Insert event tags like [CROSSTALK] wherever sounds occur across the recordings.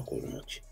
Boa much.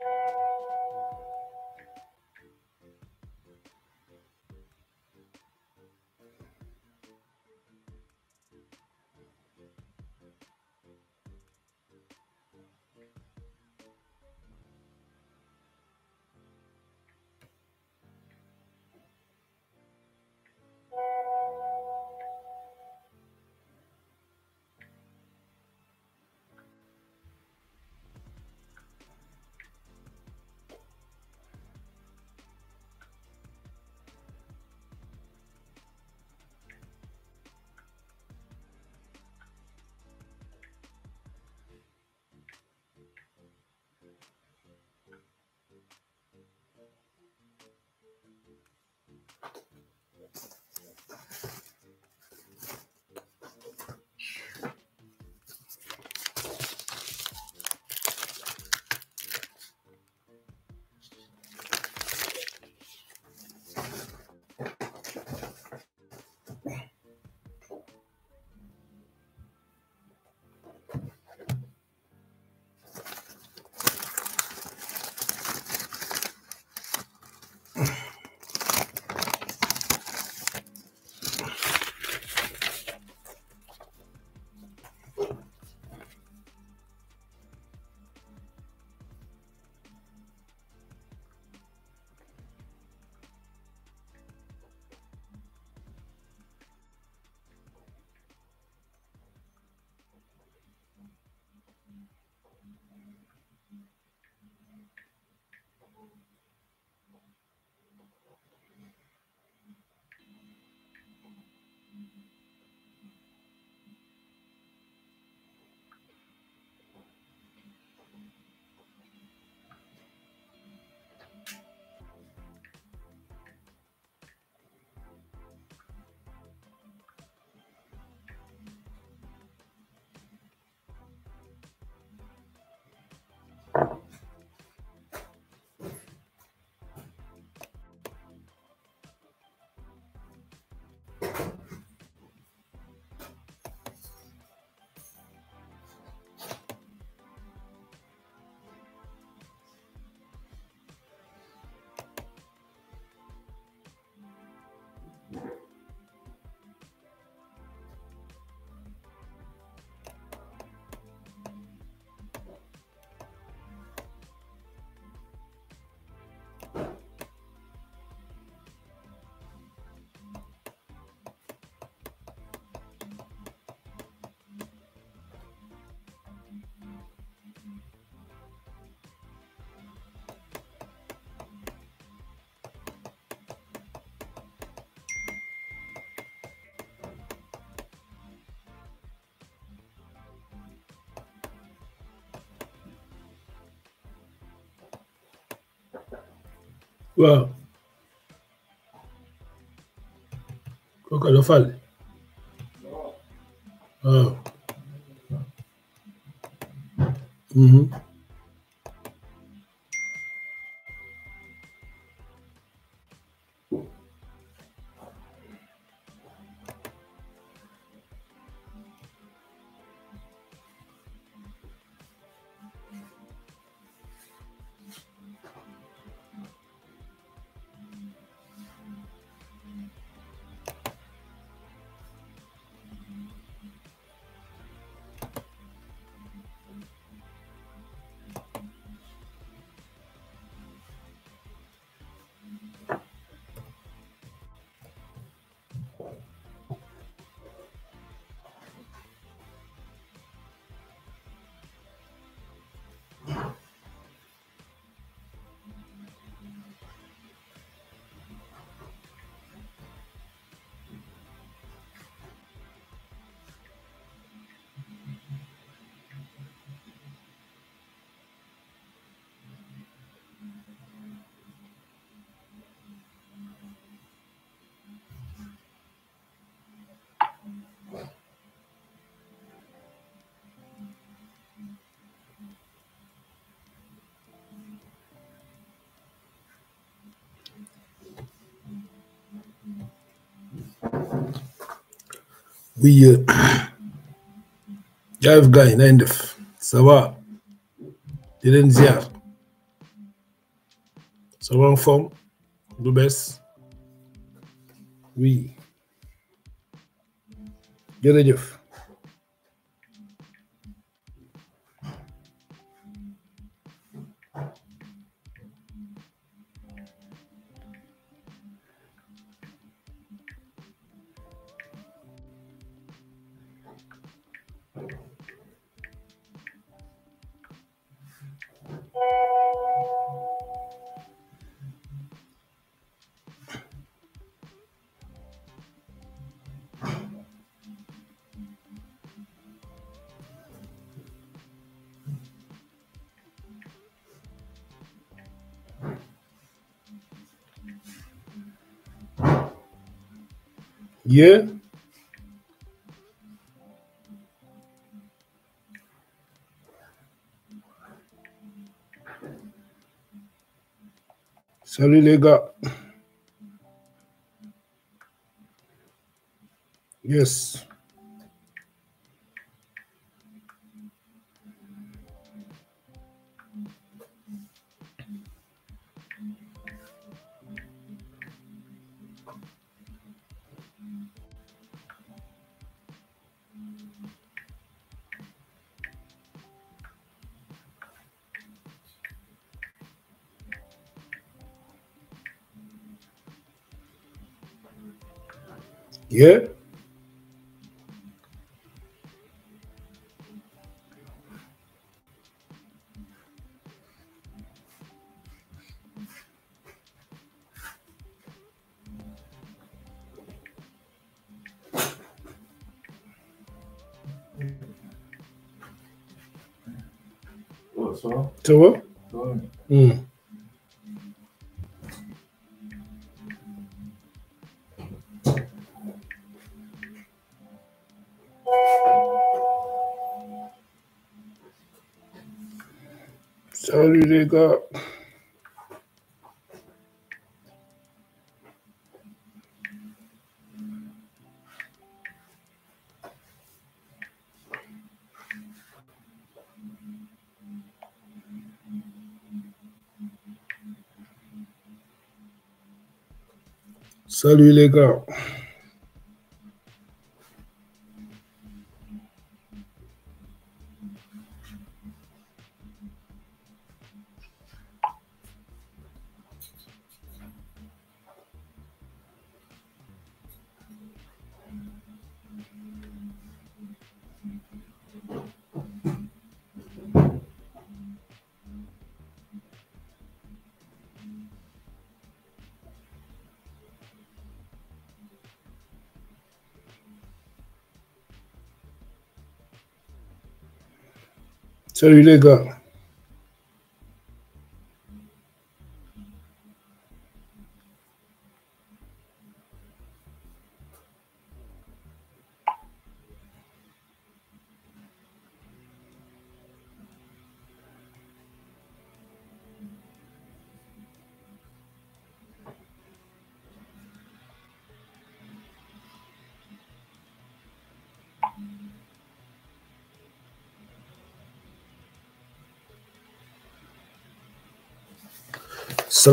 Thank you. Wow. lo falle. oui [CLEARS THROAT] jaayef gars yi nañ def ça va di leen ziar ça va en forme You? Salut les gars. Yes. Yeah. So what? To what? Mm. Salut les gars. Isso era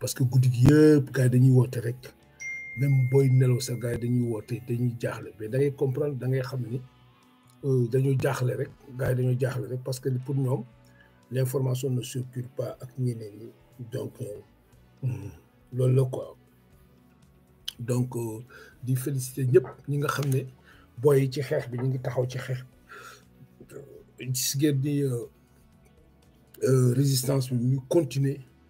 parce que vous gi gars dañuy woote rek même booy nelaw sa gars dañuy woote dañuy jaaxle mais da comprendre da ngay xam ni euh, rek gars yi parce que pour nous, l'information ne circule pas ak ñeneen donc euh, hmm, loolu donc euh, di féliciter ñëpp ñi nga xam ci xeex bi ñu ngi taxaw ci xeex résistance nous continuer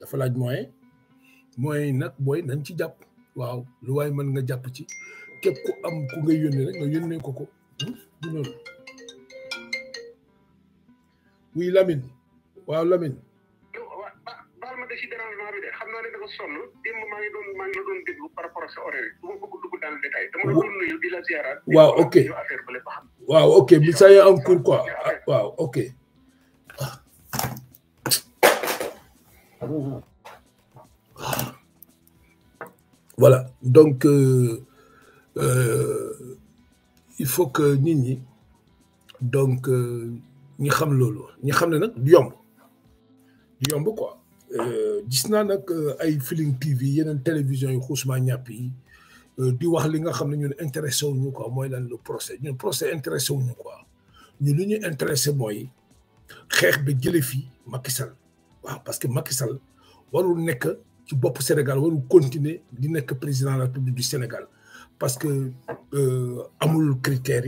dafa laaj moyen moyen nag booy nañ ci jàpp waaw lu waaye mën nga jàpp ci képp ku am ku nga yónnee rek nga yónnee ko ko hmm? du noonu oui Lamine waaw Lamine de xam naa ne dafa sonn démb maa waaw ok waaw ok bi ça y est en ah, waaw ok Voilà. Donc, euh, euh, il faut que Nini, donc, nous lolo. Nous savons que du yomb. Du yomb quoi. Nous euh, Disna nak ay Feeling TV télévision yu xuusma yi di wax li nga xam ñun intéressé nous quoi moy lan le procès ñun procès intéressé quoi Ñu bi parce que Macky Sall warul nekk ci Sénégal continuer di président de la République du Sénégal parce que euh, amul critères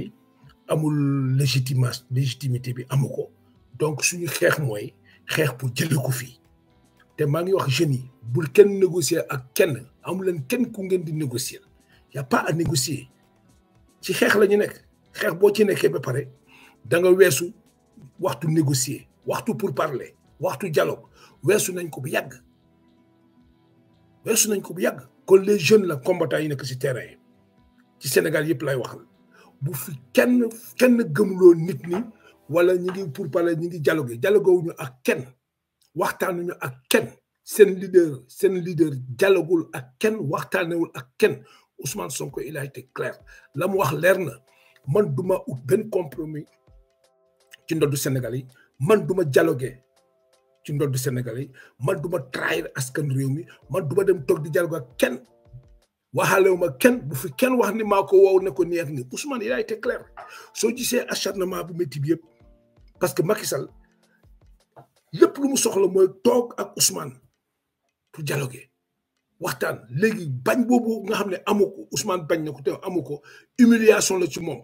amul légitimité légitimité bi amu donc suñu xeex mooy xeex pour ko fii te maa ngi wax jeunes yi bul négocier ak kenn négocier y' a pas à négocier ci xeex la ci da nga waxtu négocier waxtu pour parler waxtu dialogue wessu nañ ko bu yàgg wessu nañ ko bu yàgg kon les jeunes la combattants yi nekk ci terrain yi ci Sénégal yëpp lay waxal bu fi kenn kenn gëmuloo nit ni wala ñi ngi pour parler ñi ngi dialogué dialogué wuñu ak kenn ñu ak kenn sen leader sen leader dialogul ak kenn waxtaanewul ak kenn Ousmane Sonko il a été clair lam wax leer na man duma ut benn compromis ci ndoddu Sénégal yi man duma dialogué ci ndoddu Sénégalais yi man du ma a askan réew mi man du ma dem toog di jargo kenn waxaalewu ma kenn bu fi kenn wax ni maa ko wow ne ko nii ak nii Ousmane il a été clair soo gisee acharnement bu métti bi yëpp parce que Macky Sall lépp lu mu soxla mooy toog ak Ousmane pour dialoguer waxtaan léegi bañ boobu nga xam ne amu ko Ousmane bañ na ko te amu ko humiliation la ci moom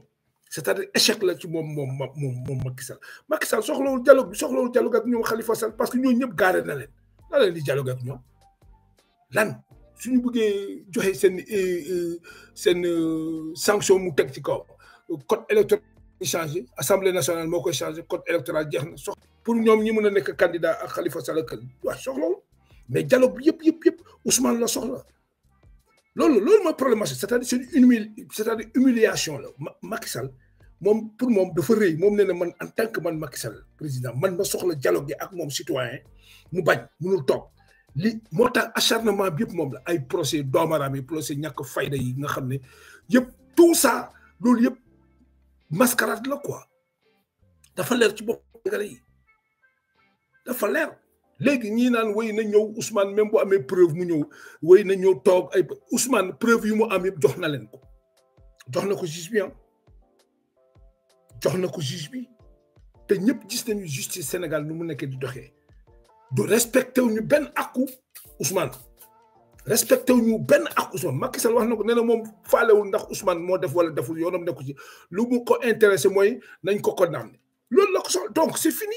c'est-à-dire échec la ci moom moom moom moom Macky Sall Macky Sall soxlawul dialogue soxlawul dialogue ak ñoom Khalifa Sall parce que ñooñu ñëpp gaare na leen lan leen di ñoom lan suñu bëggee joxe seen eh, eh, seen eh, sanction mu teg ci kaw code électoral changé assemblée nationale moo koy changé code électoral jeex na sox pour ñoom ñi mën a nekk candidat ak Khalifa Sall waa soxlawul mais dialogue bi yëpp yëpp yëpp Ousmane la soxla loolu lolu mooy problème c' cest à dire c'est une c' à dire humiliation là Macky Sall mom pour mom dafa rëy moom nee na man en tant que man Macky Sall président man ma soxla dialogue ak mom citoyen mu bañ munul top li moo acharnement bi mom la ay procès doomaraam yi procès ñak fayda yi nga xamné yépp tout ça lolu yépp mascarade la quoi dafa lèr ci bopp yi dafa lèr légui ñi naan na Ousmane même bu amé preuve mu na ay Ousmane preuve yu mu am ko jox ko ko juge bi ah. gis nañu justice Sénégal nu mu di doxé do respecté ñu à akku Ousmane respecté ñu Ousmane Macky Sall wax na ko Ousmane def wala ci lu donc c'est fini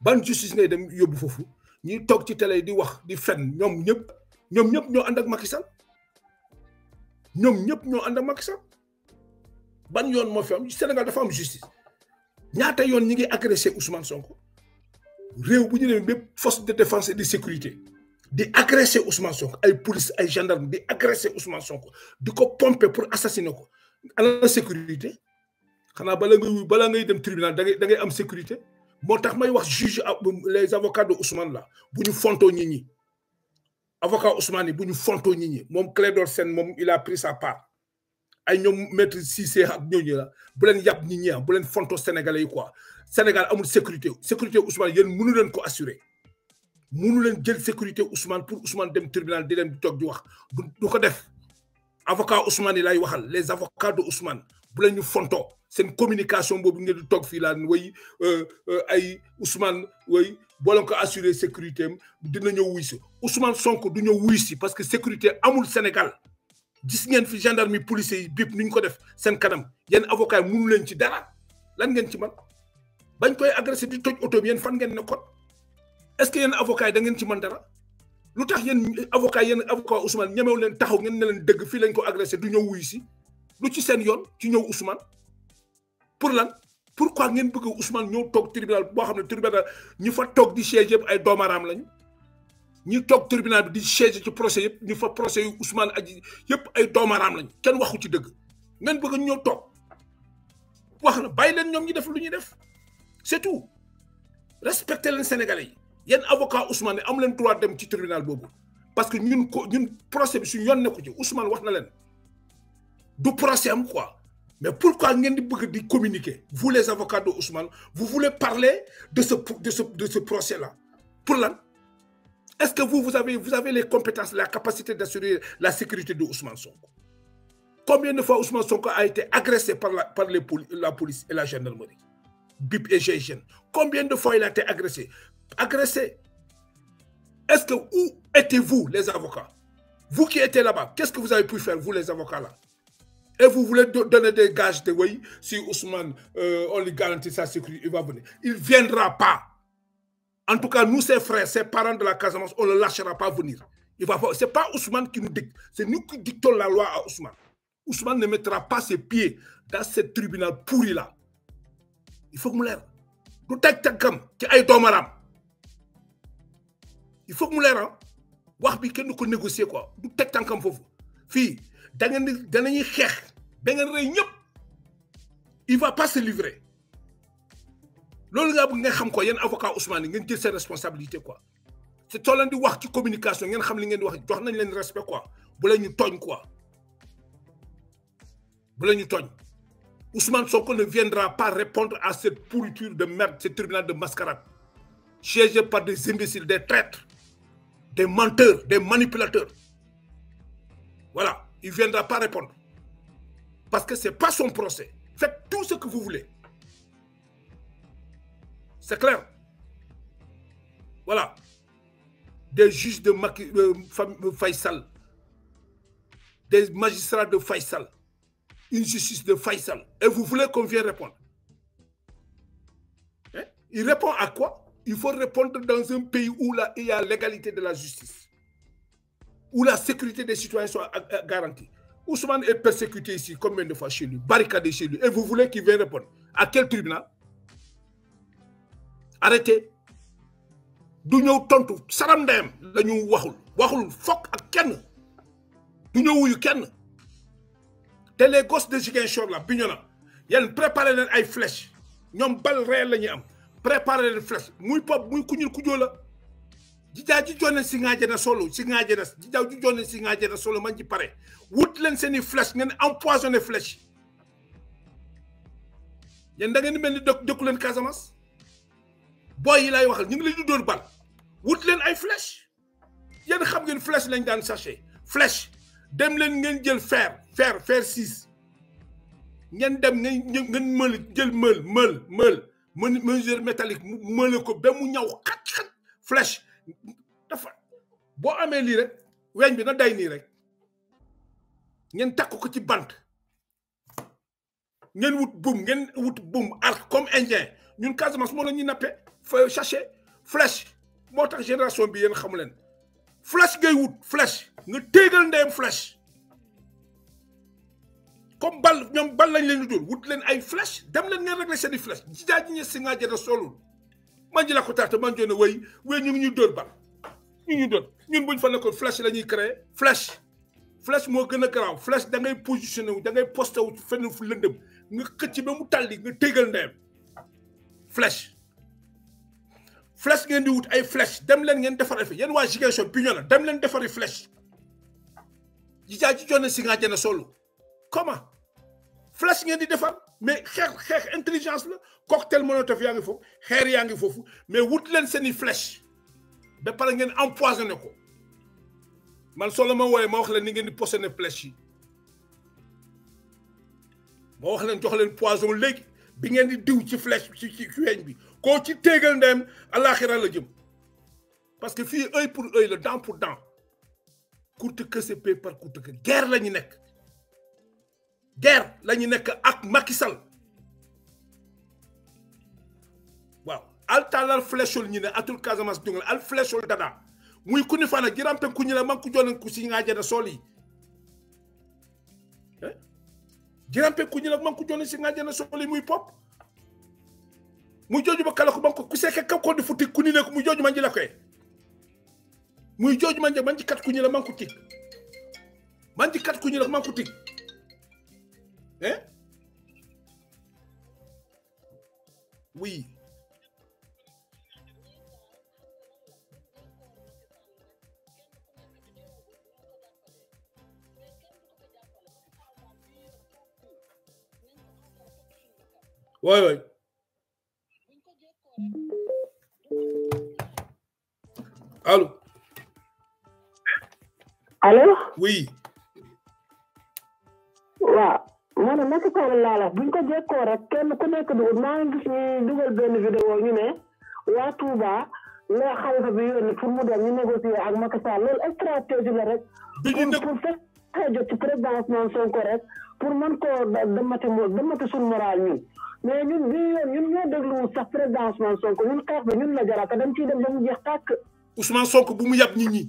ban justice ngay dem yóbbu fofu ñi tok ci télé di wax di ñom ñëpp ñom ñëpp ñoo and ak Macky ak ban yoon mo fi am Sénégal dafa am justice ñaata yoon ñi ngi agresser Ousmane Sonko réew bu ñu force de défense et de sécurité di agresser Ousmane Sonko ay police ay gendarme di agresser Ousmane Sonko di ko pomper pour assassiner ko ala sécurité xana bala ngay bala ngay dem tribunal da sécurité motax may wax juge ah, les avocats de Ousmane la nous fonto avocat Ousmane vous nous ñu Mon nit ñi Clédor il a pris sa part ay ñom maître Cissé ak ñi la bu len Fonto nit ah, bu len fonto sénégalais quoi Sénégal amul sécurité sécurité Ousmane yeen mënu len ko assurer mënu len jël sécurité Ousmane pour Ousmane dem tribunal di len di di wax avocat Ousmane là waxal les avocats de Ousmane bu len ñu c'est une communication boobu ngeen di toog fii laan euh, euh ay Ousmane way boo ko assurer sécurité am dina ñëw wuy si Ousmane Sonko du ñëw wuy parce que sécurité amul Sénégal gis ngeen fi gendarmerie policiers yi bépp ko def sen kanam yenn avocat mënu leen ci dara lan ngeen ci man bañ koy agressé di toj auto bi fan ngeen nekkoon est-ce que yéen avocat da ngeen ci man dara lu tax avocat yéen avocat Ousmane ñemew leen taxaw ngeen ne leen deug fi lañ ko agressé du ñëw wuy si lu ci sen yoon ci ñëw Ousmane pour lan pourquoi ngeen bëgg Ousmane ñëw tok tribunal bo xamne ne tribunal ñu fa tok di siège yëpp ay domaram lañ ñu tok tribunal bi di siège ci procès yëpp ñu fa procès yu Ousmane aji yëpp ay domaram lañ kenn waxu ci dëgg ngeen bëgg ñëw tok wax na bay leen ñom ñi def lu ñi def c'est tout respecter leen sénégalais yi avocat Ousmane am leen droit dem ci tribunal bobu parce que ñun ñun procès bi su yoon ko ci Ousmane wax na leen du procès am quoi Mais pourquoi vous communiquer Vous, les avocats de Ousmane, vous voulez parler de ce, procès-là. Pour là, Est-ce que vous, vous, avez, vous avez les compétences, la capacité d'assurer la sécurité de Ousmane Sonko Combien de fois Ousmane Sonko a été agressé par la, police et la gendarmerie BIP et GIGN. Combien de fois il a été agressé Agressé. Est-ce que où étiez-vous, les avocats Vous qui étiez là-bas, qu'est-ce que vous avez pu faire, vous, les avocats là et vous voulez donner des gages de oui, si Ousmane, euh, on lui garantit sa sécurité, il va venir. Il ne viendra pas. En tout cas, nous, ses frères, ses parents de la Casamance, on ne le lâchera pas venir. Ce n'est pas Ousmane qui nous dicte. C'est nous qui dictons la loi à Ousmane. Ousmane ne mettra pas ses pieds dans ce tribunal pourri-là. Il faut que nous l'air. Il faut que nous l'air. que nous négocier quoi. Nous t'aimons Fille, da rey il va pas se livrer loolu nga bëgg nga xam ko avocat Ousmane il ngeen jël sa responsabilité quoi te too di wax ci communication ngeen xam li ngeen di wax jox nañ leen respect quoi bu la ñu tooñ quoi bu la ñu Ousmane Sonko ne viendra pas répondre à cette pourriture de merde ce tribunal de mascarade siégé par des imbéciles des traîtres des menteurs des manipulateurs voilà il ne viendra pas répondre. Parce que ce n'est pas son procès. Faites tout ce que vous voulez. C'est clair. Voilà. Des juges de Faisal. Des magistrats de Faisal. Une justice de Faisal. Et vous voulez qu'on vienne répondre. Hein? Il répond à quoi Il faut répondre dans un pays où il y a l'égalité de la justice où la sécurité des citoyens soit euh, euh, garantie. Ousmane est persécuté ici combien de fois chez lui, barricadé chez lui. Et vous voulez qu'il vienne répondre À quel tribunal Arrêtez. du ñëw tontu saram ndeyam la waxul waxul who ak kenn du les gosses de Ziguinchor la Bignona yéen préparé leen ay flèches ñoom bal réel am pop muy jijaaji jonne singaaje na solo singaaje na jijaaji jonne singaaje na solo man ci pare wut leen seeni flèche ngeen empoisonné flèche yéen da ngeen di mel ni dëkk leen Casamance booy yi laay waxal ñu ngi leen di dóor bal wut leen ay flèche yéen xam ngeen flèche lañ daan sachet flèche dem leen ngeen jël feer fer fer six ngeen dem ngeen ngeen mël jël mël mël mël mesure métallique mële ko ba mu ñaw xat xat flèche dafa boo amee lii rek weñ bi na day nii rek ngeen takk ko ci bant ngeen wut buum ngeen wut buum arc comme injien ñun Casamance moo la ñuy nappee fa sachet flèche moo tax génération bi yéen xamu leen flèche ngay wut flèche nga téegal ndeyam flèche comme bal ñoom bal lañ leen di dóor leen ay flèche dem leen ngeen régler seen i flèche jijaa ji ñe si ngaa jëda solul man ji ko taata man joone wéy wéy ñu ñu dóor bal ñu ñu dóor ñun buñ fa nekkoon flèche la ñuy créé flèche flèche moo gën a garaaw flèche da ngay positionné wu da ngay posté wu fenn fu lëndëm nga xëcc ba mu tàlli nga tégal ndeyam flèche flèche ngeen di wut ay flèche dem leen ngeen defar fi yéen waa Ziguinchor Bignona dem leen defari flèche ji jaa ji joone si ngaa jëne solo koma flèche ngeen di defar mais xex xex intelligence la cocktail molotov yaa ngi foofu xeer yaa ngi foofu mais wut len seni flèche ba pare ngeen empoisonné ko man solo ma woy ma wax len ni ngeen di poisonné flèche yi ma wax len jox len poison léegi bi ngeen di diw ci flèche ci ci weñ bi ko ci tégal ndem alaxira la jëm parce que fi œil pour œil le dent pour dent courte que c'est paix par courte que guerre lañu ñu nekk guerre la ñu ak Macky Sall waaw talal flèchol ñi ne atul Casamance dungal al flèchol dada muy kuni fana girampen ku ñila man ku jonen ku si ngajana soli eh? girampen ku ñila man ku jonen si ngajana soli muy pop muy joju ba kala ko banko ku seke ka ko futi kuni ne muy joju manji la koy muy joju manje manji kat ku ñila man ku tik manji kat ku ñila man ku tik é, Oui. Ouais, ouais. alô, alô, Oui. Ouais. ma ne Macky Sall laa la buñ ko rek kenn ku nekk dugub maa ngi gis ñu benn vidéo ñu ne waa ba la xalifa bi yónni pour mu dem ñu négocier ak Macky Sall loolu stratégie la rek. pour pour fexe jot ci président Ousmane Sonko rek pour mën koo demati demati suñu moral ñun. mais ñun bii yoon ñun ñoo dégluwul sax président Ousmane Sonko ñun xeex bi ñun la jara te dañ ciy dem ba mu jeex tàkk. Ousmane Sonko bu mu yab nit ñi.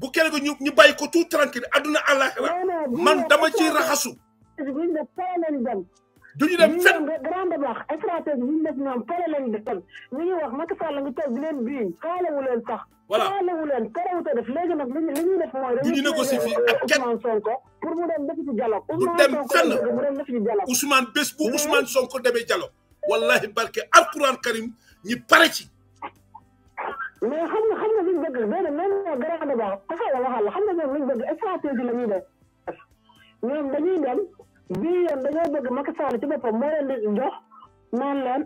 bu kele ko ñu ñu bàyyi ko tout tranquille aduna àllaaxira man dama ci raxasu duñu dem fenn grand débat stratégie ñu def ñoom pare lañ dem ñu ngi wax Macky Sall la ngi toog di leen bii xaalewu leen sax xaalewu leen terewute def léegi nag li ñuy def mooy duñu négocier fii ak kenn Sonko pour mu dem def ci dialogue du dem fenn Ousmane bés bu Ousmane Sonko demee dialogue wallahi barke alquran karim ñi pare ci mais xam nga xam nga liñ bëgg benn garaadaba qofa walaha waxanaga midbad isaatooda lamida ñoom dañuy dem bii yoon dañoo bëgg Macky Sall ci boppam moo leen di jox naan leen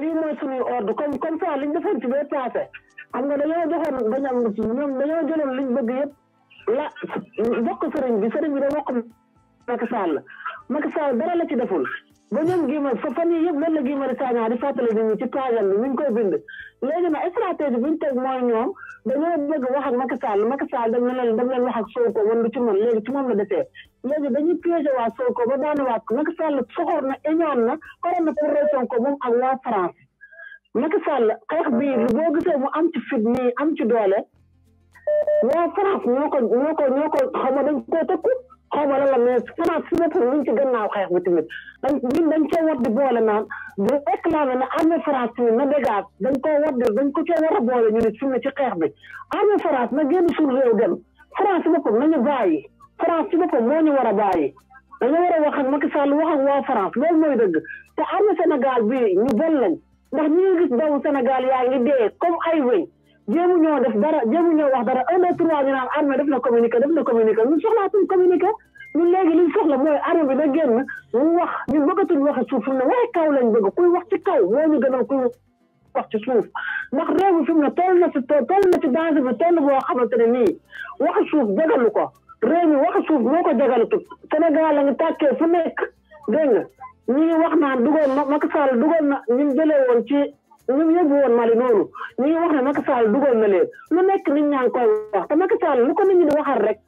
lii mooy suñuy ordre comme comme ça liñ defoon ci bee passé xam nga dañoo joxoon dañoo ñoom dañoo jëloon liñ bëgg yëpp la jox ko sëriñ bi sëriñ bi da wax Macky Sall Macky Sall dara la ci deful ba ñoom giima fa fan yii yëpp lan la giima di sañaa di fàttali nit ñi ci projet bi mi ngi koy bind léegi nag stratégie bi ñu teg mooy ñoom dañoo bëgg wax ak Macky Sall Macky Sall dañ leen dañ leen wax ak Sonko woon lu léegi ci moom la desee léegi dañuy piégé waa Sonko ba daanu waa Macky Sall soxor na éñoon na xorom na pour rey Sonko moom ak waa France Macky Sall xeex bii boo gisee mu am ci fit nii am ci doole waa France ñoo ko ñoo ko ñoo ko xaw xaw ma lan la mais semence su boppam ñu ngi ci gannaaw xeex bi tamit dañ ñun dañ cee war di boole naan bu éclaté na armée France na dégage dañ koo war di dañ ko cee war boole ñu ne fi mu ci xeex bi armée na génn suñu réew dem France si boppam nañu bàyyi France si boppam moo ñu war a bàyyi dañoo war a wax ak Macky Sall wax ak waa France loolu mooy dëgg te na Sénégal bi ñu bon lañ ndax ñu ngi gis doomu Sénégal yaa ngi dee comme ay wéñ jéemu ñoo def dara jéemu ñoo wax dara un deux trois ñu naan armée def na communiqué def na communiqué ñun soxlaatuñ communiqué ñun léegi liñ soxla mooy armée bi da mu wax ñun bëggatuñ waxe suuf fu mu kaw lañ bëgg wax ci kaw moo ñu gënal kuy wax ci suuf ndax réew mi fi mu ne toll na ci toll na ci nii waxa suuf jagalu ko réew mi waxa suuf ko jagalatut Sénégal la ñu tàkkee fu nekk dégg nga wax naan dugoon na Macky na ñu jëlee ñu yóbbu woon Mali noonu ñu ngi wax ne Macky Sall dugal na leen lu nekk nit ñaa ngi koy wax te Macky Sall lu ko nit ñi di waxal rek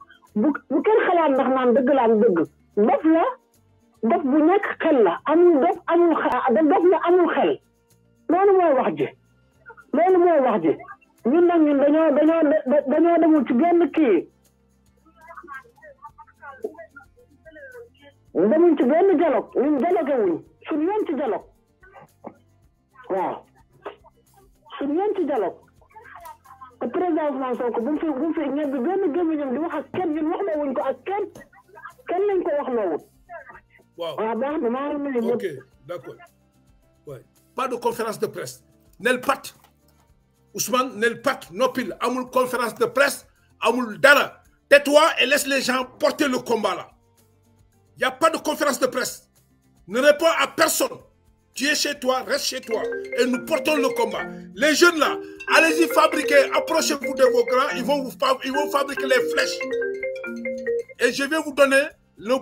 bu bu kenn xalaat ndax naan dëgg la am dëgg dof la dof bu nekk xel la amul dof amul xel dof la amul xel loolu mooy wax ji loolu mooy wax ji ñun nag ñun dañoo dañoo dañoo demul ci benn kii demuñ ci benn dialogue ñun dialogue wuñ suñu yoon ci dialogue waaw sur ñeenti dialogue Le président Ousmane Sonko bu mu fi bu mu fi ñebe benn gémmiñam di wax ak kenn ñun wax na wuñ ko ak kenn kenn lañ ko wax na wut. waaw waaw baax ngi nuyu ok d'accord Ouais. pas de conférence de presse nel pat Ousmane nel pat noppil Amoul conférence de presse Amoul dara tais-toi et laisse les gens porter le combat là Il y a pas de conférence de presse ne réponds à personne. Tu es chez toi, reste chez toi. Et nous portons le combat. Les jeunes là, allez-y fabriquer, approchez-vous de vos grands, ils vont, vous ils vont fabriquer les flèches. Et je vais vous donner le,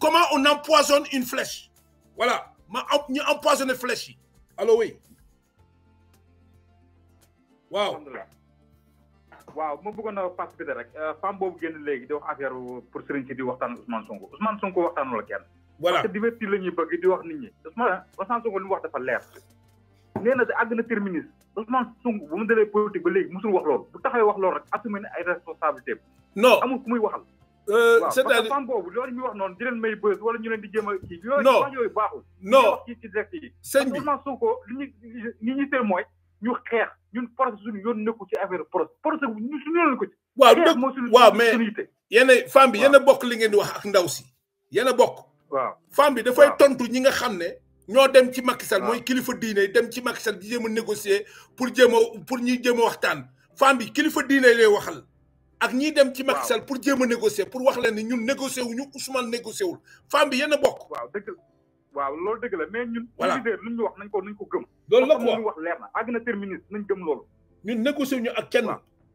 comment on empoisonne une flèche. Voilà. On empoisonne les flèche. Allô, oui. Waouh. Waouh, pour Serigne Ousmane Sonko voilà parce que la ñuy bëgg di wax nit ñi Ousmane Ousmane Sonko mu wax dafa leer nee na àgg na terminus Ousmane Sonko bu mu dalee politique ba léegi musul wax loolu bu taxawee wax loolu rek assumé na ay responsabilité non amul ku muy waxal euh, c'est-à-dire femme boobu loolu ñuy wax noonu di leen may bës wala ñu leen di jëm a kii yooyu wax yooyu baaxul non wax ci ci direct ñu li ñu teel mooy ñu xeex ñun procès suñu yoon nekku ci affaire procès procès ñu suñu yoon ko ci waaw dëgg waaw mais yéen femme bi yéen bokk li ngeen di wax ak ndaw si yéen bokk waaw femme bi fay tontu ñi nga xam ñoo dem ci Macky kilifa dem ci Macky Sall négocier pour pour ñi jéem waxtaan. femme bi kilifa diiné lay waxal. ak pour négocier pour wax leen ñun négocier wuñu Ousmane négocier wul femme bi a waaw qui waaw loolu la mais ñun. négocier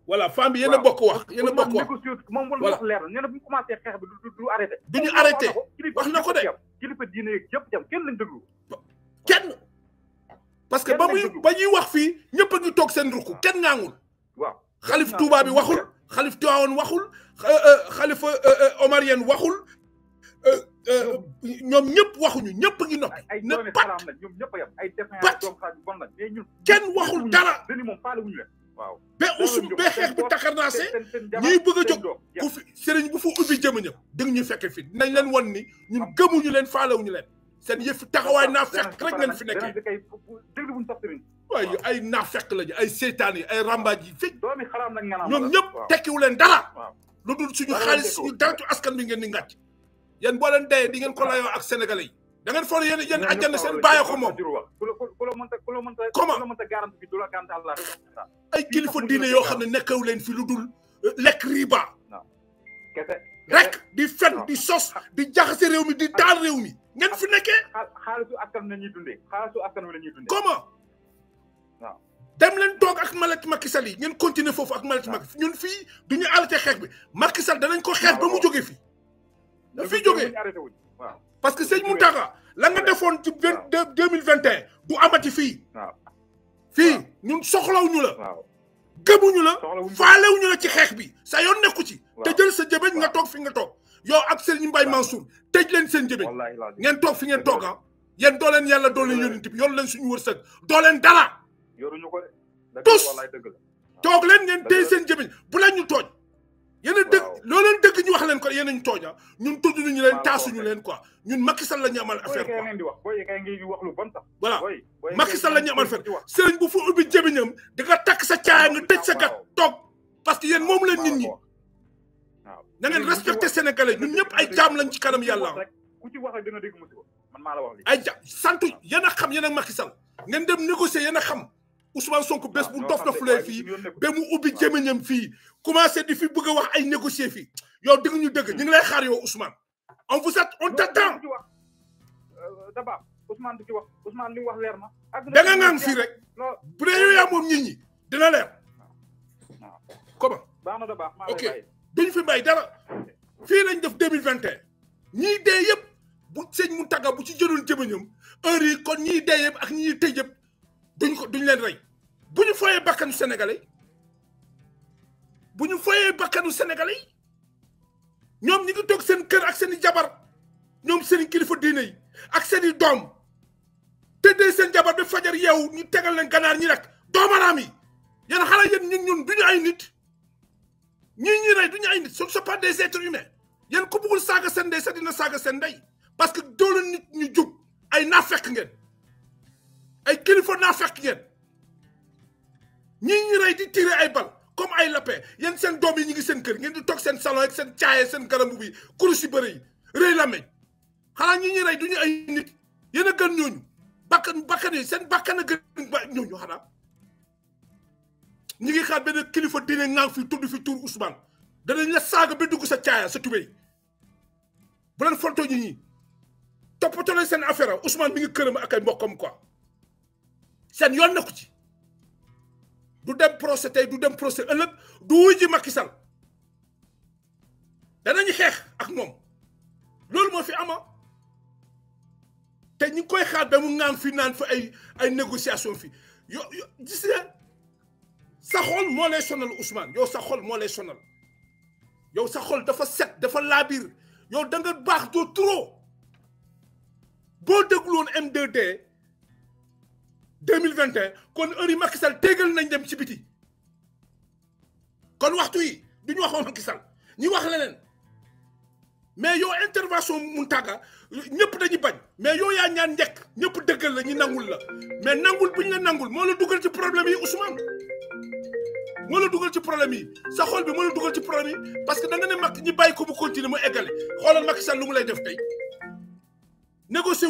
voilà femme bi bokk wax yéen bokk wax mom moom wax leer nee na bu commencé xeex bi du du arrêté. du ñu arrêté wax na ko de. kilifa diine yëpp dem kenn lañ déglu. kenn parce que ba muy ba ñuy wax fi ñepp a tok sen seen rukk kenn ngaangul. waaw xalif Touba bi waxul xalif Tiwaawan waxul euh, euh, xalifa euh, Omar yeen waxul ñom ñepp waxuñu ñëpp a ngi noppi. ne pat pat kenn waxul dara. waaw ba usu ba xeex bi takarnaase ñuy bëgg a jóg fi sëriñ bu fa ubbi jëm ñëpp dëgg ñu fekk fi nañ leen wan ni ñun gëmuñu leen faalewuñu leen seen yëf taxawaay naa fekk rek ngeen fi nekkee waaye yu ay naa fekk lañu ay seytaan yi ay rambaaj yi fii ñoom ñëpp tekkiwu leen dara lu dul suñu xaalis suñu daratu askan bi ngeen di ngàcc yéen boo leen dayee di ngeen ko layoo ak sénégalais yi da ngeen foog yéen yéen àjjana seen bàyyi ko ku la mënta ku la mënta comment ku la mënta garanti bi du la ay kilifa diine yoo xam ne nekkaw leen fi lu dul euh, lekk riba rek di fen di sos di jaxase réew mi di taal réew mi ngeen fi nekkee xaalisu askan la ñuy dundee xaalisu askan la ñuy dundee comment waaw dem leen toog ak Malet Macky Sall yi ngeen continuer foofu ak Malet Macky ñun fii du ñu arrêté xeex bi Macky Sall danañ ko xeex ba mu jógee fii daf fiy jógee parce que sëñ Mountakha la nga defoon ci vingt deux mille vingt et un du amati fii. fii ñun soxlawuñu la. waaw gëmuñu la. faalewuñu la ci xeex bi sa yoon nekku ci. te jël sa jëbeñ nga toog fi nga toog. yow ak Serigne Mbaye Mansour tëj leen seen jëbeñ ngeen toog fi ngeen toog ah. yéen doo leen yàlla doo leen yónent bi yor leen suñu wërsëg doo leen dara. yoruñu ko de. tous toog leen ngeen téye seen jëbeñ bu la ñu tooj. yéen a dëgg loo leen dëgg ñu wax leen ko yéen a ñu tooña ah. ñun tudd ñu leen taasuñu leen quoi ñu Macky Sall la ñu amal affaire quoi voilà Macky Sall la ñu amal affaire sëriñ bu fu ubbi jëbiñam di nga takk sa caaya nga tëj sa gat toog parce que yéen moom leen nit ñi na ngeen respecté sénégalais ñun ñëpp ay jaam lañ ci kanam yàlla ay jaam santu yéen a xam yéen a Macky Sall ngeen dem négocier yéen a xam Ousmane Sonko bés ah, bu dof dofulee fii ba mu ubbi gémmiñam fii commencé di fi bëgg a wax ay négocier fii yow dëgg ñu dëgg ñu ngi lay xaar yow Ousmane on vous a on t'attend. Euh, Daba Ousmane du ci wax Ousmane li mu wax leer na. da nga ngaan fii rek bu dee yow yaa moom nit ñi dina leer. comment ok duñ fi may dara fii lañ def deux mille vingt et un ñii bu sëñ mu tagga bu ci jëloon gémmiñam heure yi kon ñii dee yëpp ak ñii tëj yëpp. dañ ko duñ leen rey bu ñu fooyee bakkanu sénégalais bu ñu fooyee bakkanu sénégalais ñoom ñi ngi toog seen kër ak seen jabar ñoom seen kilifa diine ak seen i doom seen jabar ba fajar yeewu ñu tegal leen ganaar ñi rek doomaraam yi yéen xale yéen ñun ay nit ñii ñuy rey du ñu ay nit soo ne sont pas des êtres humains yéen ku bëggul saaga seen ndey sa na saaga seen ndey parce que doole nit ñu jub ay naafekk ngeen. ay kilifa naa fekk ngeen ñi ñi ray di tiré ay bal comme ay lapé yeen seen doom yi ñi ngi seen kër ngeen di tok seen salon ak seen caaye seen garambu bi kurus yu bëri yi rëy la meñ xanaa ñi ñi ray duñu ay nit yeen ak gën ñooñu bakkan bakkan yi seen bakkan ak gën ba ñooñu xanaa ñi ngi xaar benn kilifa dina ngaa fi tuddu fi tour Ousmane danañ la saga bi dugg sa caaya sa tubey bu len fonto ñi ñi toppatoo len seen affaire Ousmane mi ngi kërëm ak ay mbokam quoi c'est yoon na ko ci du dem procès tey du dem procès ëllëg du wuy ji Macky Sall danañu ak moom loolu moo fi ama te ni koy xaar ba mu fi fa ay ay négociation fi yo yo gis nga sa xol moo Ousmane yo sa xol moo lay sonal yow sa xol da nga trop boo dégluwoon M2D 2021 kon heure yi Macky Sall téegal nañ dem ci biti kon waxtu yi du ñu waxoon Macky Sall ñu wax leneen mais yo intervention Mountaga ñepp dañu bañ mais yo ya ñaan ñek ñepp deugal la ñi nangul la mais nangul buñ la nangul mo la duggal ci problème yi Ousmane mo la duggal ci problème yi sa xol bi mo la duggal ci problème yi parce que da nga ne Macky ñi bay ko bu continuer mu égalé xolal Macky Sall lu mu lay def tay négocier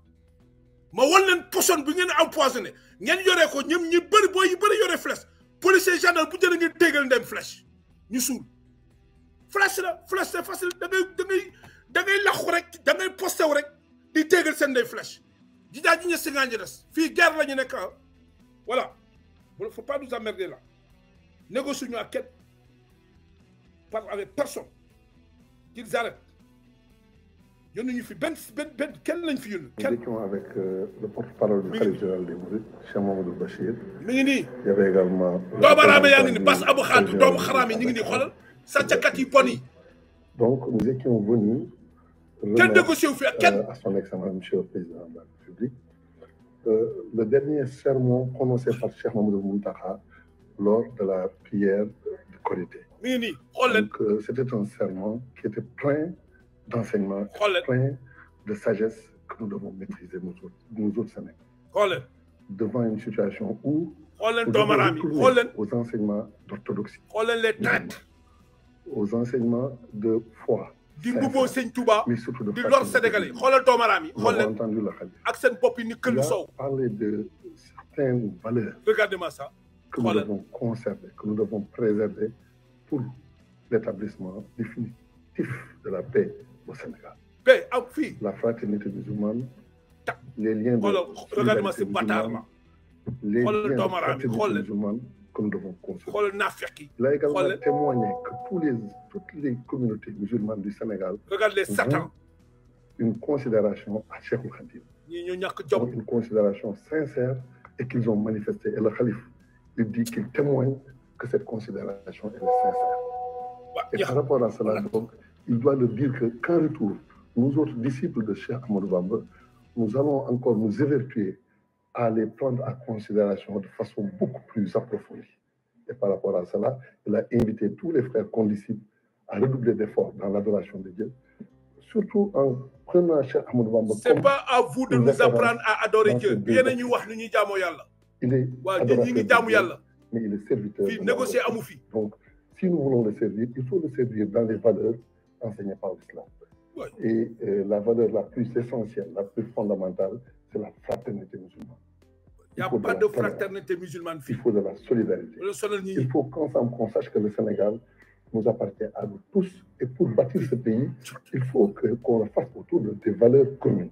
ma wan leen poisson bi ngeen empoisonné ngeen yoré ko ñoom ñi bari boy yu bari yoré flèche police gendarme bu jëlee ngeen tégal ndem flèche ñu sul flèche la flèche c'est facile da ngay da ngay da ngay laxu rek da ngay posté rek di tégal sen ndey flèche di daal di ñe si ngaan des fii guerre la ñu nek ah. voilà bu faut pas nous emmerder là négocions ñu ak kenn par avec personne qu'ils arrêtent nous étions avec euh, le porte-parole du général des y avait également. donc nous étions venus. Euh, à son monsieur le président de la euh, le dernier sermon prononcé par Cheikh lors de la prière de c'était un serment qui était plein d'enseignement plein de sagesse que nous devons maîtriser, nous autres, nous autres Devant une situation où aux enseignements d'orthodoxie, aux enseignements de foi. mais surtout de Touba di lor sénégalais, yi xoolal parler de certaines valeurs moi ça que nous devons conserver que nous devons préserver pour l'établissement définitif de la paix au Sénégal. ah, oui. La fraternité musulmane, les liens de regarde Les liens de que nous devons construire. Il a également témoigné que tous les, toutes les communautés musulmanes du Sénégal Regarde les satans. une considération à Cheikh Khadim. Une considération sincère et qu'ils ont manifesté. Et le calife, il dit qu'il témoigne que cette considération est sincère. Bah, et par rapport à cela, donc, il doit le dire qu'en retour, nous autres disciples de Cheikh Amadou Bamba, nous allons encore nous évertuer à les prendre en considération de façon beaucoup plus approfondie. Et par rapport à cela, il a invité tous les frères condisciples à redoubler d'efforts dans l'adoration de Dieu, surtout en prenant Cheikh Amadou Bamba. Ce n'est pas à vous de nous apprendre à adorer Dieu. Il est il est serviteur. Donc, si nous voulons le servir, il faut le servir dans les valeurs enseigné par l'islam. Et euh, la valeur la plus essentielle, la plus fondamentale, c'est la fraternité musulmane. Il n'y a pas de, fraternité musulmane. Il faut de la solidarité. Il faut qu'on sache que le Sénégal nous appartient à nous tous. Et pour bâtir ce pays, il faut qu'on le fasse autour de, des valeurs communes.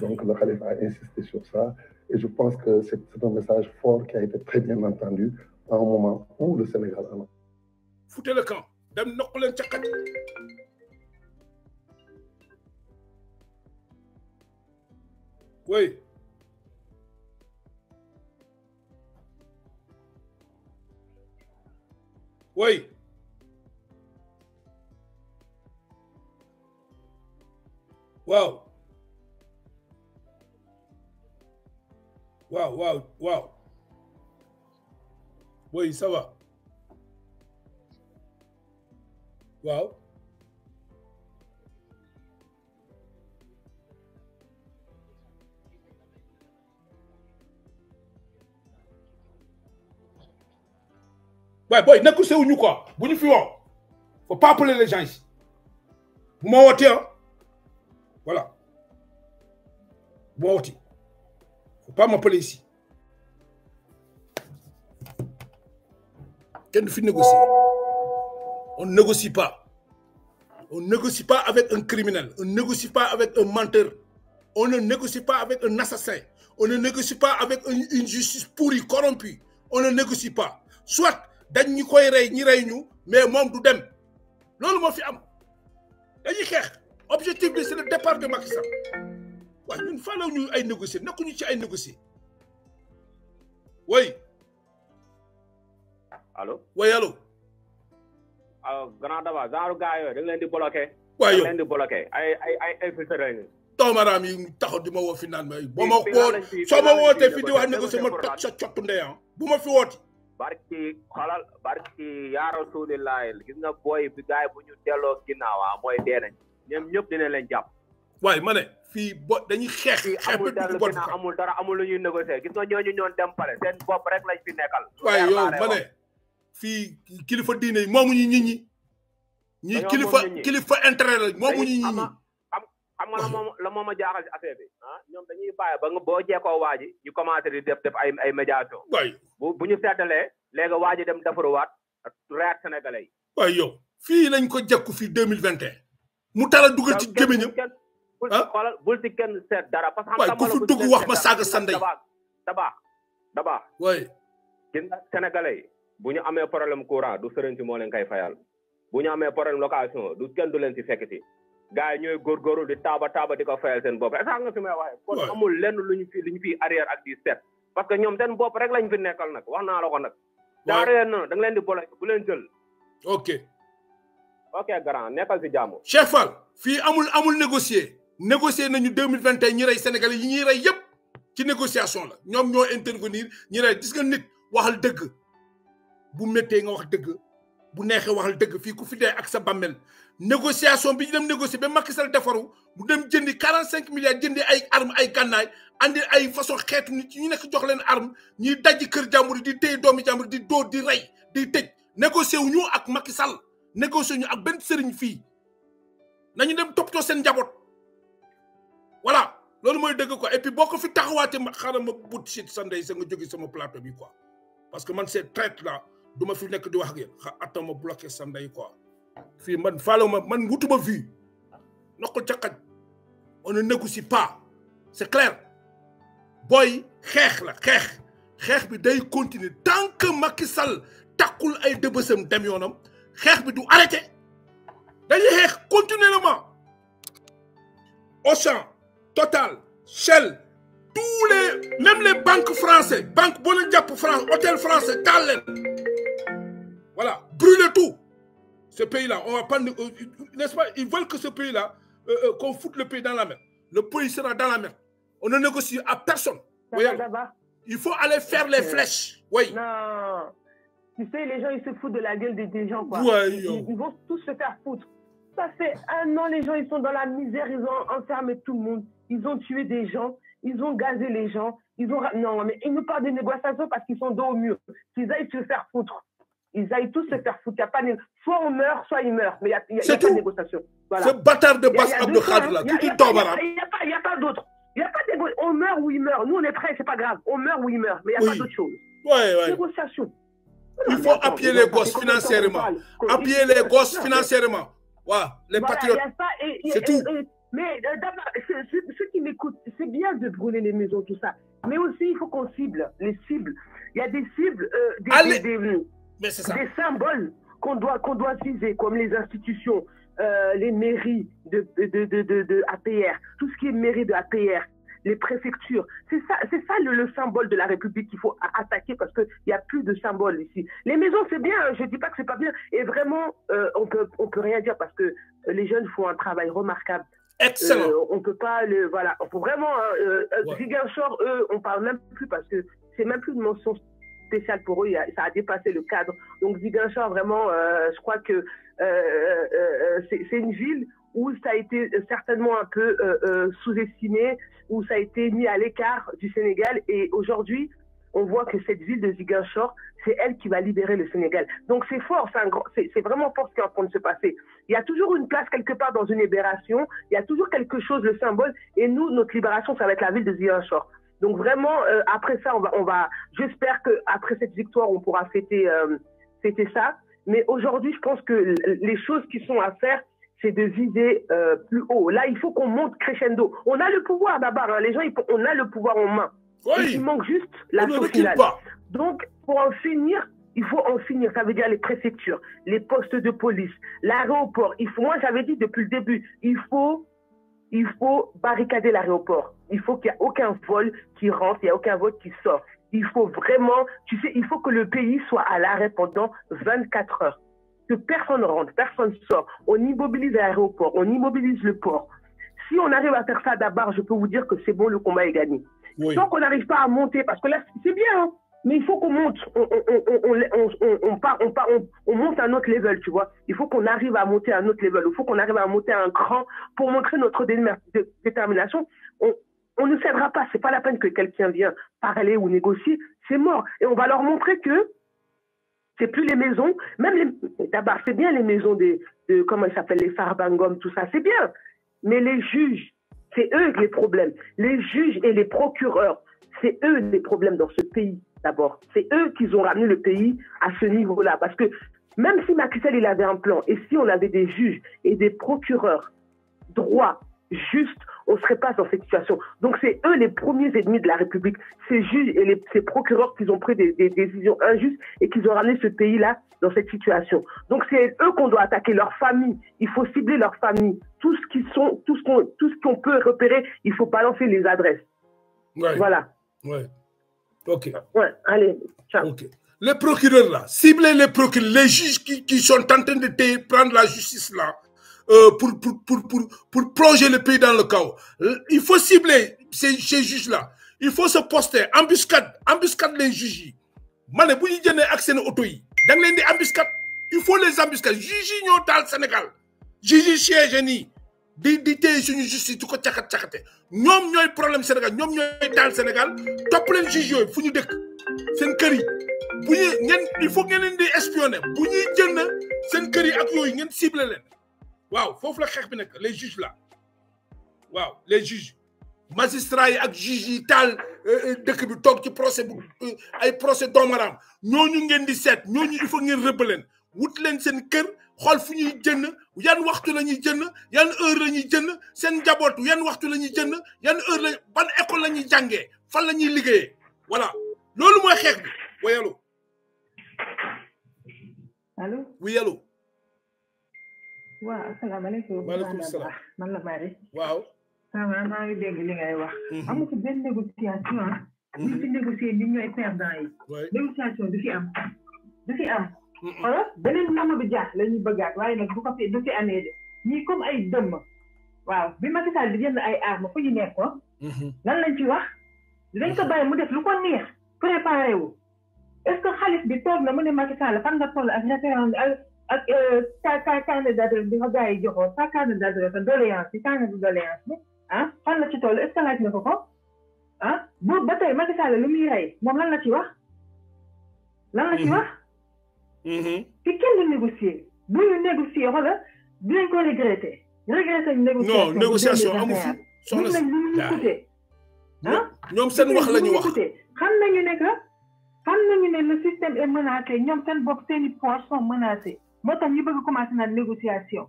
Donc le Khalif a insisté sur ça. Et je pense que c'est un message fort qui a été très bien entendu à un moment où le Sénégal en a. Foutez le camp. Wait. Wait. Wow. Wow, wow, wow. Wait. ça va. Wow. boy, n'a nekku sewuñu quoi bu faut pas appeler les gens ici Vous ma hein voilà vous faut pas m'appeler ici nous que de négocier on ne négocie pas on ne négocie pas avec un criminel on ne négocie pas avec un menteur on ne négocie pas avec un assassin on ne négocie pas avec une justice pourrie corrompue on ne négocie pas soit dañ ñu koy rey ñi rey ñu mais moom du dem loolu moo fi am dañuy xeex objectif bi c'est le départ de Macky Sall waaye ñun falaw ñu ay négocier nekkuñu ci ay négocier oui. allo oui allo. alors grand daba genre gars yooyu da nga di bloqué. waaw yow da nga leen ay ay ay infiltré lañu. doomaraam yi taxaw di ma woo fi naan ma boo ma woo soo ma wootee fi di wax négocier ma toj sa coppu ndeyam bu ma fi wooti. barki xolal barki yaa rasulillahi gis nga booy bi gaay bu ñu delloo ginnaaw mooy dee nañ ñoom ñëpp leen jàpp. waaye ma ne fii bo dañuy xeex. xeex bu bon amul dara amul lu ñuy négocier gis nga ñooñu ñoon dem pare seen bopp rek lañ fi nekkal. waaye yow ma ne fii kilifa diine yi moomuñu nit ñi. ñi kilifa kilifa intérêt la moomuñu nit ñi. xam nga la moom la moom a jaaxal ci affaire bi ah ñoom dañuy bàyyi ba nga boo jeekoo waa ji ñu commencé di def def ay ay médiation bu bu ñu seetalee léegi waa ji dem defaruwaat reer sénégalais yi waay yow fii lañ ko jekku fii deux mille vingt et mu tala dugal ci gémmiñam ah xoolal bul ci kenn seet dara parce que xam ku fi dugg wax ma saaga sanday da baax da baax waay gis nga ñu amee problème courant du sëriñ si moo leen koy fayal bu ñu amee problème location du kenn du leen si fekk si gars yi ñooy góorgóorlu di taaba taaba di ko fayal seen bopp sax nga fi may waxee kon amul lenn lu ñu lu ñu fi arrière ak di seet parce que ñoom seen bopp rek lañ fi nekkal nag wax naa la ko nag daaree noonu da leen di bolo bu leen jël ok ok grand nekkal si jàmm Cheikh Fall fii amul amul négocier négocier nañu deux mille vingt et un ñi rey Sénégalais yi ñuy rey yëpp ci négociation la ñoom ñoo intervenir ñi rey gis waxal dëgg bu méttee nga wax dëgg bu neexee waxal dëgg fii ku fi dee ak sa négociation bi dem négocier ba Macky Sall defaru mu dem jëndi 45 milliards jëndi ay arme ay gànnaay andi ay façon xeetu nit ñu nekk jox leen arme ñi dajji kër jàmbur di téy doomi jàmbur di dóor di rey di tëj négocier wuñu ak Macky Sall négocier wuñu ak benn sëriñ fii nañu dem toppatoo seen njaboot voilà loolu mooy dëgg quoi et puis boo ko fi taxawaatee ma xaaral ma but shit sa ndey sa nga jóge sama plateau bi quoi parce que man c'est traite là du ma fi nekk di wax ak yéen xa attama bloqué sa ndey quoi man man on ne négocie pas C'est clair Boy, la bi day tant que Makissal Sall ay dem bi du arrêter continuellement Auchan Total Shell tous les même les banques françaises banque boo pour France hôtel français voilà brûlez tout ce pays-là, on va pas. Euh, n'est-ce pas Ils veulent que ce pays-là, euh, euh, qu'on foute le pays dans la mer. Le pays sera dans la mer. On ne négocie à personne. il faut aller faire les flèches. Oui. Tu sais, les gens, ils se foutent de la gueule des, gens. Quoi. ils, vont tous se faire foutre. Ça fait un an, les gens, ils sont dans la misère. Ils ont enfermé tout le monde. Ils ont tué des gens. Ils ont gazé les gens. Ils ont... Non, mais ils nous parlent des négociations parce qu'ils sont dos au mur. Qu'ils aillent se faire foutre ils aillent tous se faire foutre. Y a pas Soit on meurt, soit ils meurent. Mais il n'y a, y pas de négociation. Voilà. Ce bâtard de Basse Abdel là, tout Il n'y a pas d'autre. Il n'y a pas de On meurt ou il meurt. Nous, on est prêts, c'est pas grave. On meurt ou il meurt. Mais il n'y a pas d'autre chose. Ouais, ouais. Négociation. Il faut appuyer les gosses financièrement. Appuyer les gosses financièrement. les patriotes. C'est tout. mais euh, d'abord, ceux, qui m'écoutent, c'est bien de brûler les maisons, tout ça. Mais aussi, il faut qu'on cible les cibles. Il y a des cibles. Euh, des, des, mais des symboles qu'on doit, qu'on doit viser, comme les institutions, euh, les mairies de, de, de, APR, tout ce qui est mairie de APR, les préfectures. C'est ça, c'est ça le, symbole de la République qu'il faut attaquer parce qu'il n'y a plus de symbole ici. Les maisons, c'est bien, hein, je ne dis pas que c'est pas bien. Et vraiment, euh, on peut, on peut rien dire parce que euh, les jeunes font un travail remarquable. Excellent. On on peut pas le voilà. Faut vraiment, hein, eux, on parle même plus parce que c'est même plus une mention spécial pour eux. Ça a dépassé le cadre. Donc Ziguinchor, vraiment, euh, je crois que euh, euh, c'est une ville où ça a été certainement un peu sous-estimé, où ça a été mis à l'écart du Sénégal. Et aujourd'hui, on voit que cette ville de Ziguinchor, c'est elle qui va libérer le Sénégal. Donc c'est fort, c'est vraiment fort ce qui est en train de se passer. Il y a toujours une place quelque part dans une libération, il y a toujours quelque chose, le symbole, et nous, notre libération, ça va être la ville de Ziguinchor. Donc vraiment, euh, après ça, on va, on va j'espère qu'après cette victoire, on pourra fêter, euh, fêter ça. Mais aujourd'hui, je pense que les choses qui sont à faire, c'est de viser euh, plus haut. Là, il faut qu'on monte crescendo. On a le pouvoir d'abord, hein. les gens, on a le pouvoir en main. Il manque juste la société. Donc, pour en finir, il faut en finir. Ça veut dire les préfectures, les postes de police, l'aéroport. Il faut, moi, j'avais dit depuis le début, il faut, il faut barricader l'aéroport il faut qu'il n'y ait aucun vol qui rentre, il n'y a aucun vol qui sort. Il faut vraiment, tu sais, il faut que le pays soit à l'arrêt pendant 24 heures. Que personne rentre, personne sort. On immobilise l'aéroport, on immobilise le port. Si on arrive à faire ça d'abord, je peux vous dire que c'est bon, le combat est gagné. Sans qu'on n'arrive pas à monter, parce que là, c'est bien, hein, mais il faut qu'on monte. On, on, on, on, monte à un autre level, tu vois. Il faut qu'on arrive à monter à un autre level. Il faut qu'on arrive à monter à un cran pour montrer notre détermination. On, on ne cédera pas. C'est pas la peine que quelqu'un vienne parler ou négocier. C'est mort. Et on va leur montrer que c'est plus les maisons, même les, d'abord, c'est bien les maisons des, de, comment ça s'appelle, les farbangom, tout ça, c'est bien. Mais les juges, c'est eux les problèmes. Les juges et les procureurs, c'est eux les problèmes dans ce pays, d'abord. C'est eux qui ont ramené le pays à ce niveau-là. Parce que même si Macusel il avait un plan, et si on avait des juges et des procureurs droits, justes, on ne serait pas dans cette situation. Donc c'est eux les premiers ennemis de la République, ces juges et les, ces procureurs qui ont pris des, décisions injustes et qui ont ramené ce pays-là dans cette situation. Donc c'est eux qu'on doit attaquer, leurs familles. Il faut cibler leurs familles. Tout ce qu'on, tout ce peut repérer, il faut balancer les adresses. Voilà. Ok. Allez. Ciao. Les procureurs là, cibler les procureurs, les juges qui, qui sont en train de prendre la justice là, pour, pour, pour, pour, pour plonger le pays dans le chaos. Il faut cibler ces, ces juges-là. Il faut se poster, embuscade, embuscade les juges. Mané, bu ñu jëndee ak seen auto yi da di embuscade il faut les embuscades juges yi ñoo Sénégal juges yi siège nii di di téye suñu justice di ko caxat caxate ñoom ñooy problème Sénégal ñoom ñooy taal Sénégal topp leen juges yooyu fu ñu dëkk seen kër yi bu ñuy il faut ngeen leen di espionner bu ñuy jënd seen kër yi ak yooyu ngeen ciblé waaw la les juges là waaw les juges magistrats yi ak juges yi taal euh, euh, bi toog ci procès bu euh, ay procès doomaraam ñooñu ngeen di seet il faut ngeen rëbb leen wut leen seen kër xool fu ñuy jënd yan waxtu la ñuy jënd heure la ñuy jënd seen njaboot waxtu heure ban école la ñuy jàngee voilà loolu mooy allo oui waaw asalaamaaleykum. maaleykum salaam man la Marie. waaw. ça va maa ngi dégg li ngay wax. Mhm. amu ci benn négociation. ñu ah. ci mhm. négocier ñun ñooy perdant yi. négociation du fi am. du fi am. Mhm. xoolal beneen Mamadou Dia la ñuy bëggaat waaye nag bu ko fi du fi amee de ñii comme ay dëmm. waaw bi Macky bi di jënd ay armes fu ñu nekkoon. lan lañ ci wax. dinañ ko bàyyi mu def lu ko neex. préparé wu. est-ce que bi toog na mu ne Macky Sall fan nga toll ak référendum ak ka e, candidature bi nga gars yi joxoon sa candidature sa doléance bi candidature doléance bi ah fan la ci toll est-ce que laaj na ko ko ah boobu ba tey Macky Sall lu muy rey moom lan la ci wax lan la ci mhm. wax fi mhm. kenn du négocier bu ñu négocier wala dinañ ko regretter regretter ñu négociation non négociation amu fi soxna si lu ñu coûté ñoom seen wax la ñu wax xam nañu ne que xam nañu ne le système est menacé ñoom seen bopp seen i poche sont menacés moo tax ñu bëgg commencé naan négociation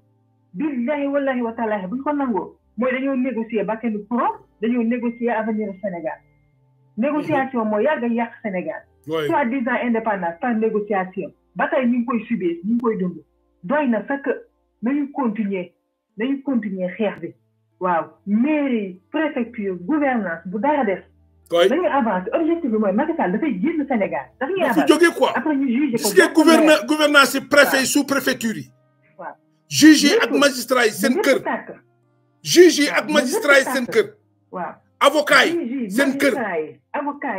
billahi wallahi wa taalahi bu ñu ko nangoo mooy dañoo négocier ba kenn pro dañoo négocier avenir Sénégal négociation mooy yàgg a yàq Sénégal soi-disant indépendance par négociation ba tey ñu ngi koy subir ñu ngi koy dund doy na fekk nañu continuer nañu continuer xeex bi waaw mairie préfecture gouvernance bu dara def koy da Objectivement, Macky Sall dafay génn Sénégal. après ñu juge gis nga gouvernance préfet sous préfecture yi. juge ak magistrat yi seen juge ak magistrat yi avocat yi avocat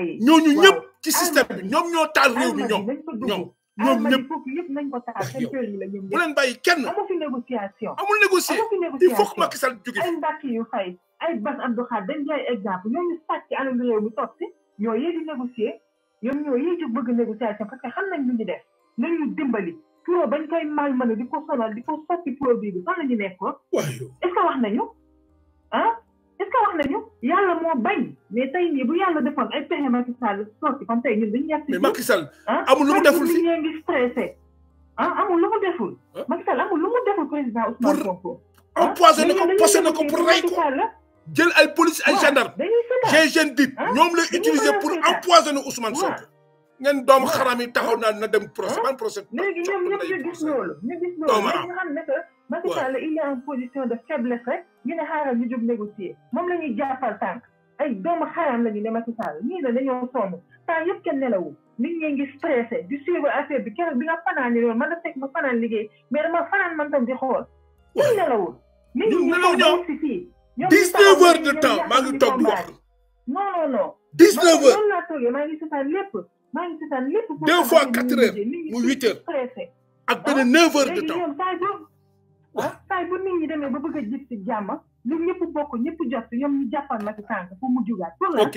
système bi ñoo taal réew mi ñoom ñoom. ñoom ñëpp bu leen bàyyi kenn amul négociation il faut ay bas Abdou Khadre dañ jaay exemple ñooñu sàcc alalu réew mi toog si ñoo yee di négocier ñoom ñoo yee di bëgg négociation parce que xam nañ lu ñu def nañu dimbali Puro bañ koy malmené di ko sonal di ko sotti produit bi fan la ñu nekkoon. est-ce que wax nañu ah est-ce que wax nañu yàlla moo bañ mais tey nii bu yàlla defoon ay pexe Macky Sall sotti comme tey ñun dañu yàq. mais Macky Sall amul lu mu deful fi ah ngi stressé ah amul lu mu deful. Macky Sall lu mu deful président Ousmane Sonko. empoisonné ko posé jël ay police ay gendarme ces jeunes dit ah, ñoom lay utiliser pour empoisonner Ousmane Sonko ngeen doomu xaram yi taxaw naa na dem procès ah. ban procès léegi ñoom ñëpp ñu gis loolu ñu gis loolu ñu xam ne que Macky Sall il est en position de faiblesse rek ñu ne xaaral ñu jóg négocier moom la ñuy jàppal tànk ay doomu xaram la ñu ne Macky Sall ñii la dañoo sonn temps yëpp kenn nelawu nit ñi ngi stressé di suivre affaire bi keroog bi nga fanaan loolu man da fekk ma fanaan liggéey mais dama fanaan man tam di xool kenn nelawul nit ñi ñu si fii dix-neuf heures de temps maa ngi toog di wax. non non non. dix-neuf maa ngi seetaan lépp maa ngi seetaan lépp. deux fois quatre heures mu huit heures. ak benn ah, neuf heures de temps léegi ñoom taay boobu. waaw ah, taay bu nit ñi demee ba bëgg a gis ci jàmm ñoom ñëpp bokk ñëpp jot ñoom ñu jàppal ma ci tànk pour mu jugaat. pour la ok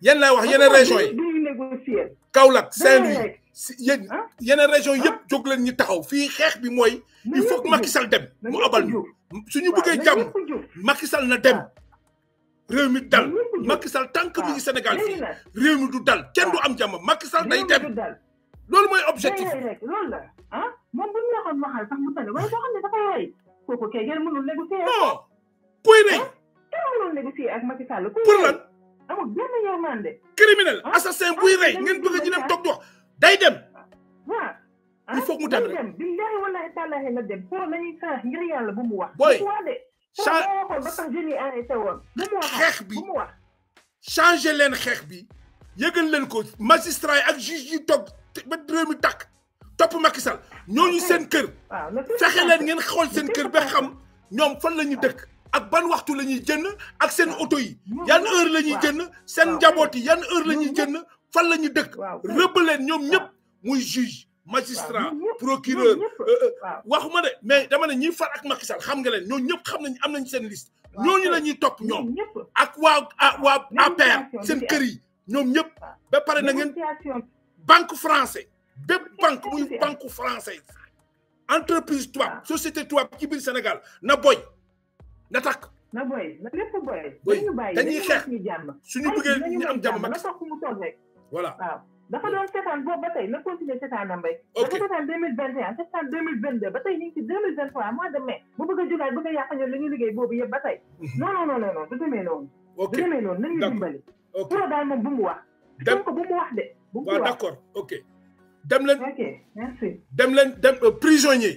yan laa wax yeneen région yi Kaolack Saint-Louis yéen yeneen région yëpp jóg leen ñu taxaw fii xeex bi mooy il faut que Macky dem mu abal ñu suñu bëggee jàmm Macky Sall na dem réew mi dal Macky Sall tant que mi ngi Sénégal fii réew mi du dal kenn du am jàmm Macky Sall day dem loolu mooy objectif non kuy rey pour lan dama génn yërmande. criminel assassin buy rey ngeen bëgg ñu dem tok di day dem. wa il faut mu dem rek billahi wallahi tallahi la dem foo lañuy sax ngir yàlla bu mu wax. boy sa foo ba tax jëni arrêté won bu mu wax xex bi changé leen xeex bi yëgal leen ko magistrat ak juge yi toog ba réew mi tàkk Macky Sall ñooñu seen kër. fexe leen ngeen xool seen kër ba xam ñoom fan la dëkk. ak ban waxtu la ñuy jënd ak seen oto yi yan heure la ñuy jënd seen njaboot yi yan heure la ñuy jënd fan la ñu dëkk rëbb leen ñoom ñëpp muy juge magistrat procureur euh, euh, waxuma de mais dama ne ñiy far ak Macky Sall xam nga leen ñoo ñëpp xam nañ am nañ seen liste ñooñu la top topp ñoom ak waa waa APR seen kër yi ñoom ñëpp ba pare na ngeen banque français bépp banque muy banque français entreprise tubaab société tubaab ci biir Sénégal na boy na takk. na booy na lépp booy. booy dañuy xeex suñu bëggee ñu am jàmm mag na toog mu toog rek. voilà waaw dafa doon seetaan boobu ba tey na continuer seetaanam rek. ok dafa seetaan deux mille vingt et un seetaan deux mille vingt deux ba tey ñu ngi ci deux mille vingt trois mois de mai. bu bëgg a julaat bëgg a yàq ñoom li ñu liggéey boobu yëpp ba tey. Mhm. non non non non du demee noonu. ok du demee noonu nañu dimbali. ok pro daal moom bu mu wax. dem ko bu mu wax de. bu mu wax waaw d' accord ok. dem leen ok merci. dem leen dem euh, prisonnier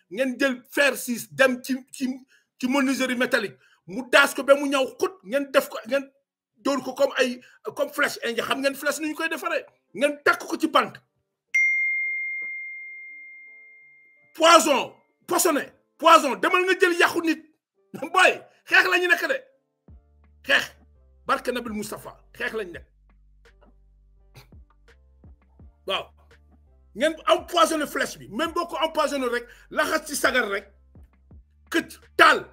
ngeen jël fer six dem ci ci ci menuiserie métallique mu daas ko ba mu ñaw xut ngeen def ko ngeen dóor ko comme ay comme flèche indien xam ngeen flèche ni ñu koy defaree ngeen takk ko ci bant poison poisonné poison demal nga jël yàqu nit [LAUGHS] booy xeex la ñu nekk de xeex barke nabil Moustapha xeex lañ nekk waaw ngeen empoisonné flèche bi même boo ko empoisonné rek laxas ci sagar rek këcc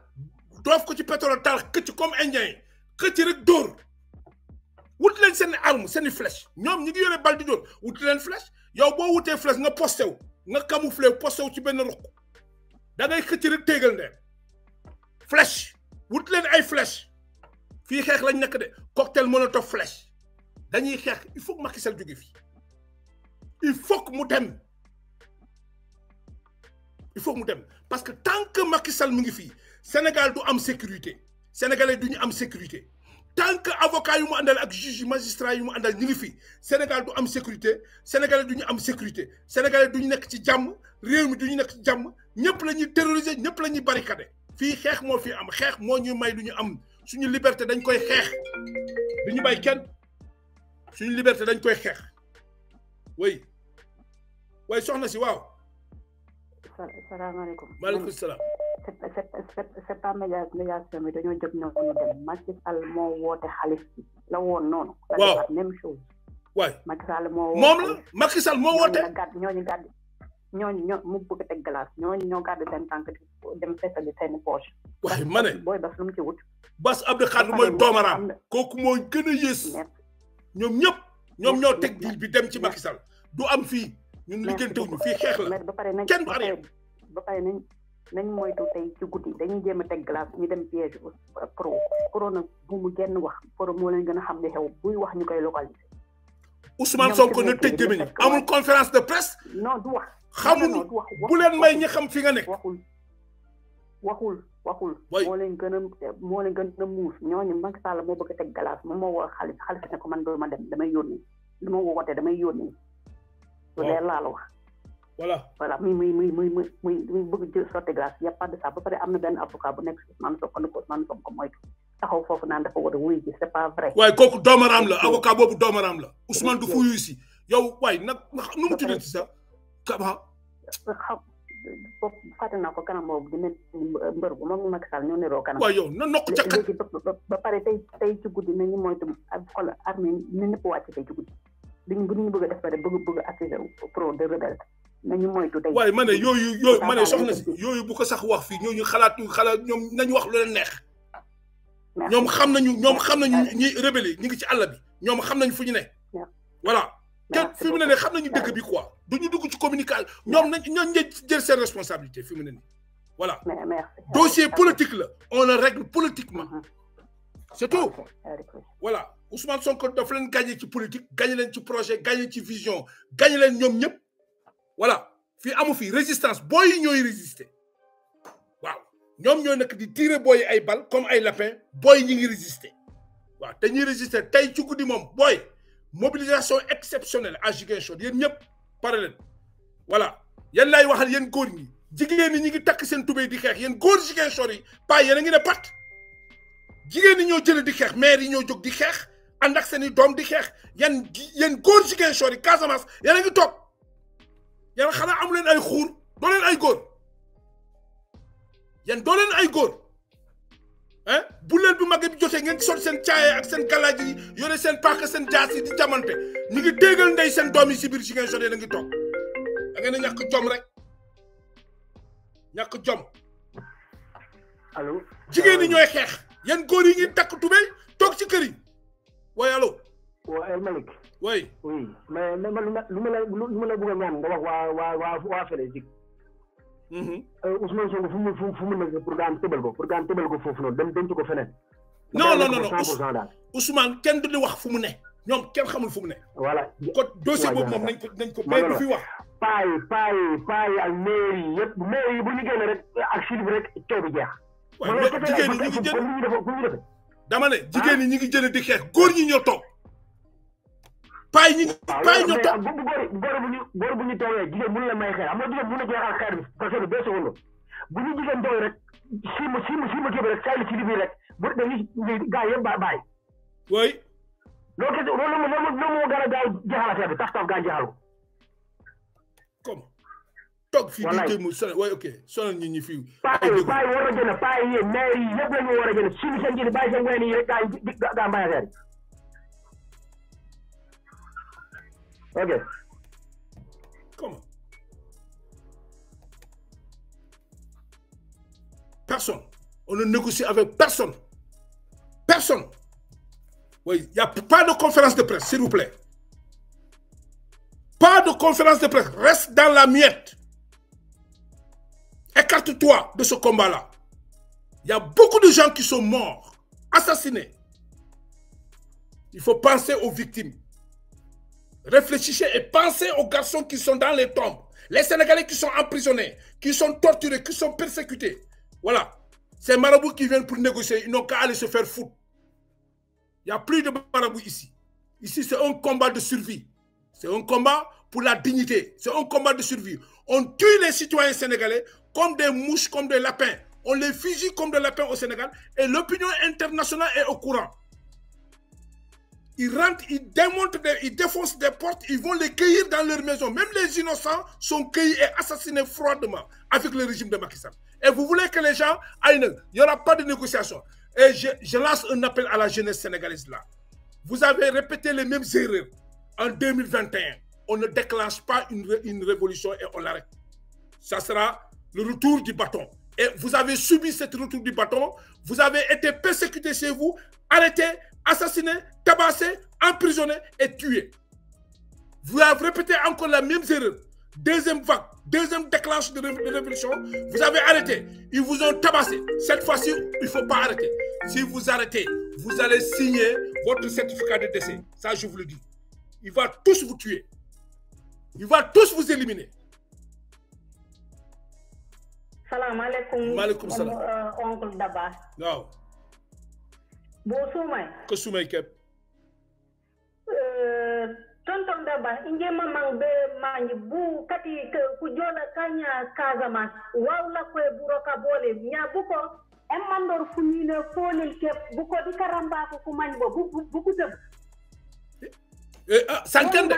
doof ko ci pétrole taal këcc comme indien yi këcc rek dóor wut leen seen arme seen flèche ñoom ñi ngi yore bal di dóor wut leen flèche yow boo wutee flèche nga posté nga camouflé ci benn ruq da ngay rek téegal flèche wut leen ay flèche fii xeex lañ nekk de cocktail molotov flèche dañuy il faut que Macky Sall il faut que mu dem il faut que mu dem parce que tant que Macky Sall mu ngi Sénégal du am sécurité sénégalais du ñu am sécurité tant que avocat yu mu àndal ak juge magistrat yu mu ñu ngi Sénégal du am sécurité sénégalais du ñu am sécurité sénégalais du ñu nekk ci jamm réew mi du ñu nekk ci jamm ñepp lañuy terroriser ñepp lañuy ñuy fi xex mo fi am xex mo ñuy may du ñu am suñu liberté dañ koy xex du ñu bay kenn suñu liberté dañ koy xex way way soxna si waaw. salaamaaleykum. maaleykum salaam. c'est pas médiation bi dañoo jóg ñoom ñu dem Macky Sall moo woote la woon noonu. waaw la même chose. moo. moom la Macky Sall moo woote. ñooñu gàdd ñooñu ñoo mu bëgg a teg glace ñooñu ñoo gàdd seen tànk dem fettali seen poche. waaye booy bas lu mu ci wut. bas Abdou Khadre mooy doomaraam kooku mooy gën a ñoom ñëpp. ñoom ñoo teg deal bi dem ci Macky Sall du am fii ñun liggéentewuñu fii xeex la kenn du arrière ba pare nañ nañ moytu tey ci guddi dañuy jéem a teg glace ñu dem piège pro pro nag bu mu genn wax pro moo leen gën a xam ne xew buy wax ñu koy localiser Ousmane Sonko na tëj gémmiñ amul conférence de presse no du wax xamuñu bu leen may ñi xam fi nga nekk waxul waxul waxul. moo leen gën moo gën a muus ñooñu Macky Sall moo bëgg a teg galaas moom moo woo xaalis xaalis ne ko doo ma dem damay yónni ma woote damay yónni. waaw lu leer laa la wax. voilà voilà muy muy muy muy muy muy bëgg jël sotti glace y' a pas de ça ba pare am na benn avocat bu nekk Ousmane Sonko ne ko Ousmane Sonko mooy taxaw foofu naan dafa war a wuyu ji c' est pas vrai. waaye kooku doomaraam la avocat boobu doomaraam la Ousmane du fu yuy yow waay nag nu mu tuddati sax. foofu fàtte naa ko kanam boobu dina mbër bu moom Macky Sall ñoo niroo yow na nokk ca kan ba pare tey tey ci nañu moytu xol armée na ñëpp tey ci guddi duñu bëgg a def pare bëgg bëgg accusé pro de rebelle nañu moytu tey. waaye ma yooyu yooyu ma si yooyu bu ko sax wax fii ñooñu xalaatu xalaat ñoom nañu wax lu leen neex. ñoom xam nañu ñoom xam nañu ñi rebelle ñi ngi ci àll bi ñoom xam nañu fu ñu ne. voilà. te fi mu ne nii xam nañu dëgg bi quoi duñu dugg ci communication ñoom nañ ñoom ñooy jël seen responsabilité fi mu ne voilà dossier politique la on le règle politiquement mm-hmm. c'est tout voilà Ousmane Sonko dafa leen gagné ci politique gagné leen ci projet gagné ci vision gagné leen ñoom ñëpp voilà fii amu fi résistance booy yi ñooy résister waaw ñoom ñooy nekk di tirer booy ay bal comme ay lapin booy ñi ngi résister waaw te ñuy résister tey ci guddi moom booy mobilisation exceptionnelle à Ziguinchor yéen ñëpp pare leen voilà yan laay waxal yéen góor ñi ni ñi ñu ngi takk seen tubéy di xeex yéen góor Ziguinchor yi pas yéen ngi ne pat jigéen ni ñoo jëlee di xeex maire yi ñoo jóg di xeex ànd ak seen i doom di xeex yan yéen góor Ziguinchor yi Casamance yéen a ngi toog yéen xanaa amu ay xuur doo leen ay góor yéen doo leen ay góor. ah buleel bu mag bi jotee ngeen sol seen caaya ak seen galaaj yi yore seen paaka seen jaas yi di jamante ñu ngi déggal ndey seen doom yi si biir si ngeen jotee da ngi toog da ngeen a ñàkk jom rek ñàkk jom. allo jigéen ñi ñooy xeex yan góor yi ngi takk tubéy toog ci kër yi waaye allo. waaw El Malick. oui oui mais lu ma la lu ma la bëgg a ñaan nga wax waa waa waa waa fële Mhm. Euh, Ousmane Sonko fu mu fu mu nekk pour gaan tëbal ko foofu noonu dem denc feneen. non non non Ousmane kenn du di wax fu mu ne. ñoom kenn xamul fu mu ne. voilà kon dossier boobu moom nañ ko nañ ko béy du fi wax. paa yi paa yi paa yi ak maire yi yëpp maire yi bu ñu génnee ak Sylvie bi rek coow bi jeex. waaw mais jigéen ñi ñu ngi jël dama ne jigéen ñi ah. ñu di xeex góor ñi ñoo toog. paa yi ñu paa ah, yi ñu ta bu góor bu ñu góor bu ñu tooyee jigéen mënu la may xeer am na jigéen mën na jeexal xeer bi parce que bu ñu jigéen tooy rek si ma si rek sayli ci li bi rek bu dañuy gaa yëpp ba bàyyi oui loolu kese loolu moom moom a gaaw jeexal affaire bi taf taf gaa jeexal ko comme toog fii di jéem ñi ñi fii paa yi paa yi war a gën a yi maire yi yëpp la ñu war a gën a suñu seen ji bàyyi rek gaa gaa mbay Ok. Comment Personne. On ne négocie avec personne. Personne. Oui, il n'y a pas de conférence de presse, s'il vous plaît. Pas de conférence de presse. Reste dans la miette. Écarte-toi de ce combat-là. Il y a beaucoup de gens qui sont morts, assassinés. Il faut penser aux victimes. Réfléchissez et pensez aux garçons qui sont dans les tombes, les Sénégalais qui sont emprisonnés, qui sont torturés, qui sont persécutés. Voilà. c'est marabouts qui viennent pour négocier, ils n'ont qu'à aller se faire foutre. Il n'y a plus de marabouts ici. Ici, c'est un combat de survie. C'est un combat pour la dignité. C'est un combat de survie. On tue les citoyens sénégalais comme des mouches, comme des lapins. On les fusille comme des lapins au Sénégal. Et l'opinion internationale est au courant. Ils rentrent, ils démontent, ils défoncent des portes, ils vont les cueillir dans leur maison. Même les innocents sont cueillis et assassinés froidement avec le régime de Macky Sall. Et vous voulez que les gens aillent, il n'y aura pas de négociation. Et je, lance un appel à la jeunesse sénégalaise là. Vous avez répété les mêmes erreurs en 2021. On ne déclenche pas une, révolution et on l'arrête. Ça sera le retour du bâton. Et vous avez subi ce retour du bâton. Vous avez été persécuté chez vous, Arrêtez assassiné, tabassé, emprisonné et tué. Vous avez répété encore la même erreur. Deuxième vague, deuxième déclenche de, révolution, vous avez arrêté. Ils vous ont tabassé. Cette fois-ci, il ne faut pas arrêter. Si vous arrêtez, vous allez signer votre certificat de décès. Ça, je vous le dis. Ils vont tous vous tuer. Ils vont tous vous éliminer. oncle euh, bosumai kesumai kep tonton eh, daba inge mamang be manyi bu kati kujola kanya kazamas wawla kwe buroka bole nyabuko emmandor funine folel ke buko di karamba ko ko mani bo buku teb eh ah eh, sankende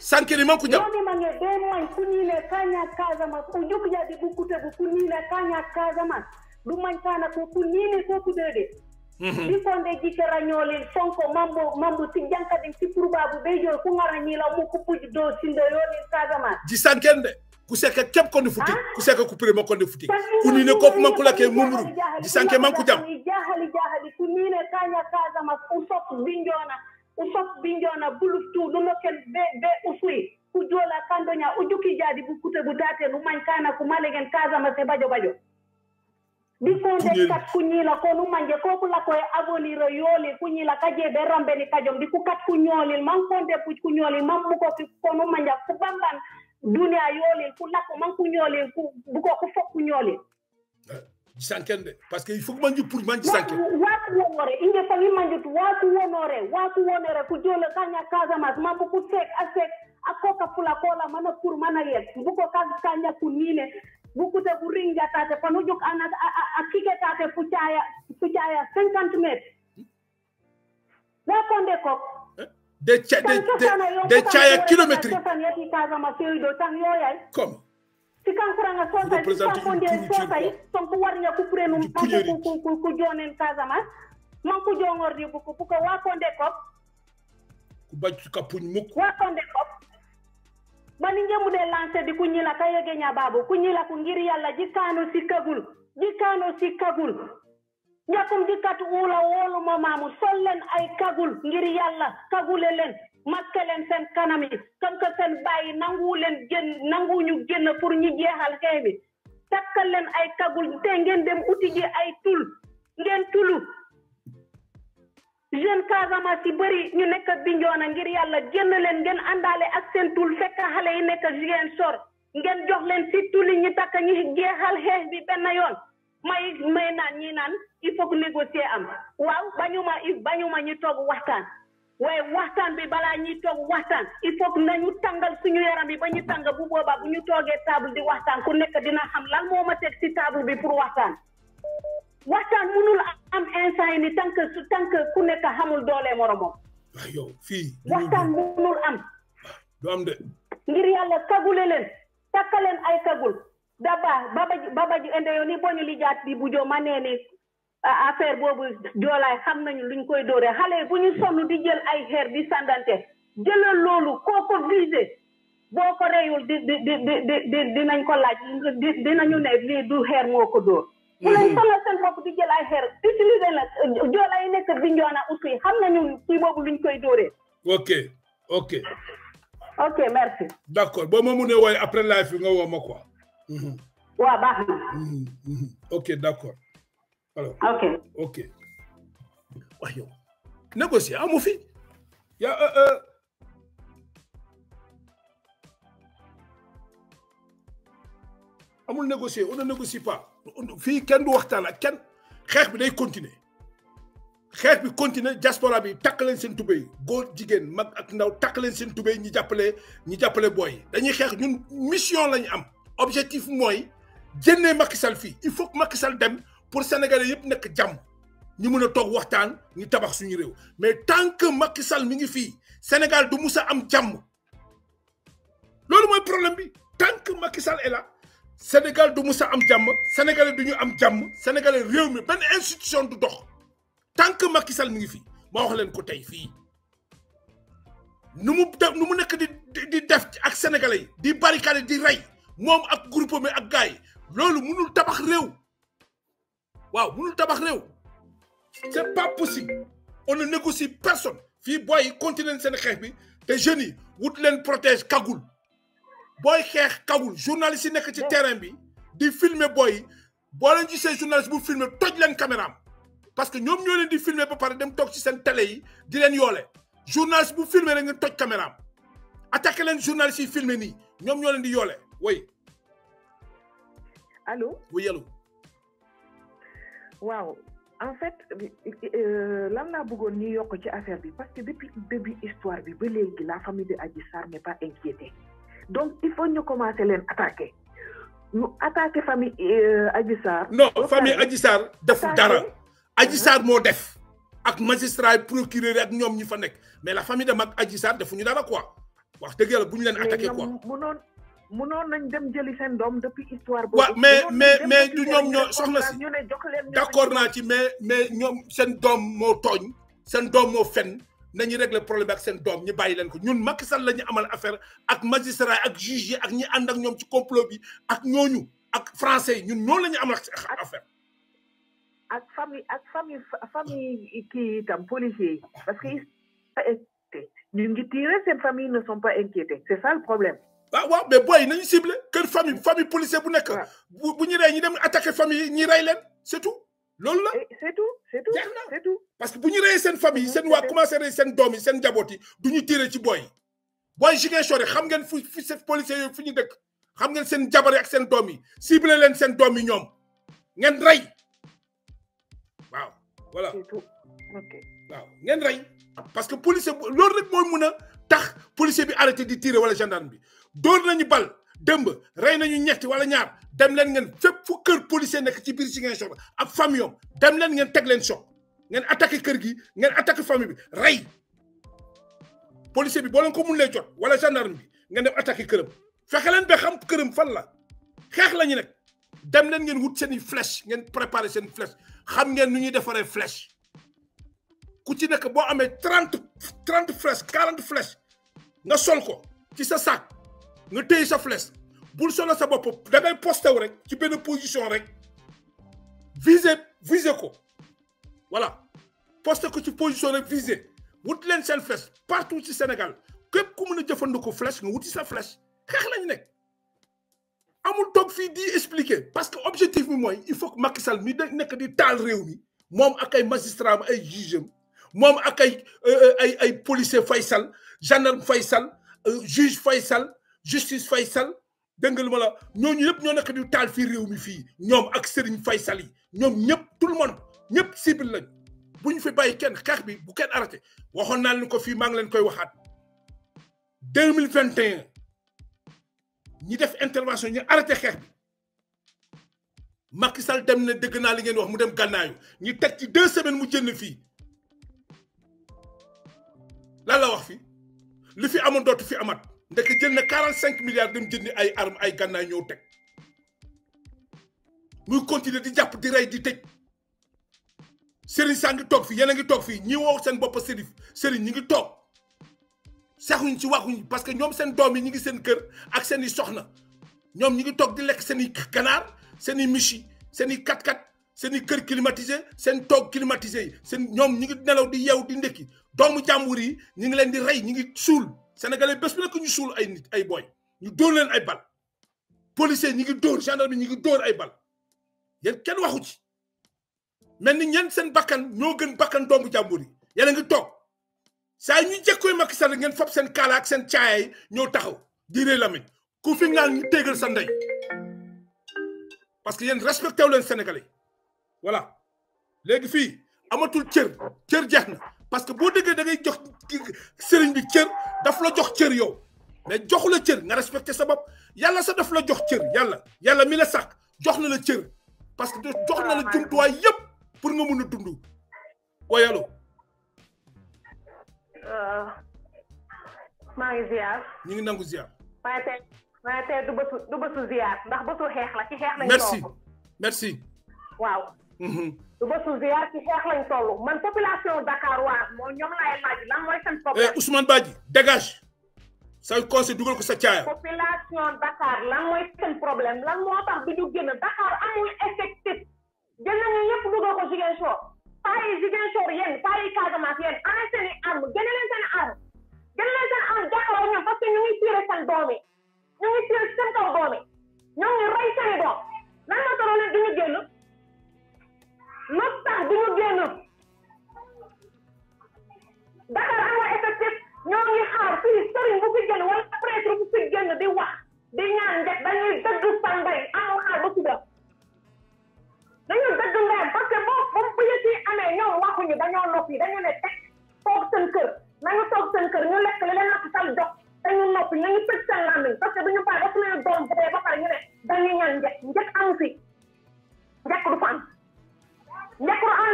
sankende man ko jam yoni mange be man funine kanya kazama ko di jadi buku teb funine kanya kazama du man kana ko funine ko kudede ɗi mhm. fonde jike rañolel sonko mambo mambo sijjan kadi sikkuru babu ɓey joyi ku gara do mo kuppuji dow sindoyonin sagama jisanken de kuseke kep konde futi ah? kuseka kupire mo konde futi kunine kop mankula ke mumru jisanke manku jam jahali jahali kunine kaña sagama usop binjona usop binjona bulu tu nulokel be be usuyi ku joola kandoña ujuki jaadi bu kute bu daten umañ kana ku malegen sagama se bajo bajo dikondekat kuñiila ko numanje ko kula koye yoolil yooli kuñiila kajeeɓe rambeni kajom di kukat kuñoolil man konde puc kuñoolil man buko fi ko numanja ku bamban duniya yoolil ku lakko man kuñoolil ku buko ku fok kuñoolil eh, sanken parce que il faut manju pour manju sanken watu wonore inge fa wi manju watu wonore watu wonore ku jola kanya kazamas mambo ku tek asek akoka fula kola mana kur mana yet buko kazi kanya kunine bukute buringia tate panujuk anak akike tate pucaya pucaya cinquante mètres wakonde kok eh, de ca de de de caya kilométrique comme sikan kuranga sosay sikan konde sosay ton ko warña ku purenum ku ku ku jonen casamance man ku jongordi ko ko wakonde ku baj ka puñ mukk wakonde kok baningemu de lanse di kunyila kayegenya babu kunyila kungiri yalla jikano sikagul jikano sikagul jakum jikatu ula wolu mamamu sollen ay kagul ngiri yalla kagule len makke leen seen kanam yi comme que seen bàyyi nangu leen génn nangu ñu génn pour ñu jeexal xeex bi takkal leen ay kagul te ngeen dem uti ji ay tul ngeen tulu jeune Casamance yi bëri ñu nekk Bignona ngir yàlla génn leen ngeen àndaale ak seen tul fekk xale yi nekk jigéen sor ngeen jox leen si tuli ñi takk ñi jeexal xeex bi benn yoon may may naan ñi naan il faut que négocier am waaw bañu ma if ma ñu toog waxtaan waaye waxtaan bi balaa ñuy toog waxtaan il faut que nañu tàngal suñu yaram bi ba ñu tàng bu boobaa bu ñu toogee table di waxtaan ku nekk dina xam lan moo ma teg si table bi pour waxtaan waxtaan mënul am instant yi ni tant que su ku nekk xamul doole moromam. waaw ah, yow fii. waxtaan mënul am. Ah, du am de. ngir yàlla kagule leen takka leen ay kagul daba babaji babaji ende yow ni boo ñu bi bu joo ma nee ni ah, affaire boobu joolaay xam nañu luñ koy dóoree xale bu ñu sonn di jël ay xeer di sandante jëlal loolu koo ko visé boo ko reyul di di di di dinañ ko laaj dinañu ne du xeer moo ko dóor. bu leen sonal seen di jël ay xeer utiliser nag euh, nekk bi njoona aussi xam nañu kii boobu koy dóoree ok ok ok merci d' accord boo ma mënee woy après live nga woo ma quoi mm-hmm. waaw baax na mm-hmm, mm-hmm. ok d' accord alors ok ok wax yow négocier amu ah, fi ya euh, euh. amul négocier on négocie pas fi kenn du waxtaan ak kenn xeex bi day continuer xeex bi continuer diaspora bi takk leen seen tubéy góor jigéen mag ak ndaw takk leen seen tubéy ñi jàppale ñi jàppale boy dañuy xeex ñun mission lañ am objectif mooy jënnee Macky Sall fii il faut que Macky Sall dem pour sénégalais yëpp nekk jàmm ñu mën a toog waxtaan ñu tabax suñu réew mais tant que Macky Sall mi ngi fii Sénégal du mus a am jàmm loolu mooy problème bi tant que Macky Sall est là. Sénégal du Moussa a am sénégalais du ñu am Diam sénégalais réew mi ben institution du dox tant que Macky Sall mi ngi fi ma wax len ko tay fi nu mu def nu mu di di def ak sénégalais di barricade di ray mom ak groupe mi ak gaay yi mënul tabax réew waaw mënul tabax réew c'est pas possible on ne négocie personne fi boy, yi continuer seen xeex bi te jeunes yi wut len protège kagoul boy xex kawul journaliste nek ci terrain bi di filmer boy bo len leen gisee journaliste bu filmer toj len caméra parce que ñom ñoo leen di filmer ba pare dem tok ci sen télé yi di len yolé journaliste bu filmer rek nga toj caméra attaqué len journaliste yi filmer ni ñom ñoo leen di yolé way allô oui allô waaw en fait euh, lan la bëggoon ñu yokk ci affaire bi parce que depuis début histoire bi ba léegi la famille de Adji Sarr n'est pas inquiétée donc il faut nous commencer à attaquer nous attaquer famille euh, Adissar. non famille Adjissar. Sarr dara. Ah. Adjissar, c'est magistrat et procureur ak mais la famille de c'est un dara quoi wax bu ñu quoi. nous depuis histoire. mais mais mais d'accord mais mais nañu régler problème ak seen doom ñu bàyyi leen ko ñun Macky Sall la ñu amal affaire ak magistrat ak juge yi ak ñi ànd ak ñoom ci complot bi ak ñooñu ak français ñun noonu la ñu amal affaire. ak famille ak famille famille kii itam policiers yi parce que ils sont pas inquiétés ñu ngi tiré seen famille ne sont pas inquiétés c'est ça le problème. ah waaw mais boy nañu cibler kër famille famille policier bu nekk. bu ñu rey ñu dem attaquer famille ñi rey leen c'est tout. loolu la c'est tout c'est tout c'est parce que bu ñu reyee seen famille seen waa commencé seen doom yi seen njaboot du ñu tiire ci booy booy Ziguinchor yi xam ngeen fu fu seen policiers yooyu fu ñu dëkk xam ngeen seen jabar yi ak seen doom yi ciblé leen seen doom yi ñoom ngeen rey waaw voilà c'est ngeen rey parce que policier loolu rek mooy mun a tax policier bi arrêté di tire wala gendarme bi dóor nañu bal Dembe, ray nañu ñetti wala ñaar dem leen ngeen fu policier nek ci famille dem leen ngeen leen choc ngeen attaqué keur gi ngeen famille bi policier bi bo leen ko Voilà lay jot wala gendarme bi ngeen dem attaqué leen xam fan la xex lañu nek dem leen ngeen wut flèche ngeen préparé seen flèche xam ngeen nu flèche ku ci nek trente trente flèche quarante nga sol ko sac nga téye sa flèche bul solo sa bopp da ngay posté rek ci benn position rek visé visé ko voilà posté ko ci position rek visé wut leen seen flèche partout ci Sénégal képp ku mën a jëfandikoo flèche nga wuti sa flèche xeex lañu nekk amul toog fii di expliquer parce que objectif bi mooy il faut que Macky Sall mi nekk di taal réew mi moom ak ay magistrat ay juge moom ak ay euh, euh, ay ay policier Faisal, général gendarme euh, juge Faisal. justice faisal dégg nga lu ma la ñooñu ñëpp ñoo nekk di tal fi rew mi fi ñom ak Serigne faisal yi ñom ñëpp tout le monde ñëpp cible lañ buñ fi bàyyi kenn xeex bi bu kenn arrêté waxon naa ko fi ma ngi leen koy waxat 2021 ñi def intervention ñi arrêté xex bi Macky Sall dem na deug na li ngeen wax mu dem gànnaayu ñi tek ci 2 semaines mu jenn fi la la wax fi li fi amon dot fi amat. jël 45 milliards dem jëndi ay armes ay gànnaay ñëw teg muy continuer di japp di rey di tej sëriñ saa tok fi ngi tok fi parce que ñom sen doom yi ñi ngi sen kër ak seen soxna ñom ñi ngi di michi kat kër climatisé sen tok climatisé sen ñom ñi ngi nelaw di di ndekki ñi sénégalais bés bu nak ñu sul ay nit ay boy ñu dóor leen ay bal policier ñi ngi door gendarme ñi ngi door ay bal yéen kenn waxu ci melni ñen ñeen seen bakkan ñoo gën bakkan doomu jàmbur yi yéen a ngi toog ñu jekkoy Macky Sall ngeen fop seen kala ak seen chaay ñoo taxaw di rëy lamiñ ku fi ngal ñu téegal sa ndey parce que yéen respecté wu leen sénégalais voilà légui fi amatul cër cër jexna parce que boo déggee da ngay jox sëriñ bi cër daf la jox cër yow mais joxu la cër nga respecté sa bopp yàlla sa daf la jox cër yàlla yàlla mi la sàkk jox na la cër parce que jox na la jumtuwaay yëpp pour nga mun a dund woyalu. Euh, maa ngi ziar. ñu ngi nangu ziar. waaye tey ndax bësu xeex la ci merci merci. waaw. du bësu ziar ci xeex lañ toll man population Dakar waa moo ñoom laay laaj lan mooy seen problème. Eh, Ousmane Badji dégage. sa conseil dugal ko sa caaya. population Dakar lan mooy seen problème lan moo tax bi ñu génn Dakar amul effectif jël nañu yëpp dugal ko Ziguinchor paa yi Ziguinchor yéen paa yi Casamance yéen ana seen i arme génne leen seen arme génne leen seen arme jàkkaarloo ñoom parce que ñu ngi tiire seen doom yi ñu ngi tiire lu tax du ñu génn Dakar am na effectif ñoo ngi xaar fii sëriñ bu fi génn wala prêtre bu fi génn di wax di ñaan njëkk dañuy dëgg sàmbay amul xaar ba suba dañu dëgg ndeyam parce que boo bu bu yëg amee ñoom ne teg eh, toog seen kër nañu toog seen kër ñu lekk li leen Macky Sall jox dañu noppi nañu tëj seen làmmiñ parce ne dañuy ñaan njëkk njëkk amu fi njëkk du fa am. nekkul am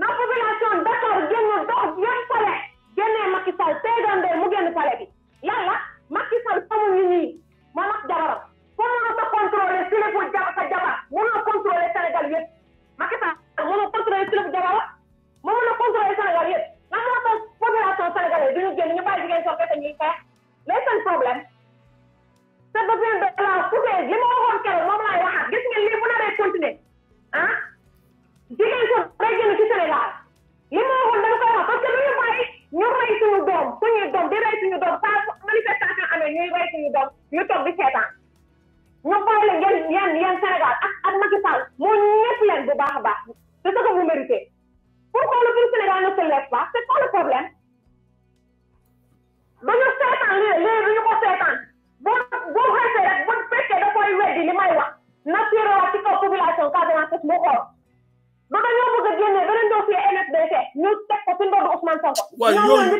na population d'accord génn dox yëpp pale génnee Macky Sall PDM mu génn pale bi yàlla Macky Sall xamul ñu nii moom ak jabaram pour mënoo ko contrôler si lépp jabar sa jabar mënoo contrôler Sénégal yëpp Macky Sall mënoo contrôler si lépp jabar mu mën a contrôler Sénégal yëpp population sénégalaise duñu génn ñu bàyyi jigéen soo kese ñuy xeex mais li ma waxoon keroog moom laay waxaat gis ngeen lii bu naree jigéen sa rajjana ci Sénégal li ma waxoon dama koy wax parce que lu ñu bàyyi ñu rey suñu doom suñuy doom di rey suñu doom saa manifestation amee ñuy rey suñu doom ñu toog di seetaan ñu bàyyi la ngeen yéen yéen Sénégal ak ak Macky Sall moo ñëpp leen bu baax a baax c'est ce que vous méritez pourquoi le peuple sénégalais ne se lève pas c'est quoi le problème dañu seetaan li li ñu ko seetaan boo boo xasee rek bu fekkee da koy weddi li may wax na tiiroo ci kaw population Casamance moo xool ba dañoo bëgg a génne beneen dossier MFDC ñu teg ko ci ndodd Ousmane Sonko. waaw yooyu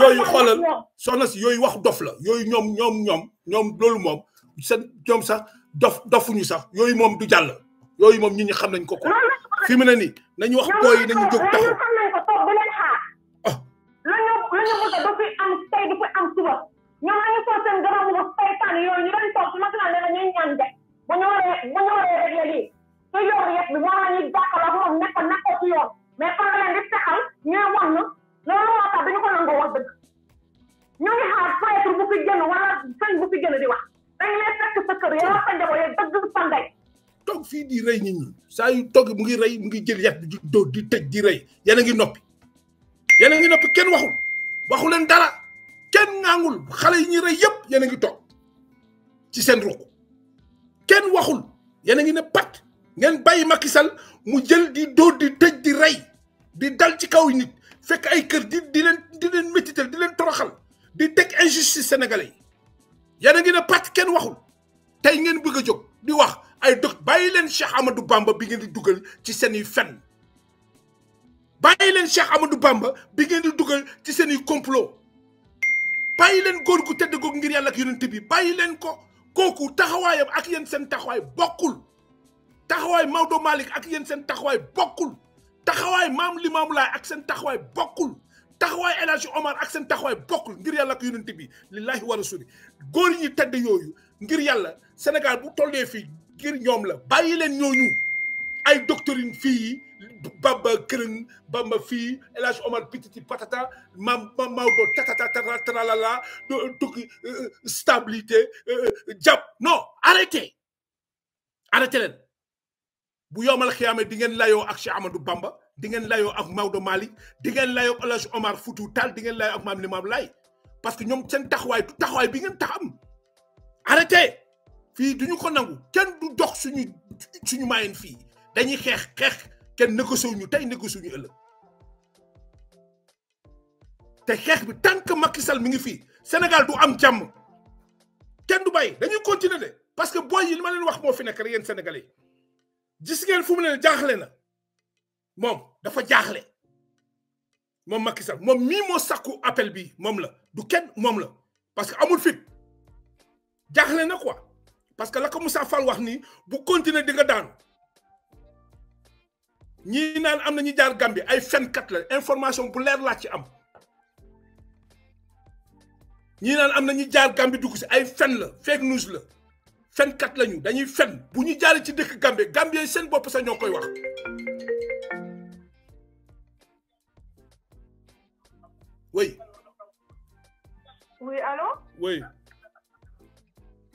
yooyu xoolal yooyu wax dof la yooyu ñoom ñoom ñoom ñoom loolu moom seen ñoom sax dof dofuñu sax yooyu moom du jàll yooyu moom ñun ñi xam nañ ko ko fi mu ne nii nañu wax booy yi nañu jóg taxaw. xam ah. a am suba ñoom la ñu soog seen garabu saytaan yooyu ñu doon toog maintenant nee na ñuy ñu waree bu te yoon yëpp bi war nañu jàkkaarloo moom ne ko ci yoon mais kon nga leen di sexal ñooy wan na loolu moo tax dañu ko nangoo wax dëgg ñu ngi xaar prêtre bu fi génn wala sëñ bu fi génn di wax dañ lay fekk sa kër yow sa njaboot yow dëgg sa ndey toog fii di rey nit ñi saa yu toog mu ngi rey mu ngi jël yat di dóor di tëj di rey yéen a ngi noppi yéen a ngi noppi kenn waxul waxu leen dara kenn ngàngul xale yi ñuy rey yëpp yéen a ngi toog ci seen ruq kenn waxul yéen a ngi ne pat ngeen bàyyi Macky Sall mu jël di dóor di tëj di rey di dal ci kaw nit fekk ay kër di di leen di leen métital di leen toroxal di teg injustice sénégalais yi yéen a ngi ne pàcc kenn waxul tey ngeen bëgg a jóg di wax ay dox bàyyi leen Cheikh Amadou Bamba bi ngeen di dugal ci seen i fenn bàyyi leen Cheikh Amadou Bamba bi ngeen di dugal ci seen i complot bàyyi leen góor gu tedd googu ngir yàlla ak yonent bi bàyyi leen ko kooku taxawaayam ak yéen seen taxawaay bokkul. taxawaay Maodo malik ak yéen seen taxawaay bokkul taxawaay maam Limaamu Laay ak seen taxawaay bokkul taxawaay El Hadji Omar ak seen taxawaay bokkul ngir yàlla ak yonent bi lillaahi wa rasuli góor ñi tedd yooyu ngir yàlla Sénégal bu tollee fii ngir ñoom la bàyyi leen ñooñu ay doctrine fii Bamba Kërën Bamba fii El Hadji Omar pititi patata ma Maodo tatata tralala tukki euh, stabilité euh, euh, jàpp non arrêtez arrêtez leen bu yomal xiyaame di ngeen layoo ak Cheikh Amadou Bamba di ngeen layoo ak Maodo Malick di ngeen layoo El Hadj Omar Foutou di ngeen layoo ak Maam Limaam Laay parce que ñoom seen taxawaay du taxawaay bi ngeen tax am arrêté fii du duñu ko nangu kenn du dox suñu suñu maayeen fii dañuy xeex xeex kenn négocié ñu tey négocié ñu ëllëg te xeex bi tant que Macky Sall mi ngi fii Sénégal du am jàmm kenn du bàyyi dañuy continuer de parce que booy yi li ma leen wax moo fi nekk rek yéen sénégalais gis ngeen ne na dafa jaaxle moom Macky Sall moom mii moo appel bi moom la du parce que amul fit jaaxle na quoi parce que la ko Moussa wax ni bu continuer di nga daanu Gambie la am Gambie la fake news fenkat lañu dañuy fen bu ñu jaaree ci dëkk Gambie Gambie seen bopp sa ñoo koy wax. oui. oui allo. oui.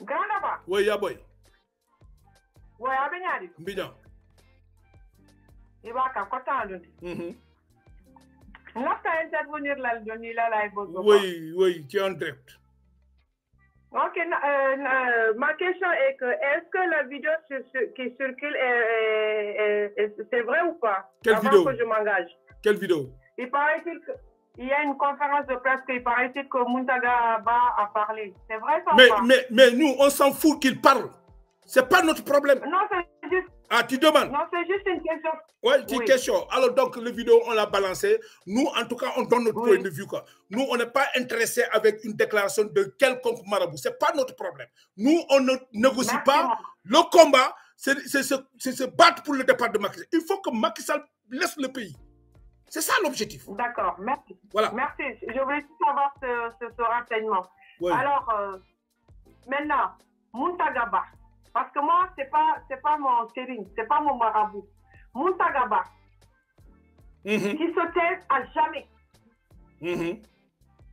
Grand Abba. oui yaa boy. oui abe ñaari. mbiña. i b'a ka kɔta lo di. n ka intervenir la ni la la i b'o. oui oui ci en direct. Ok, euh, ma question est que est-ce que la vidéo qui circule est, est, ou pas Quelle vidéo que je m'engage. Quelle vidéo Il paraît-il qu'il y a une conférence de presse qu'il paraît-il que Muntaga a parlé. C'est vrai ça mais, ou pas mais, mais nous, on s'en fout qu'il parle. C'est pas notre problème. Non, ah, tu demandes Non, c'est juste une question. Ouais, une question. Alors, donc, le vidéo, on l'a balancé. Nous, en tout cas, on donne notre point de vue. Quoi. Nous, on n'est pas intéressé avec une déclaration de quelconque marabout. Ce n'est pas notre problème. Nous, on ne négocie pas. Le combat, c'est se battre pour le départ de Macky Sall. Il faut que Macky Sall laisse le pays. C'est ça l'objectif. D'accord, merci. Voilà. Merci. Je voulais juste avoir ce, renseignement. Alors, euh, maintenant, Muntagaba, parce que moi, ce n'est pas, pas mon sering, ce n'est pas mon marabout. Mon mhm. qui se taise à jamais. Mhm.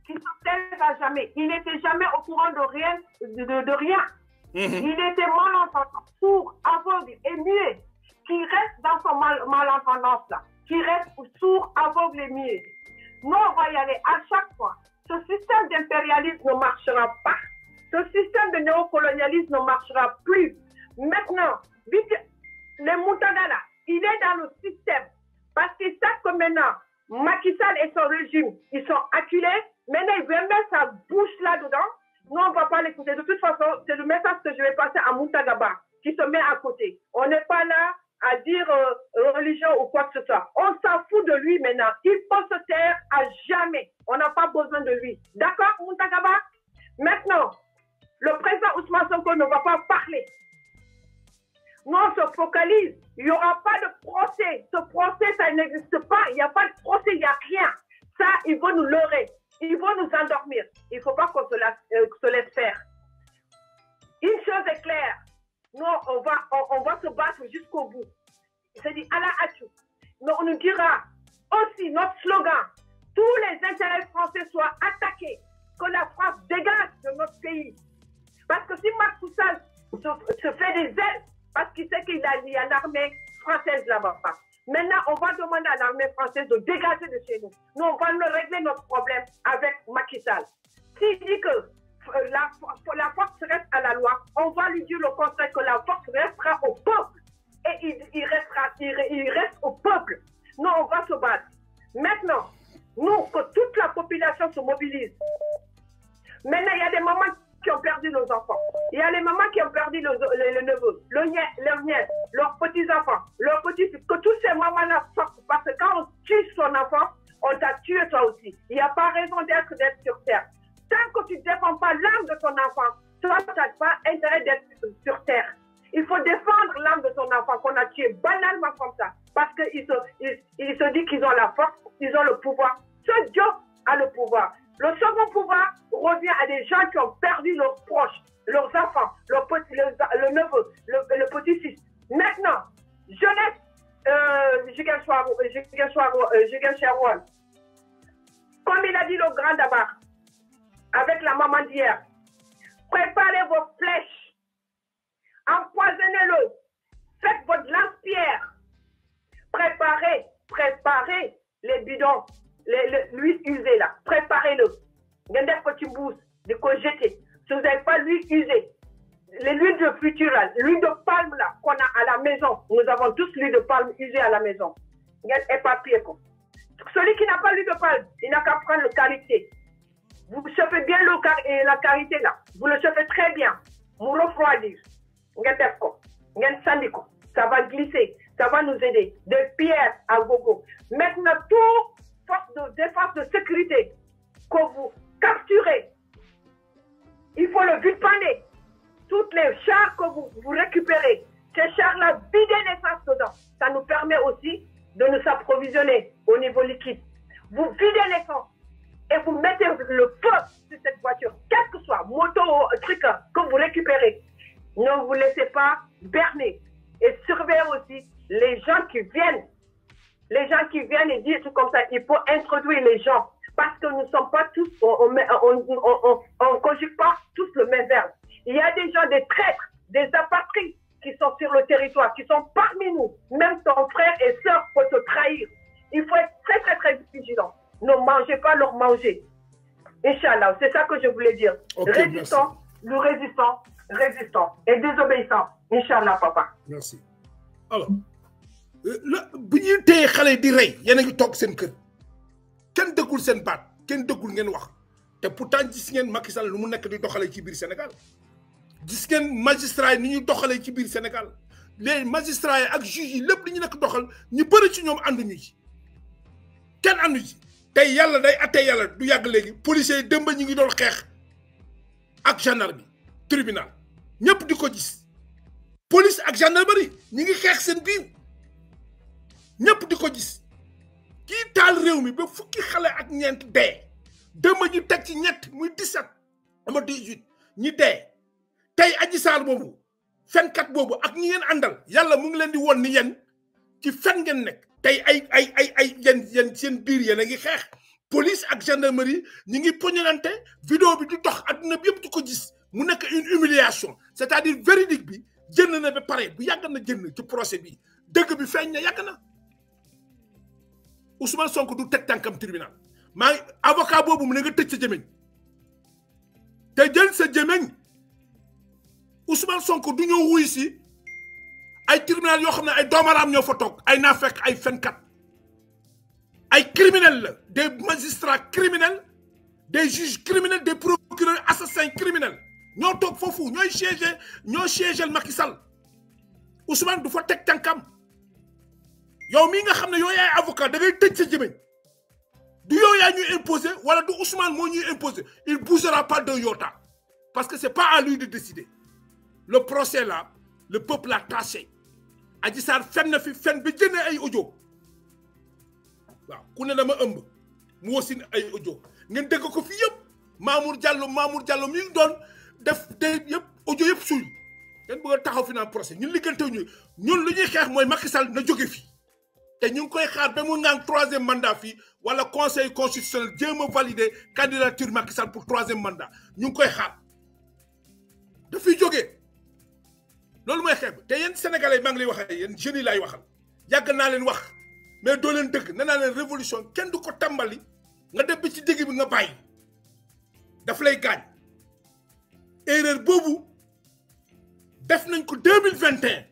Qui se taise à jamais. Il n'était jamais au courant de rien. De, rien. Mhm. Il était malentendant, sourd, aveugle et muet, qui reste dans son malentendance-là, qui reste sourd, aveugle et muet. Nous, on va y aller à chaque fois. Ce système d'impérialisme ne marchera pas ce système de néocolonialisme ne marchera plus. Maintenant, vite, les Moutagala, il est dans le système. Parce qu'ils savent que maintenant, Macky et son régime, ils sont acculés. Maintenant, il veut mettre sa bouche là-dedans. Nous, on ne va pas l'écouter. De toute façon, c'est le message que je vais passer à Moutagaba, qui se met à côté. On n'est pas là à dire euh, religion ou quoi que ce soit. On s'en fout de lui maintenant. Il faut se taire à jamais. On n'a pas besoin de lui. D'accord, Moutagaba Maintenant, le président Ousmane Sonko ne va pas parler. Nous, on se focalise. Il n'y aura pas de procès. Ce procès, ça n'existe pas. Il n'y a pas de procès, il n'y a rien. Ça, ils vont nous leurrer. Ils vont nous endormir. Il ne faut pas qu'on euh, se, laisse faire. Une chose est claire. Nous, on va, on, va se battre jusqu'au bout. C'est dit Mais on nous dira aussi notre slogan tous les intérêts français soient attaqués, que la France dégage de notre pays, parce que si Marc Toussaint se, fait des ailes, parce qu'il sait qu'il a, mis y a l'armée française là-bas. Maintenant, on va demander à l'armée française de dégager de chez nous. Nous, on va nous régler notre problème avec Macky Sall. S'il dit que euh, la, la, force reste à la loi, on va lui dire le contraire, que la force restera au peuple. Et il, restera, il, il, reste au peuple. Nous, on va se battre. Maintenant, nous, que toute la population se mobilise. Maintenant, il y a des moments qui ont perdu nos enfants. Il y a les mamans qui ont perdu le, neveux, neveu, le nièce, leurs nièces, leurs petits-enfants, leurs petits fils Que tous ces mamans-là sortent. Parce que quand on tue son enfant, on t'a tué toi aussi. Il n'y a pas raison d'être sur terre. Tant que tu ne défends pas l'âme de ton enfant, toi, tu n'as pas intérêt d'être sur terre. Il faut défendre l'âme de son enfant qu'on a tué banalement comme ça. Parce qu'ils se, se disent qu'ils ont la force, ils ont le pouvoir. Ce Dieu a le pouvoir. Le second pouvoir revient à des gens qui ont perdu leurs proches, leurs enfants, le, neveu, le, petit-fils. Maintenant, jeunesse, euh, je euh, gagne Comme il a dit le grand d'abord, avec la maman d'hier, préparez vos flèches, empoisonnez-le, faites votre lance-pierre, préparez, préparez les bidons l'huile usée là, préparez-le. Gendef def de ci si vous n'avez pas l'huile usée les de futural l'huile de palme là qu'on a à la maison nous avons tous l'huile de palme usée à la maison pas papier quoi. celui qui n'a pas l'huile de palme il n'a qu'à prendre le qualité vous chauffez bien le car et la carité là vous le chauffez très bien Vous refroidir ngeen quoi ko ça va glisser ça va nous aider de pierre à gogo maintenant tout forces de défense de sécurité que vous capturez, il faut le vulpaner. Toutes les chars que vous, vous récupérez, ces chars-là, videz l'essence dedans. Ça nous permet aussi de nous approvisionner au niveau liquide. Vous videz l'essence et vous mettez le feu sur cette voiture, quelle que soit, moto ou truc que vous récupérez. Ne vous laissez pas berner et surveillez aussi les gens qui viennent les gens qui viennent et disent tout comme ça, il faut introduire les gens parce que nous ne sommes pas tous, on ne conjugue pas tous le même verbe. Il y a des gens, des traîtres, des apatrides qui sont sur le territoire, qui sont parmi nous. Même ton frère et soeur peut te trahir. Il faut être très, très, très vigilant. Ne mangez pas leur manger. Inch'Allah, c'est ça que je voulais dire. résistant, nous résistons, résistant et désobéissant. Inch'Allah, papa. Merci. Alors. la bu ñuy téye xale di rey yéen a ngi toog seen kër kenn dëggul seen baat kenn dëggul ngeen wax te pourtant gis ngeen Macky Sall lu mu nekk di doxalee ci biir senegal gis ngeen magistrat yi ni ñu doxalee ci biir senegal les magistrats ak juges yi lépp li ñu nekk doxal ñu bëri ci ñoom ànduñu ci kenn àndu ci tey yàlla day attee yàlla du yàgg léegi policiers yi démb ñu ngi doon xeex ak bi tribunal ñëpp di ko gis police ak gendarmerie ñu ngi xeex seen biir. ñepp diko gis ki tal rew mi ba fukki xalé ak ñent dé dama ñu tek ci ñet muy 17 ama 18 ñi dé tay aji saar boobu fenkat bobu ak ñi ñen andal yalla mu ngi leen di won ni yéen ci fen ngeen nek tay ay ay ay ay yéen yéen seen biir ya a ngi xeex police ak gendarmerie ñi ngi poñalante vidéo bi di dox aduna bi yëpp di ko gis mu nek une humiliation c'est-à-dire véridique bi jënd na ba pare bu yag na jënd ci procès bi deug bi feeñ na na Ousmane Sonko du tribunal ma avocat bobu mu ne nga jël sa jëmeñ Ousmane Sonko du ñoo wuy ay tribunal yo xamna ay ñoo fa tok ay ay fenkat ay criminels des magistrats criminels des juges criminels des procureurs assassins criminels ñoo sont fofu ñoy un ñoo Macky Sall Ousmane du fa yow mi nga xam yow yaay avocat da ngay tëj ci jëmeñ du yow yaa ñu imposer wala du Ousmane Mo ñuy imposer il bougera pas de yota, parce que c'est pas à lui de décider le procès là le peuple a taché Adji Sarr fen na fi fen bi jëne ay audio waaw ku ne dama ëmb mu wasin ay audio ngeen dégg ko fi yëpp Mamour Diallo Mamour Diallo mi ngi doon def de yëpp audio yëpp suy kenn bëgg a taxaw fi naan procès ñun liggéeyanteel ñu ñun lu ñuy xeex mooy Macky Sall na joggé fi et nous avons koy troisième mandat ou le conseil constitutionnel valide valider candidature Macky Sall pour troisième mandat Nous avons koy xaar que nous avons fait. sénégalais un lay yi waxal avons mais nous leen dëgg Nous révolution Nous du ko tàmbali nga def Nous ci avons nga bàyyi Nous avons un erreur Nous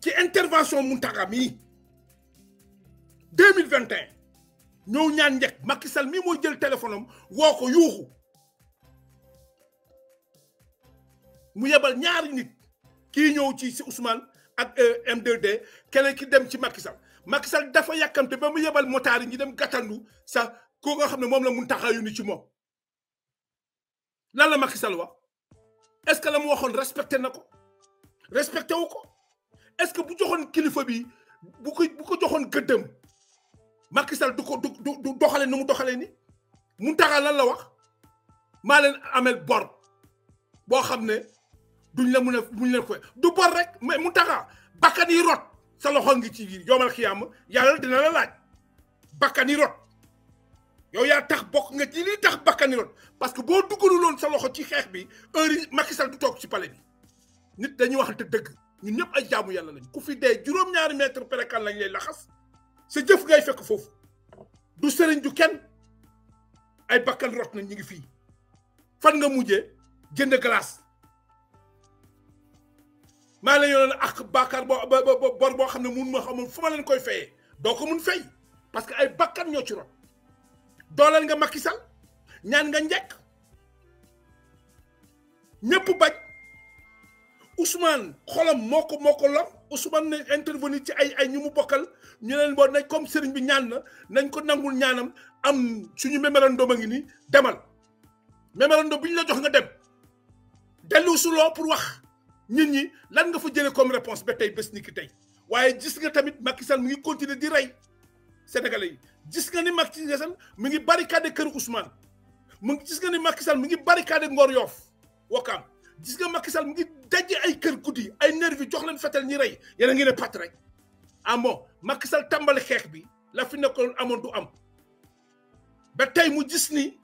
ci intervention Mountaga 2021 ñëw ñaan njëkk Macky Sall mii mooy jël téléphone am woo ko yuuxu mu yebal ñaar nit ki ñëw ci si Ousmane ak euh, M2D kene ki dem ci Macky Sall Macky Sall dafa yakamte ba mu yebal motari ñi dem gàttandu sa ko nga xamne mom la Mountaga yu ni ci moom lan la Macky Sall wax est-ce que la mu waxoon respecté na ko respecté wu ko est-ce que bu joxone kilifa bi bu ko bu ko joxoon gëddëm Macky Sall du ko du doxale numu doxale ni mu taxaa lan la wax ma len amel bor bo xamne duñ la mun buñ duñ ko du bor rek mais mu taxaa bakkan rot sa loxo ngi ci biir yomal xiyaama yalla dina la laaj bakani rot yow ya tax bok nga ci lii tax bakani rot parce que bo duggalu won sa loxo ci xex bi heure yi Macky Sall du tok ci palais bi nit dañuy te deug ñun ñëpp ay jaamu yàlla lañ ku fi dee juróom-ñaari mètre pérékan lañ lay laxas sa jëf ngay fekk foofu du sëriñ du kenn ay bakkan rot na ñu ngi fii fan nga mujjee jënd glace maa la yoroon ak bàkkaar bo bor boo xam ne mun ma xamul fu ma leen koy fayee doo ko mun fay parce que ay bakkan ñoo ci rot dooleel nga makisal ñaan nga njekk ñëpp bañ Ousmane xolam moko moko moo lor Ousmane ne intervenu ci ay ay ñumu bokal ñu leen bo nañ comme serigne bi ñaan na nañ ko nangul ñaanam am suñu mémorandum a ngi ni demal mémorandum bi la jox nga dem su lo pour wax nit ñi lan nga fa jëlé comme réponse ba tay bes ni ki tey waaye gis nga tamit Macky Sall mu ngi continuer di ray sénégalais yi gis nga ni Macky Sall mu ngi barricader kër Ousmane mu ngi gis nga ni Macky Sall mu ngi barricader Ngor Yoff wakam gis nga Macky Sall mu ngi daje ay kër guddi ay nervi jox leen fetel ñi rey yéen a ngi ne pat rek ah bon Macky tàmbali xeex bi la fi nekkoon amoon du am ba tey mu gis ni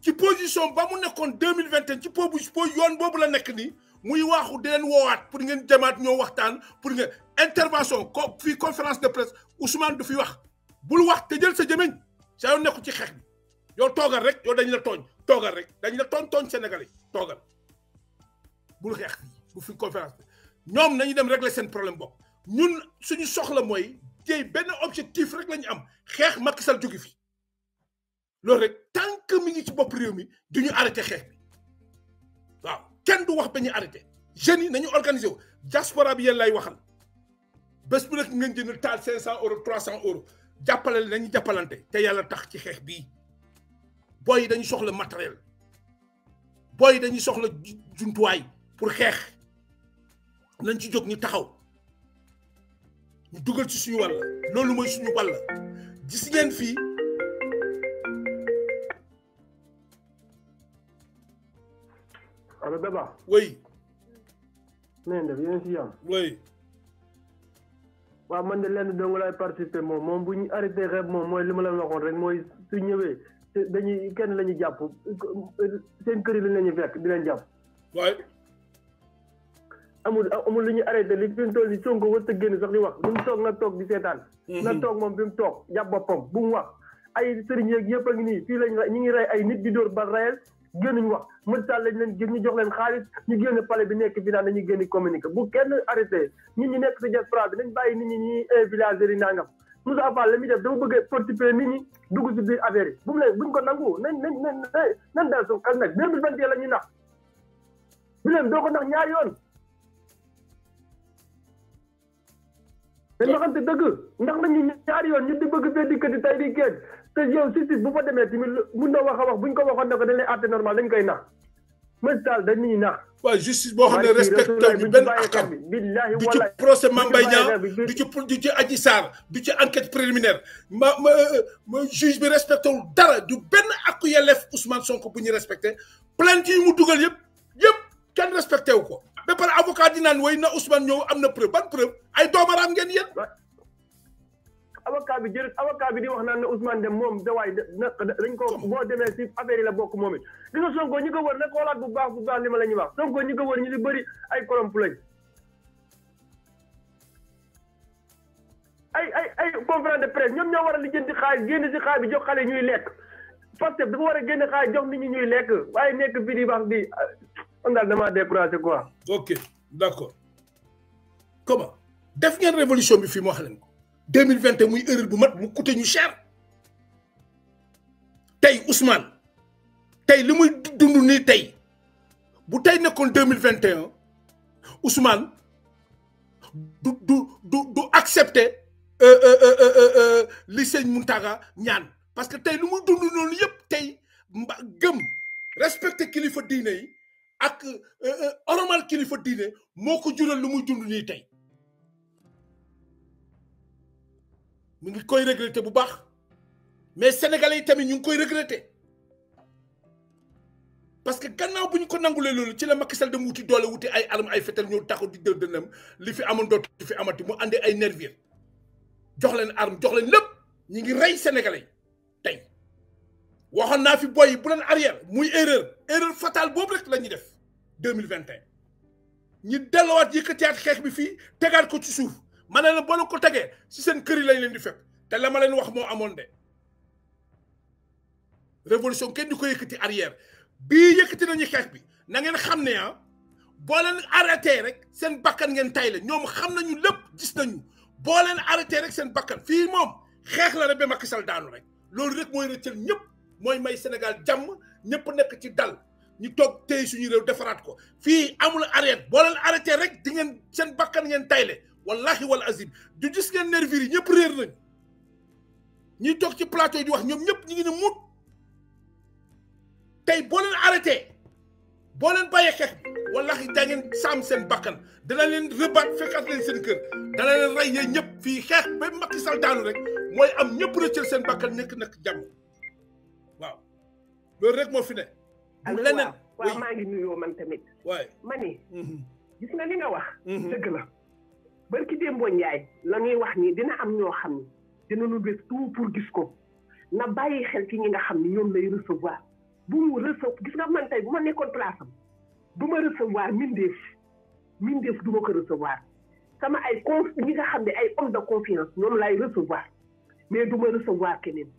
ci position ba mu nekkoon deux mille vingt et un ci po yoon boobu la nekk ni muy waaxu di leen woowaat pour ngeen jamaat ñoo waxtaan pour ngeen intervention ko fii conférence de presse Ousmane du fi wax bul wax te jël sa jëmeñ sa yoon nekku ci xeex bi yow toogal rek yow dañ la tooñ toogal rek dañ la tooñ tooñ Sénégalais toogal bul xeex fii bu fi conférence bi ñoom nañu dem régler seen problème bopp ñun suñu soxla mooy tey benn objectif rek lañu am xeex Macky Sall jóge fi loolu rek tant que mi ngi ci bopp réew mi du ñu arrêté xeex bi waaw kenn du wax ba ñu arrêté jeunes yi nañu organiser wu diaspora bi yéen waxal bés bu nekk ngeen jënd taal 500 euros 300 euros jàppale nañu jàppalante te yàlla tax ci xeex bii booy yi dañu soxla matériel booy yi dañu soxla jumtuwaay. pour Je lañ ci jog ñu taxaw ñu duggal ci suñu loolu moy suñu gis ngeen fi Daba oui Je suis là. yam oui wa man de Je suis là. participer suis mom Je arrêté je suis moy Je la waxon rek là. su suis dañuy kenn suis là. seen kër yi fekk leen amul amul lu ñu arrêté li fi mu toll nii Sonko war a sax di wax bu mu toog na tok di seetaan. na tok mom fi mu toog jàpp boppam bu mu wax. ay serigne yeeg y'a, yépp y'a ak ni fi fii lañ ñi ngi ray ay nit di door ba reyal génnuñ wax mu taal lañ leen gën ñu jox leen xaalis ñu gën palé bi nekk fi naan dañuy ni communiquer bu kenn arrêté nit ñi nekk si diaspora bi dañ bayyi nit ñi ñi villageurs yi nangam. Moussa Fall la mi def dama bëgg a participer nit ñi dugg ci biir affaire yi bu mu lay buñ ko nangu nañ nañ nañ nañ dal suñu xel nak 2021 lañu nax bi leen doo ko nax ñaar yoon dañ waxante dëgg ndax nañu ñaari yoon ñu di bëgg fee di këddi tay di keej te yow justice bu fa demee tamit mun na wax a wax buñ ko waxoon ne ko dañ lay àtte normal dañ koy nax Macky Sall dañ ñuy nax waaw justice boo xam ne respecté bi benn akam du ci procès Mame Mbaye Niang du ci du ci Adji Sarr du ci enquête préliminaire ma ma euh, juge bi respecté wul dara du benn akku bu ñu respecté plainte yi mu dugal yëpp yëpp kenn respecté wu ko ba pare avocat di naan way na Ousmane ñëw am na preuve ban preuve ay doomaraam ngeen yéen. avocat bi jërë avocat bi di wax naan ne Ousmane dem moom da waay dañ ko boo demee si affaire la bokk moom it gis nga Sonko ñi ko wër nag xoolaat bu baax bu baax li ma la ñuy wax Sonko ñi ko wër ñu li bëri ay koromp lañ ay ay ay conférence de presse ñoom ñoo war a lijjanti xaalis génn si xaalis bi jox xale ñuy lekk parce que dafa war a génn xaalis jox nit ñuy lekk waaye nekk bi di wax di man daal damaa décourager quoi. ok d'accord. comment def ngeen révolution bi fi mu wax leen ko deux erreur bu mat mu coûté ñu cher Tay Ousmane tay li muy dund nii tey bu tay nekkon 2021, mille vingt et un Ousmane du du du du accepter euh, euh, euh, li Seigne Mountaga ñaan parce que tay lu muy dund noonu yëpp tey mba gëm respecter kilifa diiné yi. ak euh, euh, ormal kilifa diine moo ko jural lu mu dund nii tey mu ngi koy regretter bu baax mais sénégalais yi tamit ñu ngi koy regretter parce que gannaaw bu ñu ko nangulee loolu ci la Macky Sall dem wuti doole wuti ay armes ay fetal ñëw taxu di dëw dënam li fi amoon dootu fi amati mu àndi ay nervis jox leen arme jox leen lépp ñu ngi rey sénégalais tey waxon na fi boy bu len arrière muy erreur erreur fatale boobu rek la def 2021 ñi delowat et un xex bi fi tégal ko ci suuf mané la boo ko tégué ci seen kër yi lañ leen di fekk te la ma leen wax mo amoon de révolution kenn du ko yëkëti arrière bi yëkëti nañu xex bi na ngeen xamné ha bo leen arrêté rek seen bakkan ngeen tay la ñom xam nañu lépp gis nañu bo leen arrêté rek seen bakkan fi mom xex la rebe makissal daanu rek lolu rek moy reccel ñëpp. mooy may Sénégal jàmm ñëpp nekk ci dal ñu toog tey suñu réew defaraat ko fii amul arrêt boo leen arrêté rek di ngeen seen bakkan ngeen tayle wallahi wal azim du gis ngeen nervis yi ñëpp réer nañ ñuy toog ci plateau di wax ñoom ñëpp ñu ngi ne muut tey boo leen arrêté boo leen bàyyee xeex wallahi daa ngeen saam seen bakkan dana leen rëbaat fekkaat leen seen kër dana leen rey yee ñëpp fii xeex ba Macky Sall daanu rek mooy am ñëpp rëccal seen bakkan nekk nag loolu rek moo fi ne. o leneen waaw maa ngi nuyoo man tamit. waay ma ni. Mhm. gis nga li nga wax. Mhm. dëgg la barki Demba Ndiaye la ñuy wax ni dina am ñoo xam ni dinañu def tout pour gis ko na bàyyi xel ci ñi nga xam ni ñoom lay recevoir bu mu recevoir gis nga man tey bu ma nekkoon place am du ma recevoir mindeef mindeef du ma ko recevoir sama ay con ñi nga xam ne ay homme de confiance ñoom lay recevoir mais du ma recevoir keneen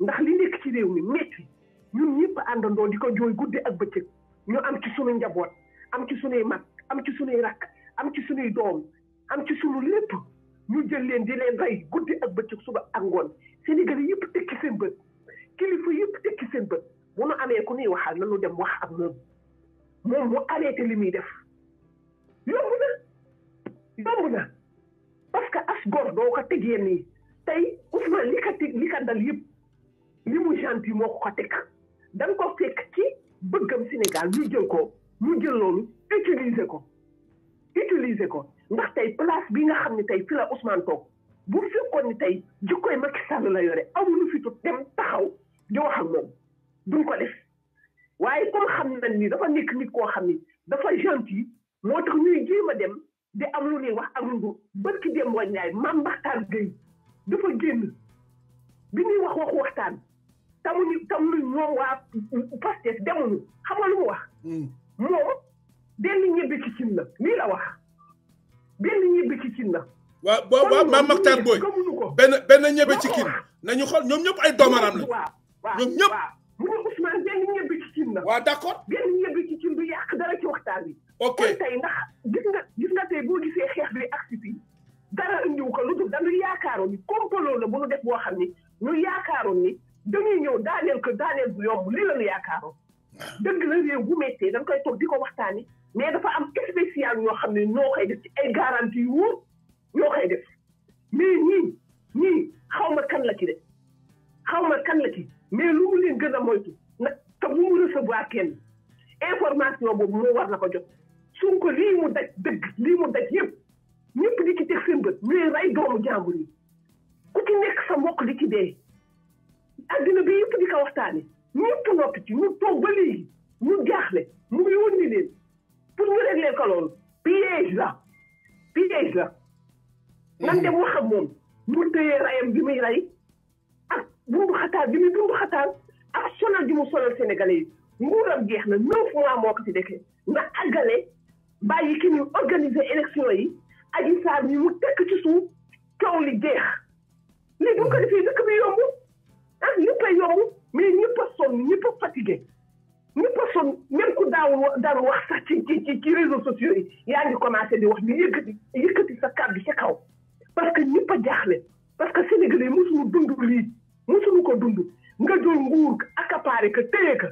ndax li nekk ci réew mi métti. ñun ñëpp àndandoo di ko jooy guddi ak bëccëg ñu am ci sunu njaboot am ci sunuy mag am ci sunuy rakk am ci sunuy doom am ci sunu lépp ñu jël leen di leen rey ak bëccëg suba ak ngoon Sénégal yëpp tekki seen bët kilifa yëpp tekki seen bët bu nu amee ku nuy waxal nanu dem wax ak moom moom mu arrêté li muy def yomb na yomb na parce que as góor doo ko teg yenn yi tey Ousmane li ka teg dal yëpp li mu gentil moo ko ko dañ ko fekk ci bëggam Sénégal ñu jël ko mu jël loolu utiliser ko utiliser ko ndax tey place bi nga xam ne tey fi la Ousmane toog bu fekkoon ni tey jikkoy Macky Sall la yore amuñu fi tut dem taxaw di wax ak moom duñ ko def waaye comme xam nañ ni dafa nekk nit koo xam ni dafa gentil moo tax ñuy jéem a dem di am lu ñuy wax ak lu dul ki dem waññaay Mame Makhtar Gueye dafa génn bi ñuy wax waxu waxtaan tamuñu tamuñu ñoom waa Pastef demuñu xam nga lu mu wax. Hmm. moom benn ñebe ci cin la lii la wax benn ñebe ci cin na waa boo waaw maam Makhtar Boye benn benn ci cin nañu xool ñoom ñëpp ay doomaram la. waaw ñoom ñëpp. mu ne Ousmane benn ñebe ci cin la. waaw d'accord benn ñebe ci cin du yàq dara ci waxtaan bi. ok kon ndax gis nga gis nga tey boo gisee xeex bi ak si fii dara indiwu ko lu dul dañu yaakaaroon ni complot la bu nu def boo xam ni ñu yaakaaroon ni. dañuy ñëw daaneel ko daaneel bu yomb lii la ñu yaakaaroon. dëgg la réew bu méttee dañ koy toog di ko waxtaanee mais dafa am spécial yoo xam ne ñoo koy def ci ay garantie yu wóor ñoo koy def mais ñii ñii xaw ma kan la ci de xaw ma kan la ci mais lu mu leen gën a moytu nag te bu mu recevoir kenn information boobu moo war na ko jot suñ ko lii mu daj dëgg lii mu daj yëpp ñëpp di ci teg seen bët ñuy rey doomu jàmbur yi ku ci nekk sa mbokk di ci addina bi yëpp di ko waxtaane ñëpp noppi ci ñu toog ba léegi ñu jaaxle mu yónni leen pour ñu régler ko loolu piège la piège la nan dem wax ak moom mu tëyee rayam bi muy rey ak bundu xataal bi muy bundu xataal ak sonal ji mu sonal sénégalais yi nguuram jeex na neuf mois moo ko ci dekkee na àggale bàyyi ki ñu organiser élection yi aji saar ñu mu tekk ci suuf coow li jeex li bu ko defee dëkk bi yomb ah ñëpp a yomb mais ñëpp a sonn ñëpp a fatigué ñëpp a sonn même ku daawul dara wax sax ci ci ci réseaux sociaux yi yaa ngi commencé di wax ni yëkkati yëkkati sa kàddu ci kaw parce que ñëpp a jaaxle parce que Sénégalais mosuñu dund lii mosuñu ko dund nga jël nguur accaparé ko téye ko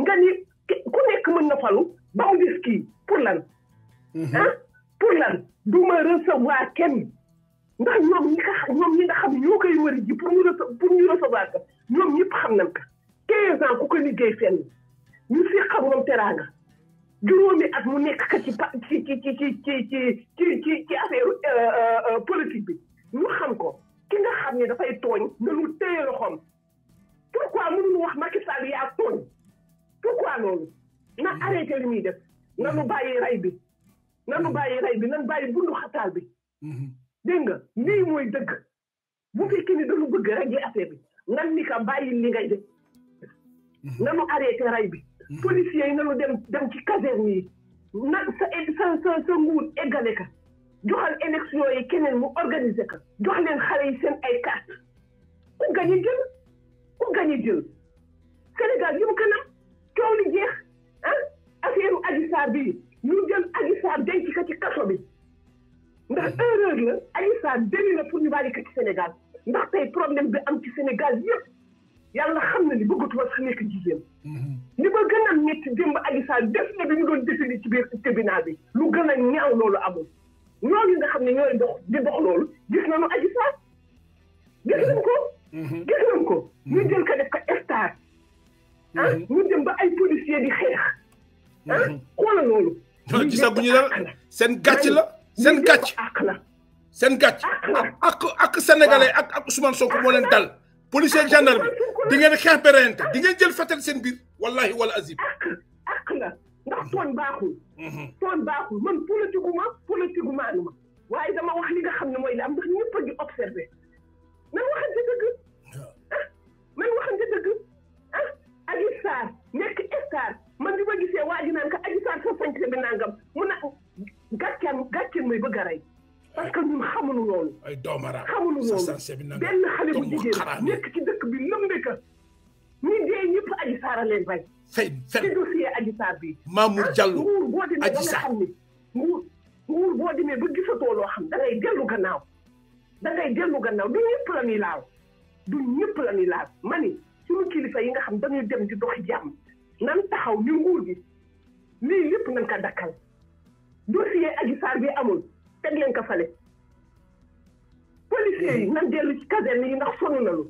nga ni ku nekk mën na falu ba mu kii pour lan. ah pour lan du ma recevoir kenn ndax ñoom ñi nga ñoom ñi nga xam ne ñoo koy pour ñu recevoir pour ñoom ñëpp xam nañ ko quinze ans ku ko liggéey fenn ñu si xam moom teraanga juróomi at mu nekk ka ci ci ci ci ci ci ci ci ci affaire politique bi ñu xam ko ki nga xam ne dafay tooñ nanu téye loxoom pourquoi mënuñu wax Macky Sall yaa tooñ pourquoi loolu na arrêté li muy def nanu bàyyi rey bi nanu bàyyi rey bi nan bàyyi bundu xataal bi dégg nga lii mooy dëgg bu fekkee ni dañu bëgg rek ji affaire bi nan ni ka bàyyi li ngay def nanu arrêté ray bi mhm. policiers yi nanu dem dem ci caserne yi na sa sa sa sa nguur ka joxal élection yi keneen mu organiser ka jox leen xale yi seen ay carte ku gañe jël ku gañe jël Sénégal yëpp kanam coow li jeex ah affaire Adji Sarr bi ñu jël Adji Sarr denc ka ci kaso bi ndax erreur la Adji Sarr deli na pour ñu bàyyi ka ci Sénégal ndax tey problème bi am ci Sénégal yëpp yàlla xam na ni bëggatu wax nekk jigéen li ba gën a métti démb Alioune def na bi ñu doon défini ci biir tribunal bi lu gën a ñaaw loolu amul ñooñu nga xam ne ñooy dox di dox loolu gis nañu Alioune gis nañ ko. gis nañ ko ñu jël ko def ko star ah ñu dem ba ay policier di xeex ah xoolal loolu. ñu ci sa bu ñu dara seen gàcc la seen gàcc. ñu jël seen gàcc ak ak sénégalais ak ak Ousmane Sonko moo leen dal policier gendarme di ngeen xeex ba reyante di ngeen jël fetal seen biir wallahi wala azib ak la ndax tooñ baaxul mhm. tooñ baaxul man politique ma politique maanu ma waaye dama wax li nga xam ne mooy li am ndax ñëpp a ngi observé man waxante dëgg ah man waxante dëgg ah Adji Sarr nekk star man bi ma gisee waa ji naan ka Adji Sarr sa sañse bi nangam mun a gàcceel gàcceel mooy bëgg a rey parce que ñun xamuñu loolu. ay doomara xamuñu loolu benn xale bu jigéen nekk ci dëkk bi lëmbe ka ñi dee ñëpp aji saara leen rey. fay fenn ci dossier aji saar bi. nguur boo demee ba nga xam ni ba gisatoo loo xam da ngay gannaaw da ngay gannaaw du ñëpp la ñuy laal du ñëpp la laal ma ni kilifa yi nga xam dañuy dem di dox jàmm nan taxaw ni nguur gi lii lépp nañ ko dakkal dossier aji saar bi amul. teg leen ko fale policiers yi nan dellu ci caserne yi ndax sonn nañu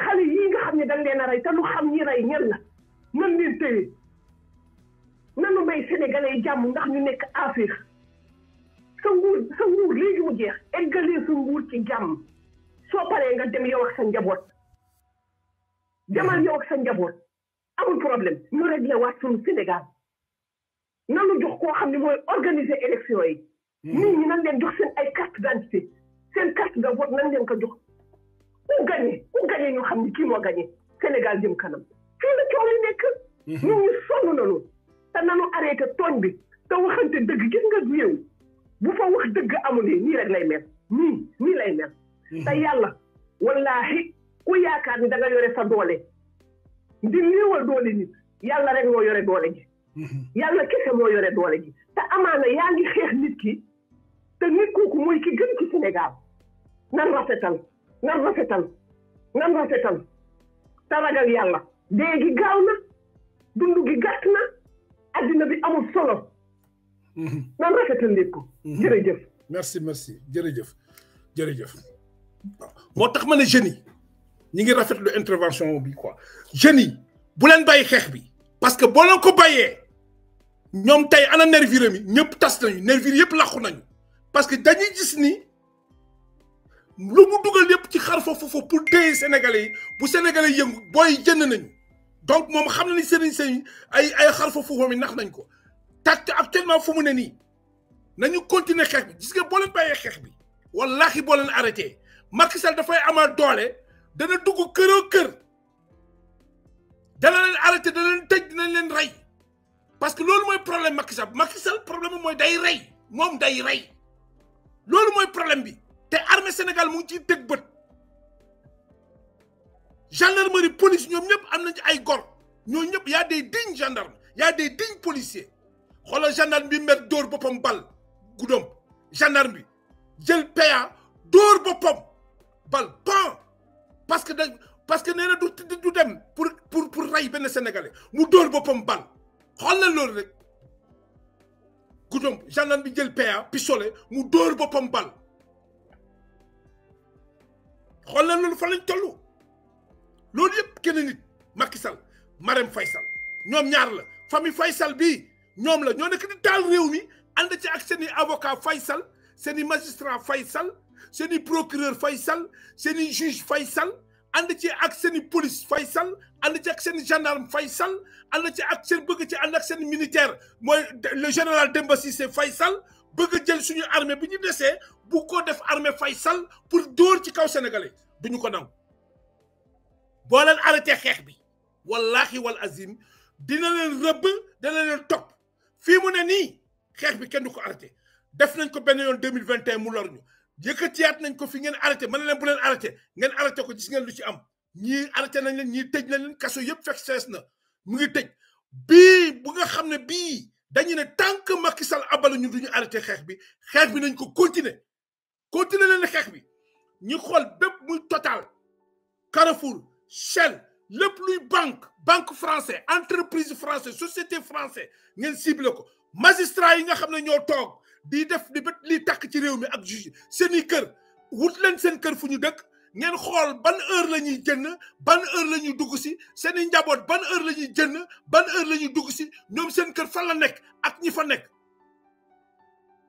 xale yii nga xam ne dañ leen a rey te lu xam ñi rey ñen la nan leen téye nanu may sénégalais jàmm ndax ñu nekk Afrique sa nguur sa nguur léegi mu jeex eggalee sa nguur ci jàmm soo paree nga dem yow ak sa njaboot demal yow ak sa njaboot amul problème ñu réglé waat suñu Sénégal nanu jox koo xam ne mooy organiser élection yi nit ñi nan leen jox seen ay carte d'identité seen carte de vote nan leen ko jox ku gagné ku gagné ñu xam ni kii moo gagné Sénégal jëm kanam fii la coow li nekk. Mhm. nit ñi sonn nañu te nanu arrêté tooñ bi te waxante dëgg gis nga réew bu fa wax dëgg amulee nii rek lay mel nii nii lay mel. Mhm. te yàlla wallaahi ku yaakaar ni da yore sa doole di néewal doole nit yàlla rek moo yore doole ji. Mhm. yàlla kese moo yore doole gi te amaana yaa ngi xeex nit ki. te nit kooku mooy ki gën ci Sénégal nan rafetal nan rafetal nan rafetal te ragal yàlla dee gi gaaw na dund gi gàtt na addina bi amul solo [LAUGHS] nan rafetal lépp ko mhm. jërëjëf merci merci jërëjëf jërëjëf waaw ah, moo tax ma ne jeunes yi ñi ngi rafetlu intervention bi quoi jeunes yi bu leen bàyyi xeex bi parce que boo leen ko bàyyee ñoom tey ana nervi mi ñëpp tas nañu nervi yëpp làqu nañu parce que dañuy gis ni lu mu dugal yëpp ci xar foofu pour téye sénégalais yi bu sénégalais yëngu booy jënd nañu donc moom xam na ni sëriñ sëriñ ay ay xar foofu mi nax nañ ko tàcc actuellement fu mu ne nii nañu continuer xeex bi gis nga boo leen bàyyee xeex bi wallaahi boo leen arrêté Macky Sall dafay amal doole dana dugg këroo kër dana leen arrêté dana leen tëj dinañ leen rey parce que loolu mooy problème Macky Sall Macky Sall problème mooy day rey moom day rey. lolu moy problème bi té armée Sénégal mu ngi ciy teg gendarmerie police ñom ñep am ci ay gor ñoo ñep ya des dignes gendarmes y'a des dignes policiers xoolal gendarme bi met dóor boppam bal gudom, gendarme bi jël PA dóor boppam bal pan parce que parce que néna du du dem pour pour pour rey ben sénégalais mu dóor boppam bal xool na loolu rek. guddoom gendarme bi jël PA pistolet mu dóor boppam bal xool na loolu fa lañ toll loolu yëpp keneen nit Macky Sall Marème Faye Sall ñoom ñaar la famille fay sal bii ñoom la ñoo nekk di taal réew mi ànd ci ak seen i avocat Faye Sall seen i magistrat fay sal seen i procureur fay sal seeni i juge Faye Sall and ci ak seen police fay and ci ak seen gendarme fay and ci ak seen bëgg ci and ak seen militaire mooy le général Demba Cissé fay sal bëgg jël suñu armée bi ñu desee bu ko def armée fay pour door ci kaw sénégalais duñu ko nangu boo leen arrêté xeex bi wallahi wal azim dina leen rëbb dina leen top fii mu ne nii xeex bi kenn du ko arrêté def nañ ko benn yoon 2021 mu lor ñu yëkkatiyaat nañ ko fi ngeen arrêté mën na leen bu leen arrêté ngeen arrêté ko gis ngeen lu ci am ñii arrêté nañ leen ñii tëj nañ leen kaso yëpp fekk sees na mu ngi tëj bii bu nga xam ne bii dañu ne tant que Macky Sall abalu ñu duñu arrêté xeex bi xeex bi nañ ko continuer continuer leen xeex bi ñu xool bépp muy Total Carrefour Shell lépp luy banque banque français entreprise francais société français ngeen ciblé ko magistrat yi nga xam ne ñoo toog di def di bët li tàkk ci réew mi ak juge seeni kër wut leen seen kër fu ñu dëkk ngeen xool ban heure la ñuy génn ban heure la ñuy dugg si seen i njaboot ban heure la ñuy génn ban heure la ñuy dugg si ñoom seen kër fan la nekk ak ñi fa nekk.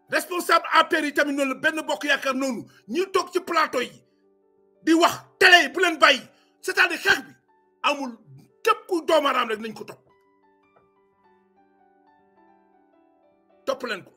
responsable APR yi tamit noonu la benn bokk yaakaar noonu ñi toog ci plateau yi di wax télé yi bu leen bàyyi cest xeex bi amul képp ku doomaraam rek nañ ko topp topp leen ko.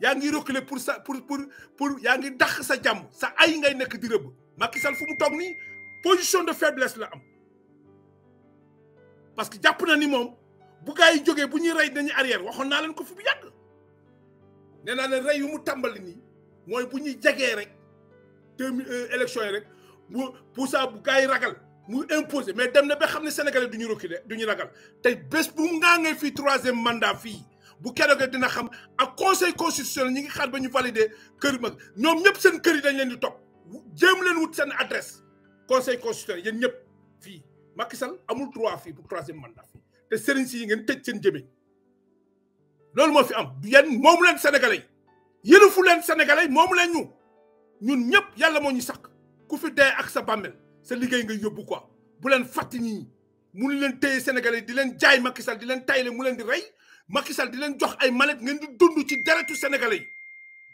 yaa ngi reculer pour sa pour pour pour yaa ngi dàq sa jàmm sa ay ngay nekk di rëbb Macky Sall fu mu tog nii position de faiblesse la am parce que jàpp na ni moom bu gaa yi jógee bu ñuy rey dañuy arrière waxoon naa leen ko fu bu yàgg nee naa leen rey yu mu tàmbali nii mooy bu ñuy jegee rek te euh, élection yi rek bu pour ça bu gaa yi ragal mu imposer mais dem na ba xam ne sénégalais du ñu reculer du ñu ragal te bés bu ngaa ngay fii troisième mandat fii bu keroogee dina xam ak conseil constitutionnel ñi ngi xaar ba ñu valider kër mag ñoom ñëpp seen kër yi dañ leen di topp jéem leen wut seen adresse conseil constitutionnel yéen ñëpp fii Macky Sall amul droit fii pour troisième mandat fii te sëriñ si yi ngeen tëj seen jëmeñ loolu moo fi am yéen moomu leen sénégalais yi yëlufu leen sénégalais moomu leen ñu ñun ñëpp yàlla moo ñu sàkk ku fi dee ak sa bàmmel sa liggéey nga yóbbu ko bu leen fàtt ñi mënu leen téye sénégalais di leen jaay Macky Sall di leen tayle mu leen di Macky Sall di len jox ay mallette ngeen di dund ci deretu sénégalais yi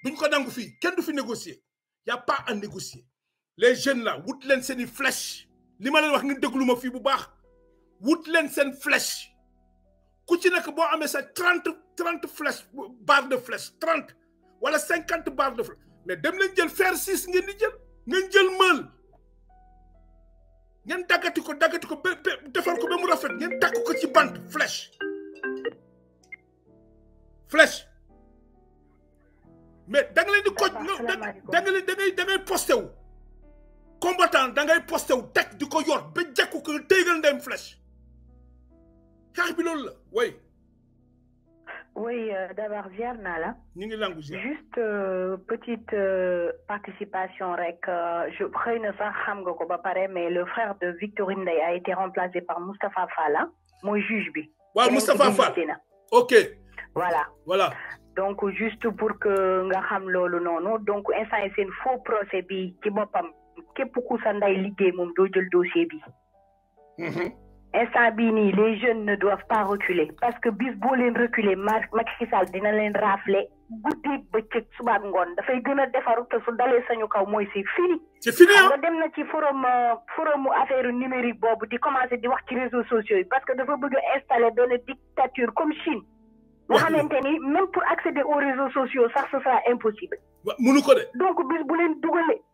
duñ ko dangu fi kenn du fi négocier y' a pas à négocier les jeunes là wut len seni i flèche li ma leen wax ngeen déglu ma fii bu baax wut len sen flèche ku ci nak bo amé sa 30 30 flèche barre de flèche 30 wala 50 barre de flèche mais dem len jël fer 6 ngeen di jël ngeen jël mël ngeen daggati ko daggati ko defal ko be mu rafet ngeen takku ko ci bande flèche flèche mais da nga leen di coach da nga leen da ngay posté wu combattant da ngay posté wu yor ba jekku ko téygal ndem flèche xeex bi la Oui, euh, d'abord, Viernala. Juste euh, petite euh, participation, Rek. Euh, je ne sais mais le frère de Victorine a été remplacé par Mustapha Fala, hein, mon juge. Oui, Mustafa Fala. Ok voilà voilà donc juste pour que nga xam lolu noonu donc instant yi faux procès bi ci bopam kep ku sa nday liggéey mom do jël dossier bi mhm. instant bii nii les jeunes ne doivent pas reculer parce que bis bo len reculer Macky Sall dina len rafler guddeeg beuk suba ngone da fay gën defaru te su dalé sañu kaw moy c'est fini. c'est fini hein? nga dem na ci forum euh, forum affaire numérique bobu di commencer di wax ci réseaux sociaux parce que dafa bëgg a installer une dictature comme Chine nga xamante même pour accéder aux réseaux sociaux ça ce sera impossible. donc bis bu leen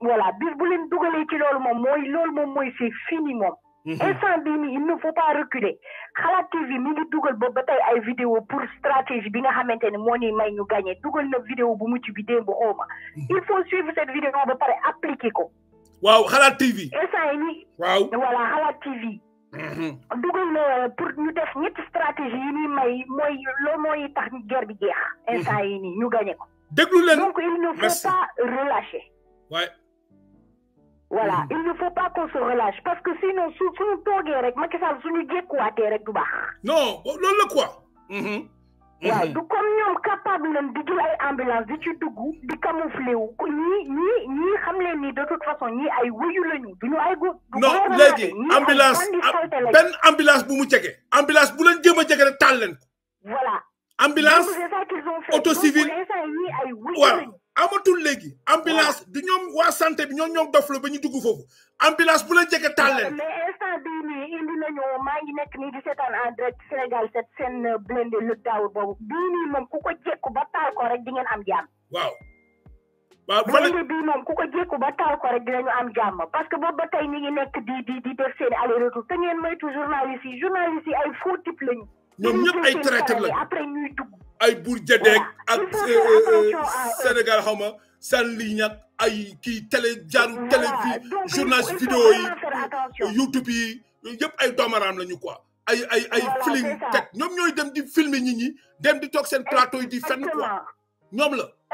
voilà bis bu leen dugalee ci loolu moom mooy le moom mooy c'est fini moom. Et mhm. bii nii il ne faut pas reculer Khala TV mi dougal, dugal ba ay vidéo pour stratégie bi nga xamante ne moo ñuy may ñu gagné dugal na vidéo bu mucc bi oh mhm. il faut suivre cette vidéo ba pare appliquer ko. waaw Khala TV. instant yi nii. waaw voilà Khala TV. Mh mh. Dou gwen eh, nou, pou nou tef nye strategi yon, yon mwen yon, mwen yon, mwen yon tak ni ger bi ger, ensan mhm. yon, nou ganyekon. Dek nou lè lè. Mè sè. Donc, yon nou fò pa relâche. Wè. Wè la, yon nou fò pa kon se relâche, paske si nou, si nou ton ger re, maki sa, si nou dikwa te re dou bak. Non, lè lè kwa. Mh mh. waaw mhm. du comme ñom capable nañ di jël ay ambulance di ci dugg di camoufler wu ñi ñi ñi xam leen ni de toute façon ñi ay wuyu lañu duñu ay góor. non ambulance ben ambulance bu mu jege. ambulance bu leen jéem a jege rek leen ko. voilà ambulance auto civil amatul léegi. ambulance du ñoom waa santé bi ñoom ñoom dof la ba ñu dugg foofu. ambulance bu la jege taal leen. mais instant bii nii indi nañu maa ngi nekk nii di seetaan en direct Sénégal set seen blindé lu daaw boobu bii nii moom ku ko jékku ba taal ko rek di ngeen am jàmm. waaw. waaw blindé bii moom ku ko jékku ba taal ko rek dinañu am que boobu ba tey ñu ngi nekk di di di def seen aller retour te ngeen moytu journaliste yi journaliste yi ay faux type lañu. ñoom ñëpp ay traître la ay buur jadeek ak euh, euh, Sénégal xaw ma seen ligne ak ay kii télé jaaru télé journage vidéo yi YouTube yi yëpp ay doomaraam lañu quoi ay ay ay film ñoom ñooy dem di filmer nit ñi dem di toog seen plateau yi di fenn quoi ñoom la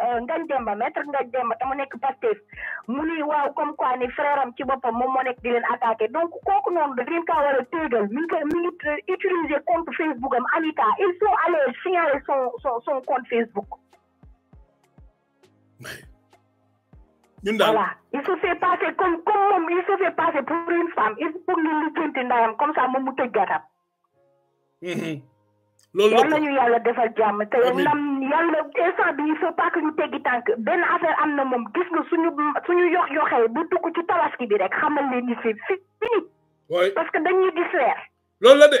Eh, Ngagne Demba maître Ngagne Demba te nekk Pastef mu ni waaw comme quoi ni frère am ci boppam moom moo nekk di leen attaqué donc kooku noonu da ngeen kaa war a téegal mi ngi koy mi ngi utiliser compte Facebook am Anita ils sont allés signaler son son son Facebook. ñun il se fait passer comme comme moom il se fait passer pour une femme il faut que ñu lijjanti ndayam comme ça moom mu tëj gàttam. Mhm. loolu la yàlla ñu yàlla defal jàmm te nam yàlla instant bi il faut pas que ñu teggi tànk benn affaire am na moom gis nga suñu suñu yox yoxee bu dugg ci tabaski bi rek xamal leen ni fi fi fini parce que dañuy gis weer loolu la de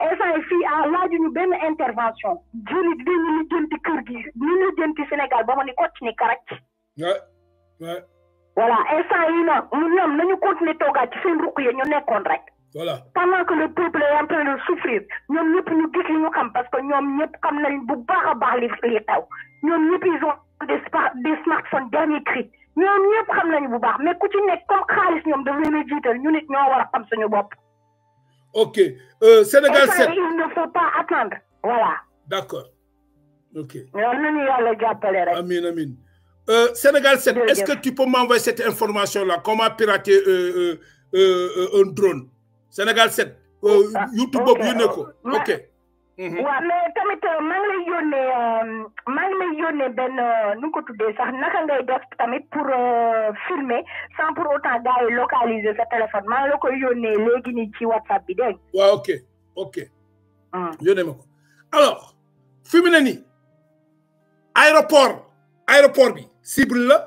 instant a laaj ñu laajuñu benn intervention jullit bi ñu ñu jënti kër gi ñu ñu jënti Sénégal ba mu ni continuer karaj voilà instant yi na mu ñoom nañu continuer toogaat ci seen ruq ñu nekkoon rek voilà pendant que le peuple est en train de souffrir ñoom ñëpp ñu gis li ñu xam parce que ñoom ñëpp xam nañ bu baax a baax li li taw ñoom ñëpp ils ont des des smartphones dernier cri ñoom ñëpp xam nañ bu baax mais ku ci nekk comme xaalis ñoom daf leen a jiital ñu nit ñoo war a xam suñu bopp Ok. Euh, Sénégal 7. Il ne faut pas attendre. Voilà. D'accord. Ok. Amin, amin. Euh, Sénégal 7, est-ce que tu peux m'envoyer cette information-là Comment pirater euh, euh, euh, euh un drone Sénégal 7, ah, YouTube, okay. ok wa mhm. mais tamit euh, maa ngi lay yónnee euh, maa ngi lay yónnee benn euh, nu ko tuddee sax naka ngay def tamit pour filmer sans pour autant gars yi localiser sa téléphone maa ngi la koy yónnee léegi nii ci whatsapp bi dégg nga. ok ok. Mm. yónnee ma ko alors fi mu ne nii aéroport aéroport bi cible la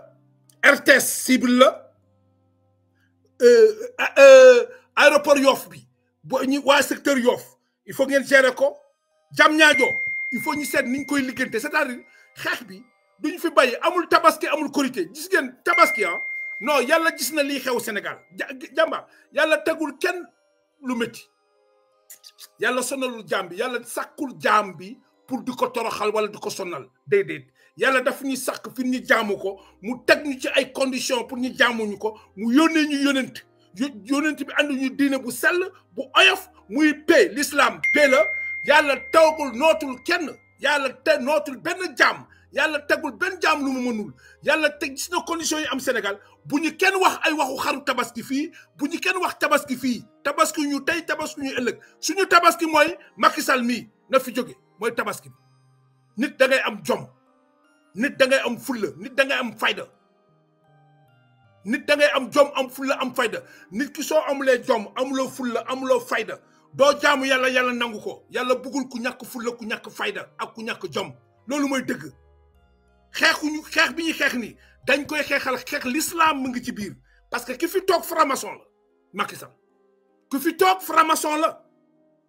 RTS cible la aéroport Yoff bi boo ñu waa secteur Yoff il faut ngeen gérer ko jam il faut ñu sét ni koy c'est-à-dire xex bi duñ fi bàyyi amul tabaski amul korité gis ngeen tabaski ah non yàlla gis na lii xew Sénégal jàmba yàlla lu métti yàlla sonalul jaam bi yàlla sàkkul jaam pour di toroxal wala di ko sonal ko mu ñu ci pour ko mu ñu bi ñu bu sell bu l'islam yàlla tawagul nootul kenn yàlla te nootul benn jàmm yàlla tegul benn jàmm lu mu mënul yàlla te gis na conditions yi am Sénégal bu ñu kenn wax ay waxu xaru tabaski fii bu ñu kenn wax tabaski fii tabaski ñu tey tabaski ñu ëllëg suñu tabaski mooy Macky Sall mii na fi jóge mooy tabaski bi nit da ngay am jom nit da ngay am fulla nit da ngay am fayda nit da ngay am jom am fulla am fayda nit ki soo amulee jom amuloo fulla amuloo fayda doo jaamu yàlla yàlla nangu ko yàlla bëggul ku ñàkk fulla ku ñàkk fayda ak ku ñàkk jom loolu mooy dëgg xeexu xeex bi ñuy xeex ni dañ koy xeexal xeex l'islam mu ngi ci biir parce que ki fi toog franc-maçon la ku fi toog franc-maçon la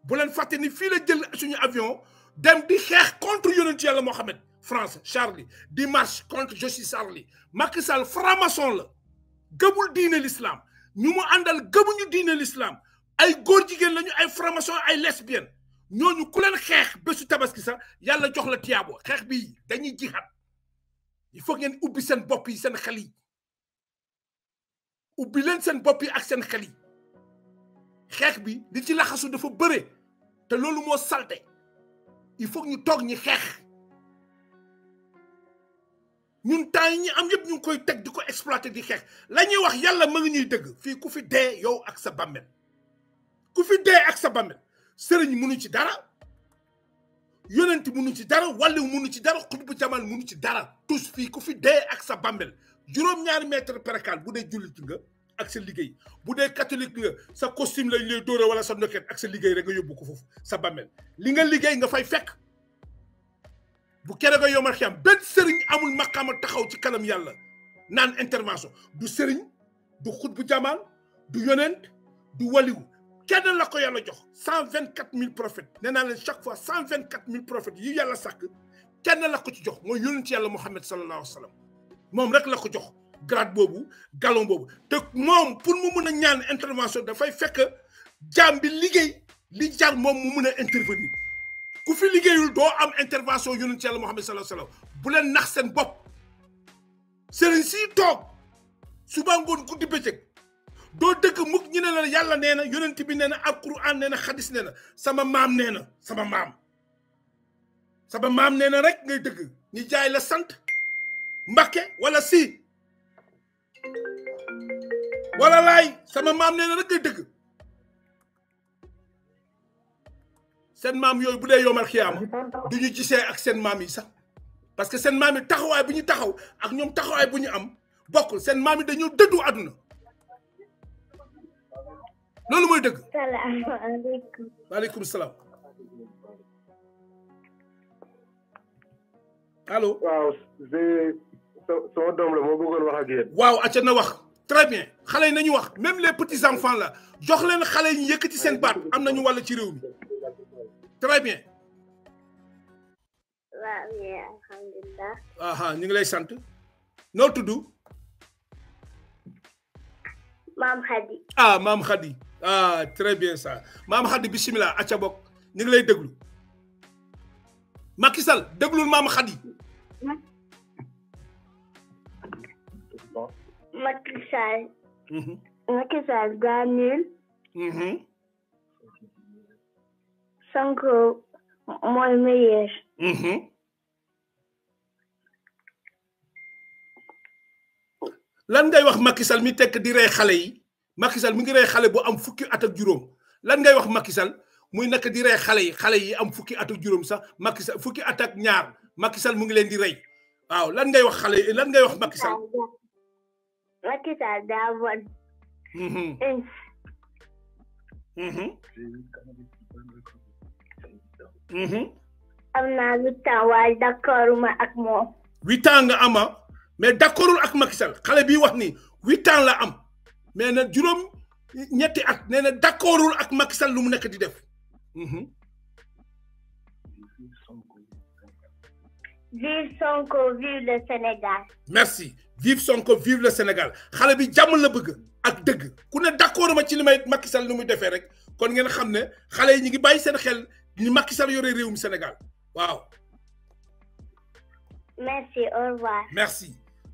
bu leen fàtte ni fii la jël suñu avion dem di xeex contre yonent yàlla Mohamed France Charlie di marche contre je suis Charlie Macky Sall franc-maçon la gëmul diine l'islam ñu mu àndal gëmuñu diine l'islam ay góor jigéen lañu ay formation ay lesbienne ñooñu ku leen xeex bésu tabaski sax yàlla jox la tiyaabo xeex bi dañuy jixaat il faut ngeen ubbi seen bopp yi seen xel ubbi leen seen bopp yi ak seen xel yi xeex bi li ci laxasu dafa bëre te loolu moo salte il faut ñu toog ñi xeex ñun temps yi ñu am yëpp ñu ngi koy teg di ko exploiter di xeex la ñuy wax yàlla ma ngi ñuy dëgg fii ku fi dee yow ak sa bàmmeel ku fi dee ak sa bàmmeel sëriñ munu ci dara yonent munu ci dara wàllu munu ci dara xutbu jamal munu ci dara tous fii ku fi dee ak sa bàmmeel juróom-ñaari mètre percal bu dee jullit nga ak sa liggéey bu dee catholique nga sa costume lañ lay dóore wala sa ndoket ak sa liggéey rek nga yóbbu ko foofu sa bàmmeel li nga liggéey nga fay fekk bu kere nga yomal xiyam benn sëriñ amul a taxaw ci kanam yàlla naan intervention du sëriñ du xutbu jamal du yonent du waliwu kenn la ko yàlla jox cent prophètes chaque fois 124 000 prophètes yi yàlla sàkk kenn la ko ci jox mooy yonent yàlla Muhammad sallallahu alayhi wa sallam rek la ko jox grade galon boobu te moom pour mu mun a ñaan intervention dafay fekk jaam bi liggéey li moom mu mun a intervenir ku fi liggéeyul intervention yonent yàlla Muhammad sallallahu alayhi wa bu nax doo dëgg mukk ñu ne la yàlla nee na yonent bi nee na alquran nee na xadis nee na sama maam nee na sama maam sama maam nee na rek ngay dëgg ñi jaay la sant mbakke walla si wala laay sama maam nee rek ngay dëgg seen maam yooyu bu dee yoomal xiyaama du ñu gisee ak seen maam yi sax parce que seen maam yi taxawaay bu ñu taxaw ak ñoom taxawaay bu ñu am bokkul seen maam yi dañoo dëddu àdduna loolu Salam alaykoum..! Wa alaykoum salam..! allo. waaw so dom la mo wax ak waaw acca na wax. très bien xalé nañu wax même les petits enfants là..! jox leen xalé yëkëti seen baat am nañu ci réew mi très bien. waaw alhamdulilah. aha ñu ngi lay maam Khady. ah maam Khady ah très bien ça maam Khady bisimilah acca bokk ñu ngi lay déglu Macky Sall déglul maam Khady. Macky Sall. Mhm. Macky Sall daa niil. Mhm. Sonko mooy lan ngay wax Macky Sall mi tek di ray xale yi Macky Sall mi ngi ray xale bu am fukki at ak juróom lan ngay wax Macky Sall muy nak di ray xale yi xale yi am fukki at ak juróom sax Macky Sall fukki at ak ñaar Macky Sall mu ngi len di ray waaw lan ngay wax xale lan ngay wax Macky Sall. Macky Sall da won Mhm Mhm naa huit ans waaye d'accord ma ak moom. 8 ans nga ama. mais d'accordul ak ni 8 ans la am mais na ñetti at d'accordul ak Macky lu mu mhm. vive Sonko vive le Sénégal. merci vive Sonko vive le Sénégal Xalé bi la bëgg ak dëgg ci Macky Sall rek kon ngeen yi ngi seen xel Sénégal merci au revoir. merci.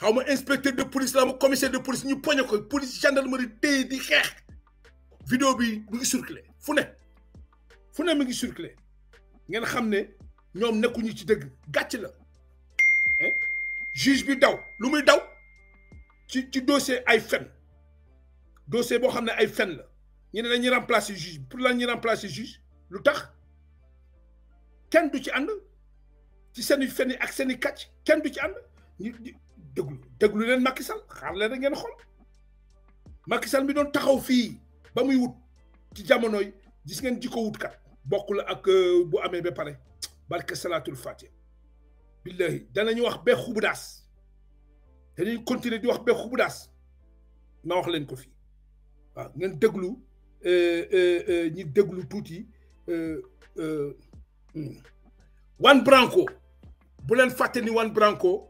xaw inspecteur de police la commissaire de police ñu poñe ko police gendarmerie di vidéo bi mu ngi circulé fu ne fu ne circulé ngeen xam ne ñoom ci dëgg la hein? juge bi daw lu muy daw ci ci dossier ay fen dossier boo xam ne ay fen la dañuy remplacer juge pour la ñuy remplacer juge lu tax kenn du ci ànd ci seen ak seen i kàcc du ci déglu déglu leen Macky Sall xaar leen ngeen xool Macky Sall mi doon taxaw fii ba muy wut ci jamonoy gis ngeen jikko wut kat bokk la ak euh, bu amee ba pare barke salaatul fatiha billahi danañu wax be xubu daas dañuy continuer di wax be xubu daas ma leen ko fii waaw ngeen déglu euh, euh, ñi déglu tuuti Juan hmm. Branco bu leen fàtte ni Juan Branco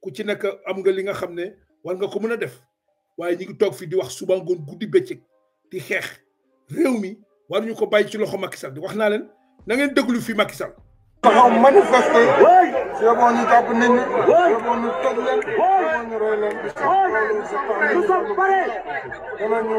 ku ci nekk am nga li nga xam ne war nga ko mën a def waaye ñu ngi toog fii di wax suba ngoon guddi bëccëg di xeex réew mi waruñu ko bàyyi ci loxo Macky Sall di wax naa leen na ngeen déglu fii Macky Sall. taxaw manifester. su yeboo ñu jàpp nit ñi. su yeboo ñu toj leen. su yeboo ñu roy leen. danañu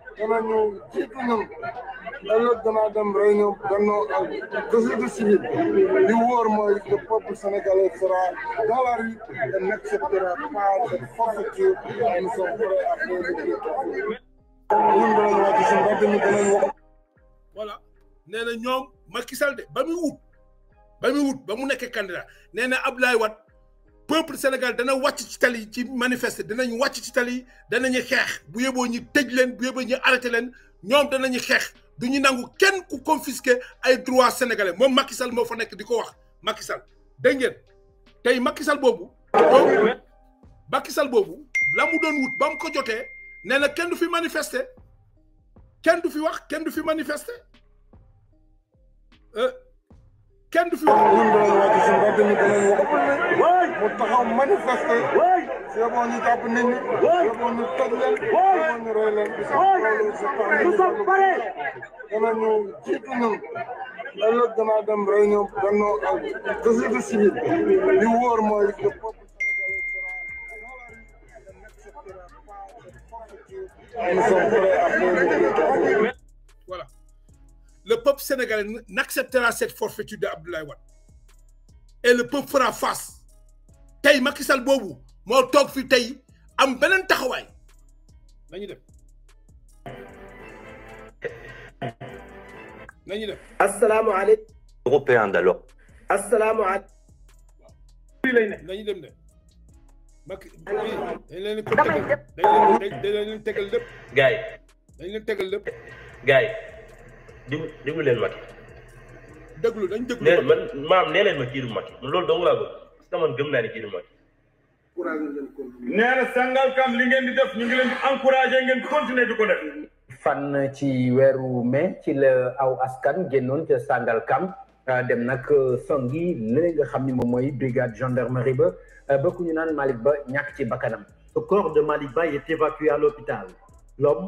danañu jiitu ñun ëllëg danaa dem réunion gannaaw ak société civile li wóor mooy le peuple sénégalais sera dans la ñoom Macky de ba muy wut ba mu nekkee candidat nee na Abdoulaye peuple Sénégal dana wacc ci tali ci manifester danañ wacc ci tali yi danañu xex bu yeboo ñi tej leen bu yeboo ñi arrêté leen ñom danañu xeex du ñu nangu kenn ku confisquer ay droits sénégalais mom Macky Sall moo fa nek diko wax Macky Sall dégg ngeen tey Macky Sall bobu Macky Sall boobu la doon wut bam ko joté néna kenn du fi manifester kenn du fi wax kenn du fi manifester. euh kenn du fi wax ñun doon wàcc si mbedd mi da leen wax mu taxaw manifesté si yoboo ñu jàpp nit ñi yoboo ñu toj leen yoboo ñu roy leen bi sax loolu si tax pare dana ñu jiitu ñun ëllëg danaa dem réunion benno ak société civile li wóor mooy le peuple sénégalais sera dans la rue et n'acceptera pas cette forfaiture nous sommes prêts à faire le peuple sénégalais n'acceptera cette forfaiture d'Abdoulaye Wade et le peuple fera face Tay Macky Sall boobu moo toog fi tay am benen taxaway. nañu def. nañu Assalamu asalaamaaleykum européen d'alors asalaamaaleykum fii lay ne nañu dem de Macky dañ leen ko tegal dañ leen tegal lépp gars dañ leen tegal lépp gars déglu déglu leen Macky. déglu dañ déglu nee man maam nee leen ma kii du Macky man loolu dong laa bëgg parce que man gëm naa ne kii du Macky. nee na Sangalkam li ngeen di def ñu ngi leen di encouragé ngeen continuer di ko def. fan ci weeru mai ci la aw askan génnoon ca kam ah, dem nag euh, song yi li nga xam ni moom mooy brigade gendarmerie ba euh, bokku ñu naan Malick Ba ñàkk ci bakkanam. le corps de Malick Ba est évacué à l'hôpital l'homme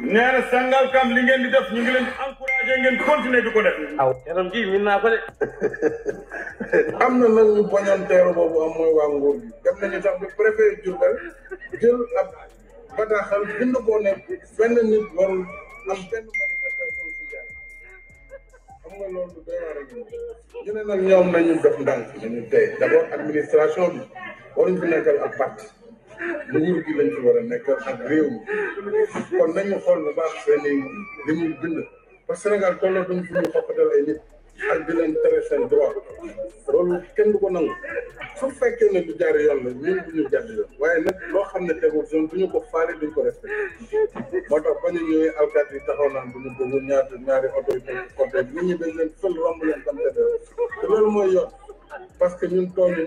nee na sangal kam li ngeen di def ñu ngi leen di ngeen continuer di def. aw yaram ji min naa ko de. [LAUGHS] am na ñu bañoon teeru boobu am mooy waa nguur gi dem nañu sax jël ab bind ko ne benn nit warul am benn manifestation ci jaay xam nga loolu doy waar ak ñu ne nag ñoom nañu def ndànk nañu tey d' administration bi fi nekkal ak parti nguur gi lañ fi war a nekk ak réew mi kon nañu xool bu baax seen li muy bind parce que Sénégal tolloo duñ fi ñu xokkatal ay nit ak leen tere seen droit kenn du ko nangu su fekkee ne du jaar yoon la ñun du ñu jaar yoon waaye nag loo xam ne tegul yoon ñu ko faale duñ ko respecté moo tax ba ñu ñëwee alkaati yi taxaw naan du ñu ñaata ñaari oto yi ko côté nit ñi dañ leen fël romb leen tam te parce que ñun tooñu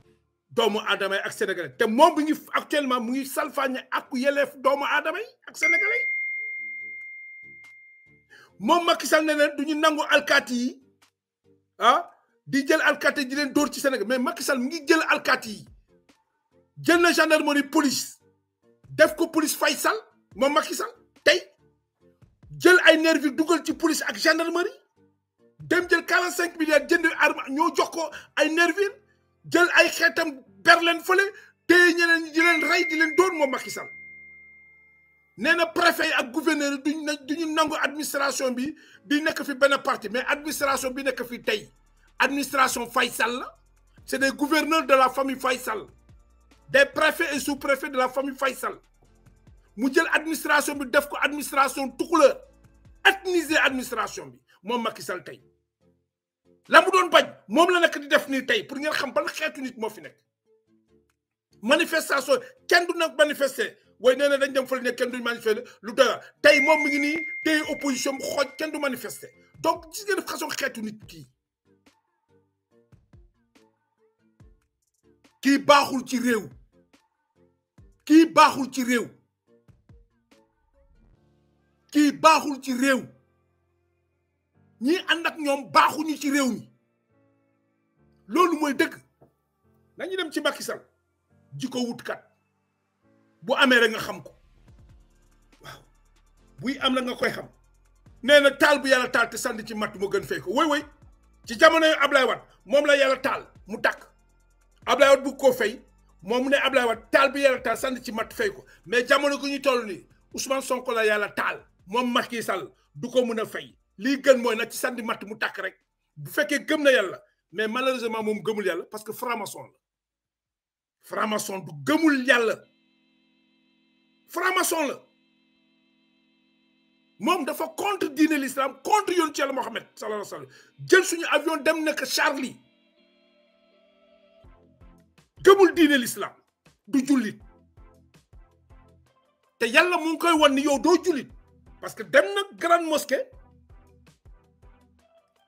doomu adama ak sénégalais té mom bi ngi actuellement mu ngi salfaañe ak yelef doomu adama ak sénégalais mom Macky Sall ne duñu nangu yi ah di jël alkati di len door ci Sénégal mais Macky Sall mu ngi jël alkati jël na gendarmerie police def ko police Faisal mom Macky Sall tay jël ay nervi duggal ci police ak gendarmerie dem jël 45 milliards jënd arme ñoo jox ko ay nervi jël ay xeetam ber leen fële téye ñeneen ñi di leen rey di leen doon moom Macky nee na préfet ak gouverneur yi duñ duñu nangu administration bi di nekk fi benn parti mais administration bi nekk fi tey administration Faye la c' des gouverneurs de la famille Faysal, des préfets et sous-préfets de la famille Faye mu jël administration bi def ko administration tukuleur ethniser administration bi moom Macky tey la mu doon bañ moom la nekk di def nii tey pour ngeen xam ban xeetu nit moo fi nekk manifestation kenn du nag manifester way nee na dañ dem fële ne kenn duñ manifester lu doy tey moom mi ngi nii tey opposition bu xooj kenn du manifester donc gis ngeen façon xeetu nit kii kii baaxul ci réew kii baaxul ci réew kii baaxul ci réew ñi ànd ak ñoom baaxuñu ci réew mi loolu mooy dëgg nañu dem ci Macky Sall ji ko bu amee rek nga xam ko waaw buy am na nga koy xam nee na taal bu yàlla taal te sànni ci matt moo gën fay ko woy woy ci jamono yu Ablaye Wade moom la yàlla taal mu tàkk Ablaye Wade bugg koo fay moom mu ne Ablaye Wade taal bi yàlla taal sànni ci mat fay ko mais jamono gu ñu toll nii Ousmane Sonko la yàlla taal moom Macky Sall du ko mun a fay. li gën moy na ci sànni matt mu tak rek bu fekke gëm na yalla mais malheureusement mom gëmul yalla parce que franc-maçon la franc-maçon du gëmul yalla franc-maçon la mom dafa contre diine l'islam contre yoonu ci Mohammed alayhi wa sallam jël suñu avion dem nekk Charlie gëmul diine l'islam du julit. te yalla mu ngi koy wan ni yow do julit parce que dem na grande mosquée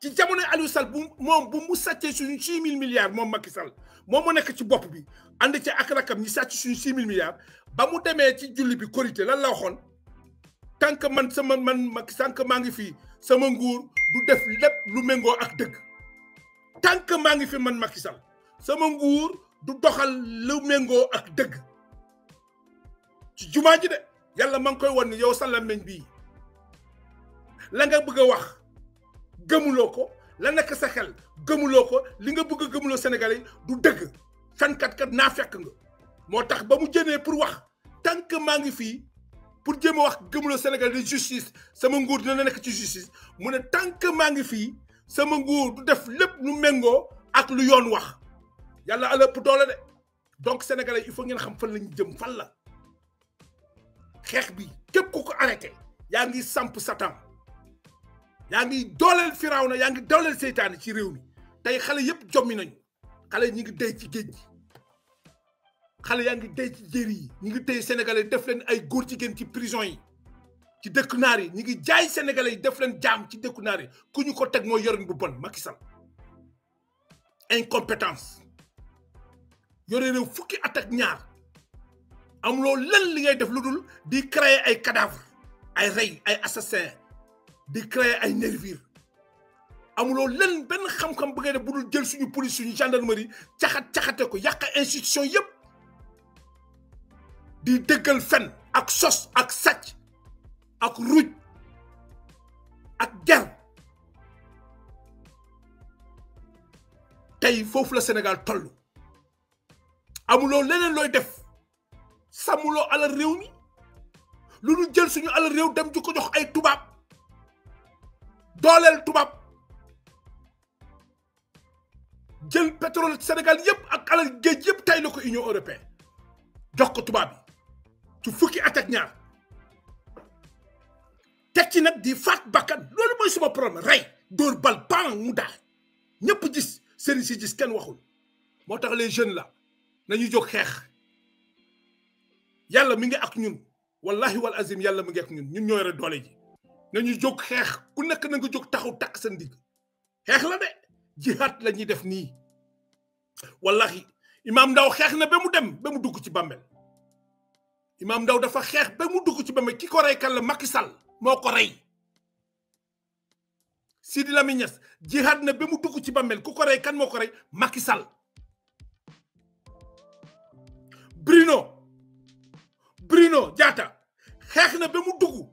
ci jamono Aliou Sall bu moom bu mu sàccee suñu six mille milliards moom Macky Sall moom moo nekk ci bopp bi ànd ci ak rakam ñi sàcc suñu six mille milliards ba mu demee ci julli bi korité lan la waxoon que man sama man Macky tant que maa ngi fii sama nguur du lu méngoo ak dëgg tant maa ngi fi man Macky Sall sama nguur du doxal lu méngoo ak dëgg ci jumaa ji de yàlla ma ngi koy won ni yow sa làmmiñ bii la nga bëgg a wax gëmuloo ko la nekk sa xel gëmuloo ko li nga bëgg a gëmuloo Sénégalais yi du dëgg fenkat kat naa fekk nga moo tax ba mu jënee pour wax tant que maa ngi fii pour jéem a wax gëmuloo Sénégalais di justice sama nguur dina nekk ci justice mu ne tant que maa ngi fii sama nguur du def lépp lu méngoo ak lu yoon wax yàlla ala ëpp doole de donc sénégalais il faut ngeen xam fan lañu jëm fan la xeex bi képp ku arrêté yaa ngi samp satan yaa ngi dooleel na yaa ngi dooleel seytaane ci réew mi tey xale yëpp jommi nañu xale ñi ngi dey ci géej xale yaa ngi dey ci jéeri yi ñi ngi tey sénégalais def leen ay góor jigéen ci prison yi ci dëkku naar yi ñi ngi jaay sénégalais yi def leen jaam ci dëkku naar yi ku ñu ko teg mooy yorin bu bon Macky Sall incompétence yore réew fukki at ak ñaar amuloo lenn li ngay def lu dul di créer ay cadavre ay rey ay assassin di créer ay nervir amuloo lenn ben xam-xam def jël suñu police suñu gendarmerie taxat taxate ko Avec institution di deugal fen ak sos ak il ak ak la Sénégal tollu amuloo leneen loy def ala réew mi jël suñu dem dooleel tubaab jël pétrole Sénégal yëpp ak alal géej yëpp tay la ko Union européenne jox ko tubaab yi fukki at ak ñaar teg ci nag di faat bakkan loolu mooy suma problème rey dóor bal ban mu daal ñëpp gis sëriñ si gis kenn waxul moo tax les jeunes la nañu jóg xeex yàlla mi ngi ak ñun wallahi wal azim yàlla mu ngi ak ñun ñun ñoo yore doole ji nañu jog xex ku nek na nga jóg taxaw takk sa ndig xex la de jihad la def ni wallahi Imam ndaw xex na bamu dem bamu dugg ci bàmmel imam ndaw dafa xex bamu dugg ci bàmmel ki ko kan la Macky Sall moo Sidi lamignas jihad na bamu dugg ci bàmmel ku ko kan moko ray Bruno Bruno jata xex na bamu dugg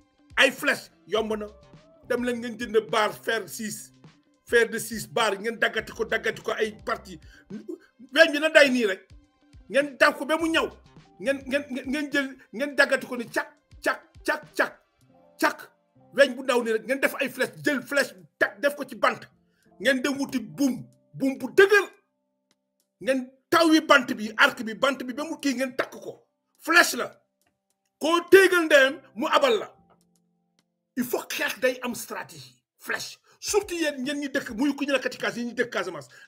ay flèche yomb na dem leen ngeen jënd barre fer six fer de six barre ngeen daggati ko daggati ko ay parti weñ bi na day nii rek ngeen daf ko ba mu ñaw ngeen ngeen ngeen jël ngeen daggati ko ni cak cak cak cak cak weñ bu ndaw nii rek ngeen def ay flèche jël bi tak def ko ci bant ngeen dem wuti buum buum bu dëgër ngeen taw yi bant bi arc bi bant bi ba mu kii ngeen takk ko flèche la ko téegal ndeem mu abal la il faut xeex day am stratégie flèche surtout ñi muy ku ñu la Vous yi une dëkk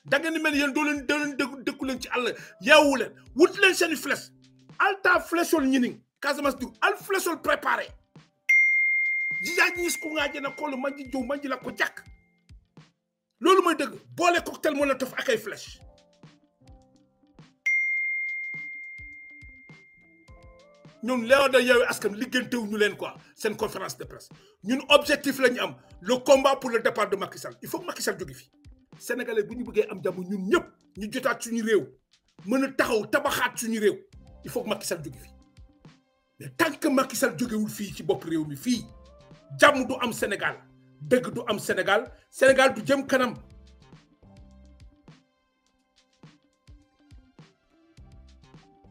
da nga ni mel do leen leen ci leen wut leen seen flèche alta flècheol ñi ning casamas du al flècheol préparé jijaaji Vous ku une jëna lu ma ji jow man la ko moy dëgg cocktail moo la taf flèche ñun léew da yeewu askan liggéeyantewuñu ñu leen quoi seen conférence de presse ñun objectif la am le combat pour le départ de Macky Sall il faut que Macky Sall jóge fi sénégalais bu ñu bëggee am jàmm ñun ñëpp ñu jotaat suñu réew mën a taxaw tabaxaat suñu réew il faut que Macky Sall jóge fi mais tant que Macky Sall jógewul fii ci bopp réew mi fii jàmm du am Sénégal dëgg du am Sénégal Sénégal du jëm kanam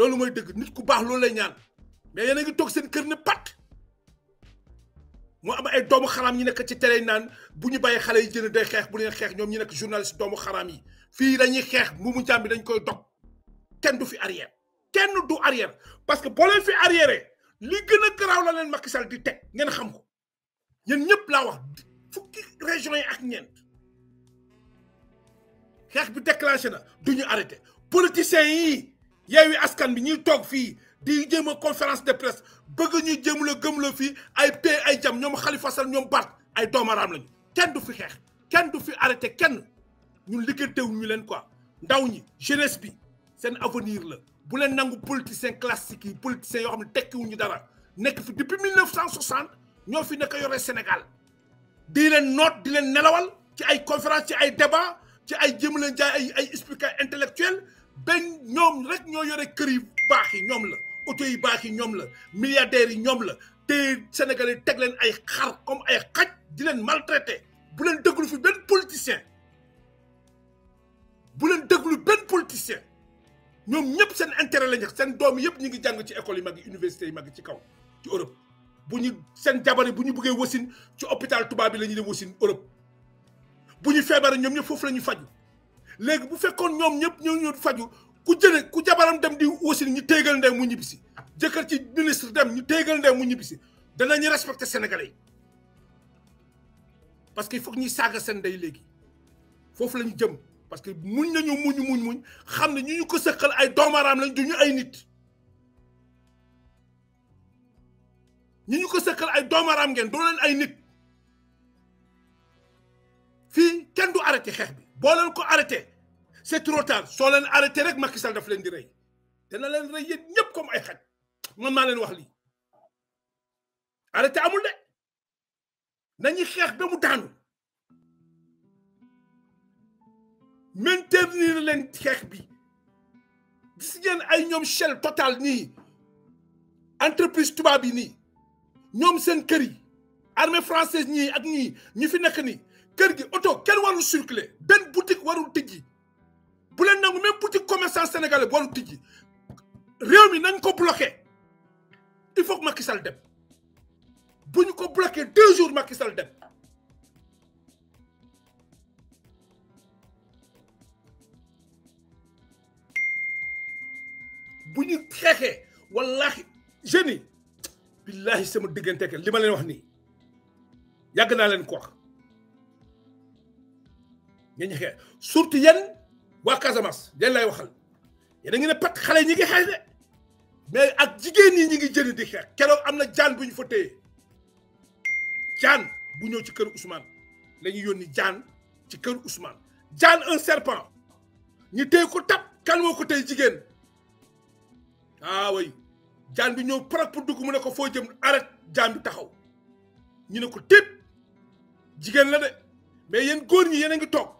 loolu mooy dëgg nit ku baax loolu lay ñaan mais yéen a toog seen kër ne pat mu am ay doomu xaraam ñi nekk ci télé naan bu ñu bayee xale yi jënd day xeex bu leen xeex ñoom ñi nekk journaliste doomu xaraam yi fii dañuy xeex mu mu bi dañ koy dog kenn du fi arrière kenn du arrière parce que boo fi arrière li gën a garaaw la di teg ngeen xam ko ñeen ñëpp laa wax fukki régions ak ñeent xeex bi déclenché na du ñu arrêté politiciens yi. yeewi askan bi ñi tok fi di jéem conférence de presse bëgg ñu jéem le gëm le fi ay pay ay jam ñom Khalifa Sall ñom Barth ay doomaraam lañu kenn du fi xex kenn du fi arrêté kenn ñun liggéeytewu ñu leen quoi ndaw ñi jeunesse bi seen avenir la bu leen nangu politicien classique yi politiciens yoo xam ne tekkiwuñu dara nekk fi depuis 1960 ñoo fi nekk yore Sénégal di leen note di leen nelawal ci ay conférence ci ay débat ci ay jéem leen jaay ay ay expliqué intellectuel benn ñoom rek ñoo yore kër yi baax yi ñoom la oto yu baax yi ñoom la milliardaires yi ñoom la te Sénégalais teg leen ay xar comme ay xaj di leen maltraité bu leen déglu fi benn politicien bu leen déglu benn politicien ñoom ñëpp seen intérêt la ñu seen doom yëpp ñu ngi jàng ci école yi mag yi université yi mag ci kaw ci Europe bu ñu seen jabari bu ñu buggee wasin ci hôpital tubaab bi la ñuy dem wasin Europe bu ñu feebaree ñoom ñëpp foofu la ñu faju léegi bu fekkoon ñoom ñëpp ñoo ñu faju ku jëne ku jabaram dem di wasin ñu téegal ndey mu ñibbisi jëkkër ci ministre dem ñu téegal ndey mu ñibbisi danañu respecté sénégalais yi parce que il faut que ñuy saaga seen ndey léegi foofu lañu jëm parce que muñ nañu muñ muñ muñ xam ne ñu ñu ko sëqal ay doomaraam lañ du ñu ay nit ñu ñu ko sëqal ay doomaraam ngeen doo leen ay nit fii kenn du arrêté xeex bi boo leen ko arrêté c'est trop tard so len arrêté rek Macky Sall daf len di rey dana len rey yéen ñëpp comme ay xat man ma len wax li arrêté amul de nañu xex ba mu daanu maintenir len xex bi gis ngeen ay ñom Shell Total ni entreprise tuba bi ni ñom seen kër yi armée française ni ak ni ñu fi nekk ni kër gi auto kenn warul circuler ben boutique warul tijji bu leen nangu même petit commerçant sénégalais bu waru tijji réew mi nañ ko bloqué il faut que Macky Sall dem bu ñu ko bloquer deux jours Macky Sall dem bu ñu xeexee wallahi jeunes yi billahi sama diggante li ma leen wax nii Yagna l'en leen ko wax ñu xeex surtout yéen waa Casamance den lay waxal yéen a ngi ne pat xale ñi ngi xeex de mais ak jigéen ñi ñi ngi jënd di xeex keroog am na jaan bu ñu fa téye jaan bu ñëw ci kër Ousmane la ñu yónni jaan ci kër Ousmane jaan un serpent ñu téye ko tap kan moo ko téye jigéen ah way jaan bi ñëw par pour dugg mu ne ko foo jëm arrêt jaan bi taxaw ñu ne ko tép jigéen la de mais yéen góor ñi yéen a ngi toog.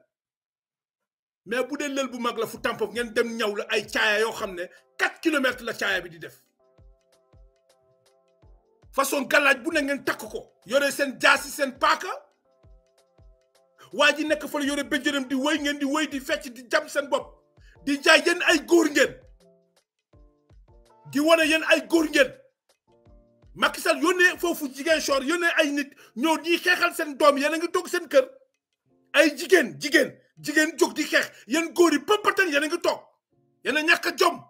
mais bu dee lël bu mag la fu tampof ngeen dem ñaw la ay caaya yoo xam ne quatre kilomètres la caaya bi di def façon galaaj bu ne ngeen takk ko yore seen jaasi seen paaka waa ji nekk fa la yore bëjjëram di wëy ngeen di wëy di fecc di jam seen bopp di jaay yéen ay góor ngeen di wane yéen ay góor ngeen Macky yone fofu jigen jigéen yone ay nit ñoo di xeexal seen doom yeen nga toog seen kër ay jigen jigen jigen jog di xex yen góor yi pëmpatan yéen a ngi toog ñaka jom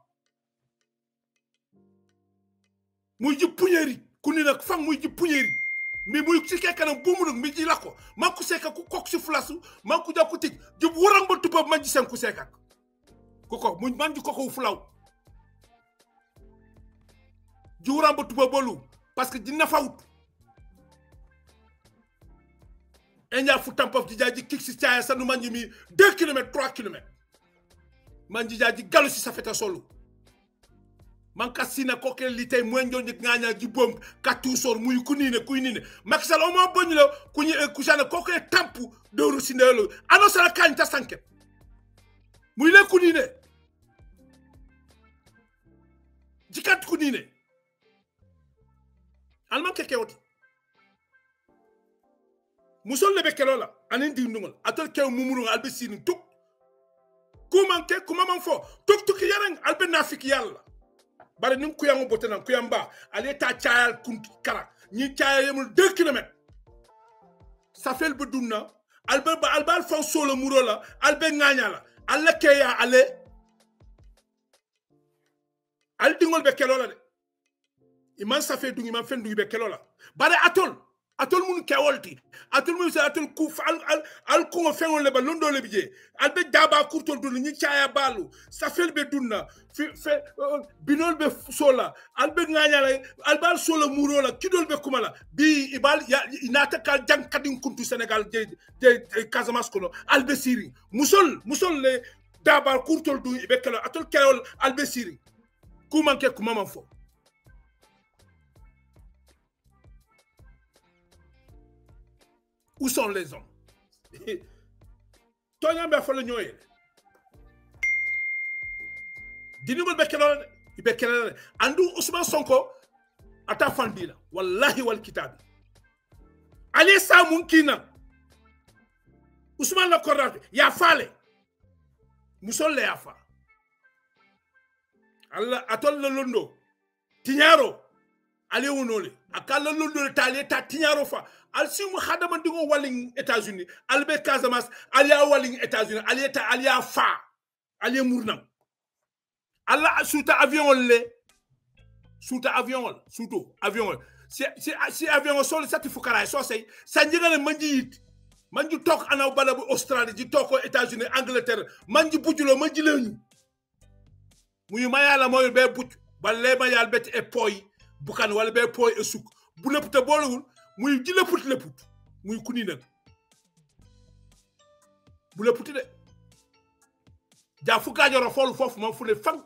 muy ji puñeri ku ni nak fang muy ji puñeri mi muy si kee kanam mu nak mi ji lako ma ku seeka ku kok si flasu ma ku jakku tik jub wurang ba tubaab man ji sen ku seekak ku ko muy man ji koko flaw ji wurang ba tubaab bolu parce que ji nafawut enya futampof jijaji kiksi chaya sanu manjimi 2 km 3 km manjijaji galusi safeta solu manka sina koke lite mwenjo ndik nganya ji bom katu sor muy kunine kunine maxal o mo bonilo kunyi e euh, kusana koke tampu do rusinelo ano ah sala kanta sanke muy le kunine jikat kunine alman keke woti musol le be kɛlɛ la ani digi dugu la a mumuru al be sini tuk kuman kɛ kuma man fo tuk tuk yarang yalla bari nin kuyango botena kuyamba ale ta chaal kun kara ni caya yemul 2 km safel be dunna al ba al bal solo muro la albe be la al la ale al dingol be il la de man safe dungi man fen dungi be la bari atol atol mun kewolti atol mun atol ku al al al ko fengon le do le bije al be daba kurtol dun ni chaya balu safel be dunna fe binol be sola al be nganya le al bal sola muro la kidol be kumala bi ibal ya inata kal jang kadin kuntu senegal je je al be siri musol musol le daba kurtol dun be kala atol kewol al be siri ku manke mama fo Où sont les hommes Toi, tu as fait le dinigol [LAUGHS] be keloo la de i be Ousmane Sonko à ta la wallahi wal kitabi ale sa mun kinan Ousmane la kordaate yaa faale musol le yaa fa alla le la londo tiñaaro alewo nole akala londole tale ta tiñaro fa al simu hadama walling états unis albe casamas alia walling états unis alia alia fa Alie murnam alla suta avion le suta avion ol suto avion ol si si avion ol sol sati fukara so sey sa le manji yit manji tok anaw australie ji toko états unis angleterre manji bujulo manji leñu muyu mayala moyu be balle mayal e bukaan wala be pooy e suk bu lëpp boolewul muy ji lëpput lëpput muy kuni nag bu lëpputi de jaa fu gaajoro foofu moom fu le fang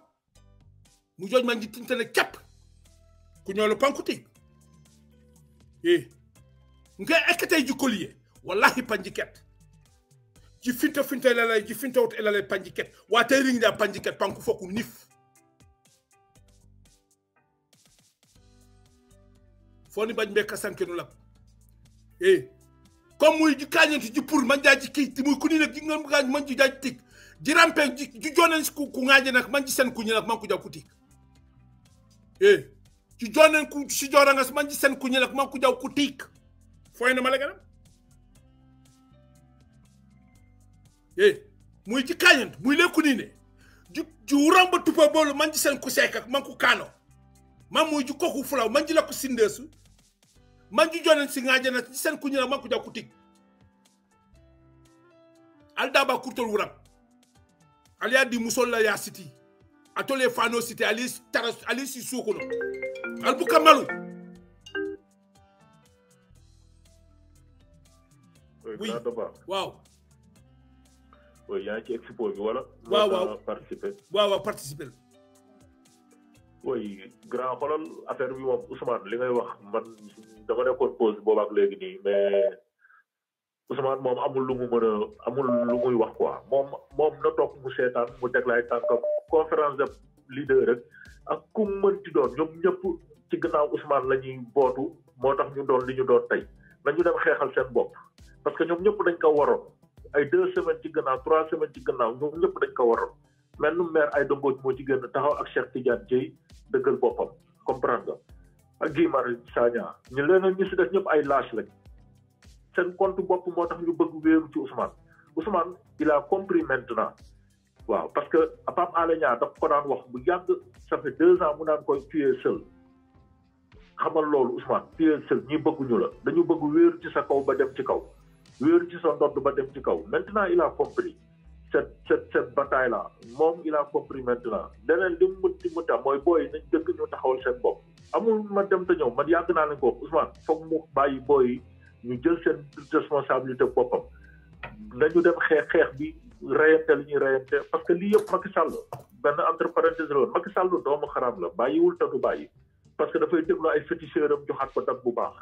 mu jooj man ji tintane kepp ku ñoolu pankuti e nga ekkatey jikkoliye wallahi panji ket ji finta finta elalay ji finta wot elalay panji ket waa tey ring da panji ket panku foku nif foni bañɓe kasankeno labbo eyi eh, comme muy kañanti jippur manjaji keyti muy kunina jigaji manji jaji tik jirampe jonen ko ŋajanak manji sen kuñinak manko jaw kutik e ci jonen ku si jorangas manji sen kuñinak manko jaw kutik foyna malaganam e muy ci kañant muy le kunine ju wuramba tupa bolu manji sen kusek ak man muy ju koku fulaw manji la manjujo nen singaje na sen kunyira makuja kutik aldaba kurtol wuram ali adi musolla ya city atole fano city ali taras ali si sokono albu kamalu oui waaw oui yaa ngi ci expo bi wala waaw waaw participer waaw waaw participer oui grand xolal affaire bi moom Ousmane li ngay wax man dama nekkoon pause boobu ak léegi nii mais Ousmane moom amul lu mu mën a amul lu muy wax quoi moom moom na toog mu seetaan mu tànkam conférence de leader rek ak ku mënti doon ñoom ñëpp ci gannaaw Ousmane la ñuy bootu moo tax ñu doon li ñu doon tey nañu dem xeexal seen bopp parce que ñoom ñëpp dañ ko waroon ay deux semaines ci gannaaw trois semaines ci gannaaw ñoom ñëpp dañ ko waroon maire ay moo ci génn taxaw ak Cheikh Tidiane Dieye dëggal boppam comprendre nga ak Guimar Sagna ñu leneen ñu si def ñëpp ay lâche lañ Sen compte bopp Usman tax ñu bëgg wéeru ci Ousmane Ousmane il a compris maintenant waaw parce que Pape Alé Niang daf ko daan wax bu yàgg ça fait deux ans mu naan koy tuer seul xamal loolu Ousmane tuer seul ñi la dañu bëgg wéeru sa kaw ba dem ci kaw ci sa ndodd ba dem ci kaw maintenant il a cette cette cette bataille là moom il a compris maintenant leneen li mu munti mu tax mooy booy nañ dëkk ñu taxawal seen bopp. amul ma dem te ñëw man yàgg naa leen ko Ousmane foog mu bàyyi booy ñu jël seen responsabilité boppam nañu dem xeex xeex bi reyante li ñuy reyante parce que lii yëpp Macky Sall benn entre parenthèse la woon Macky Sall doomu xaram la bàyyiwul te du bàyyi parce que dafay déglu ay féticheurs am joxaat ko date bu baax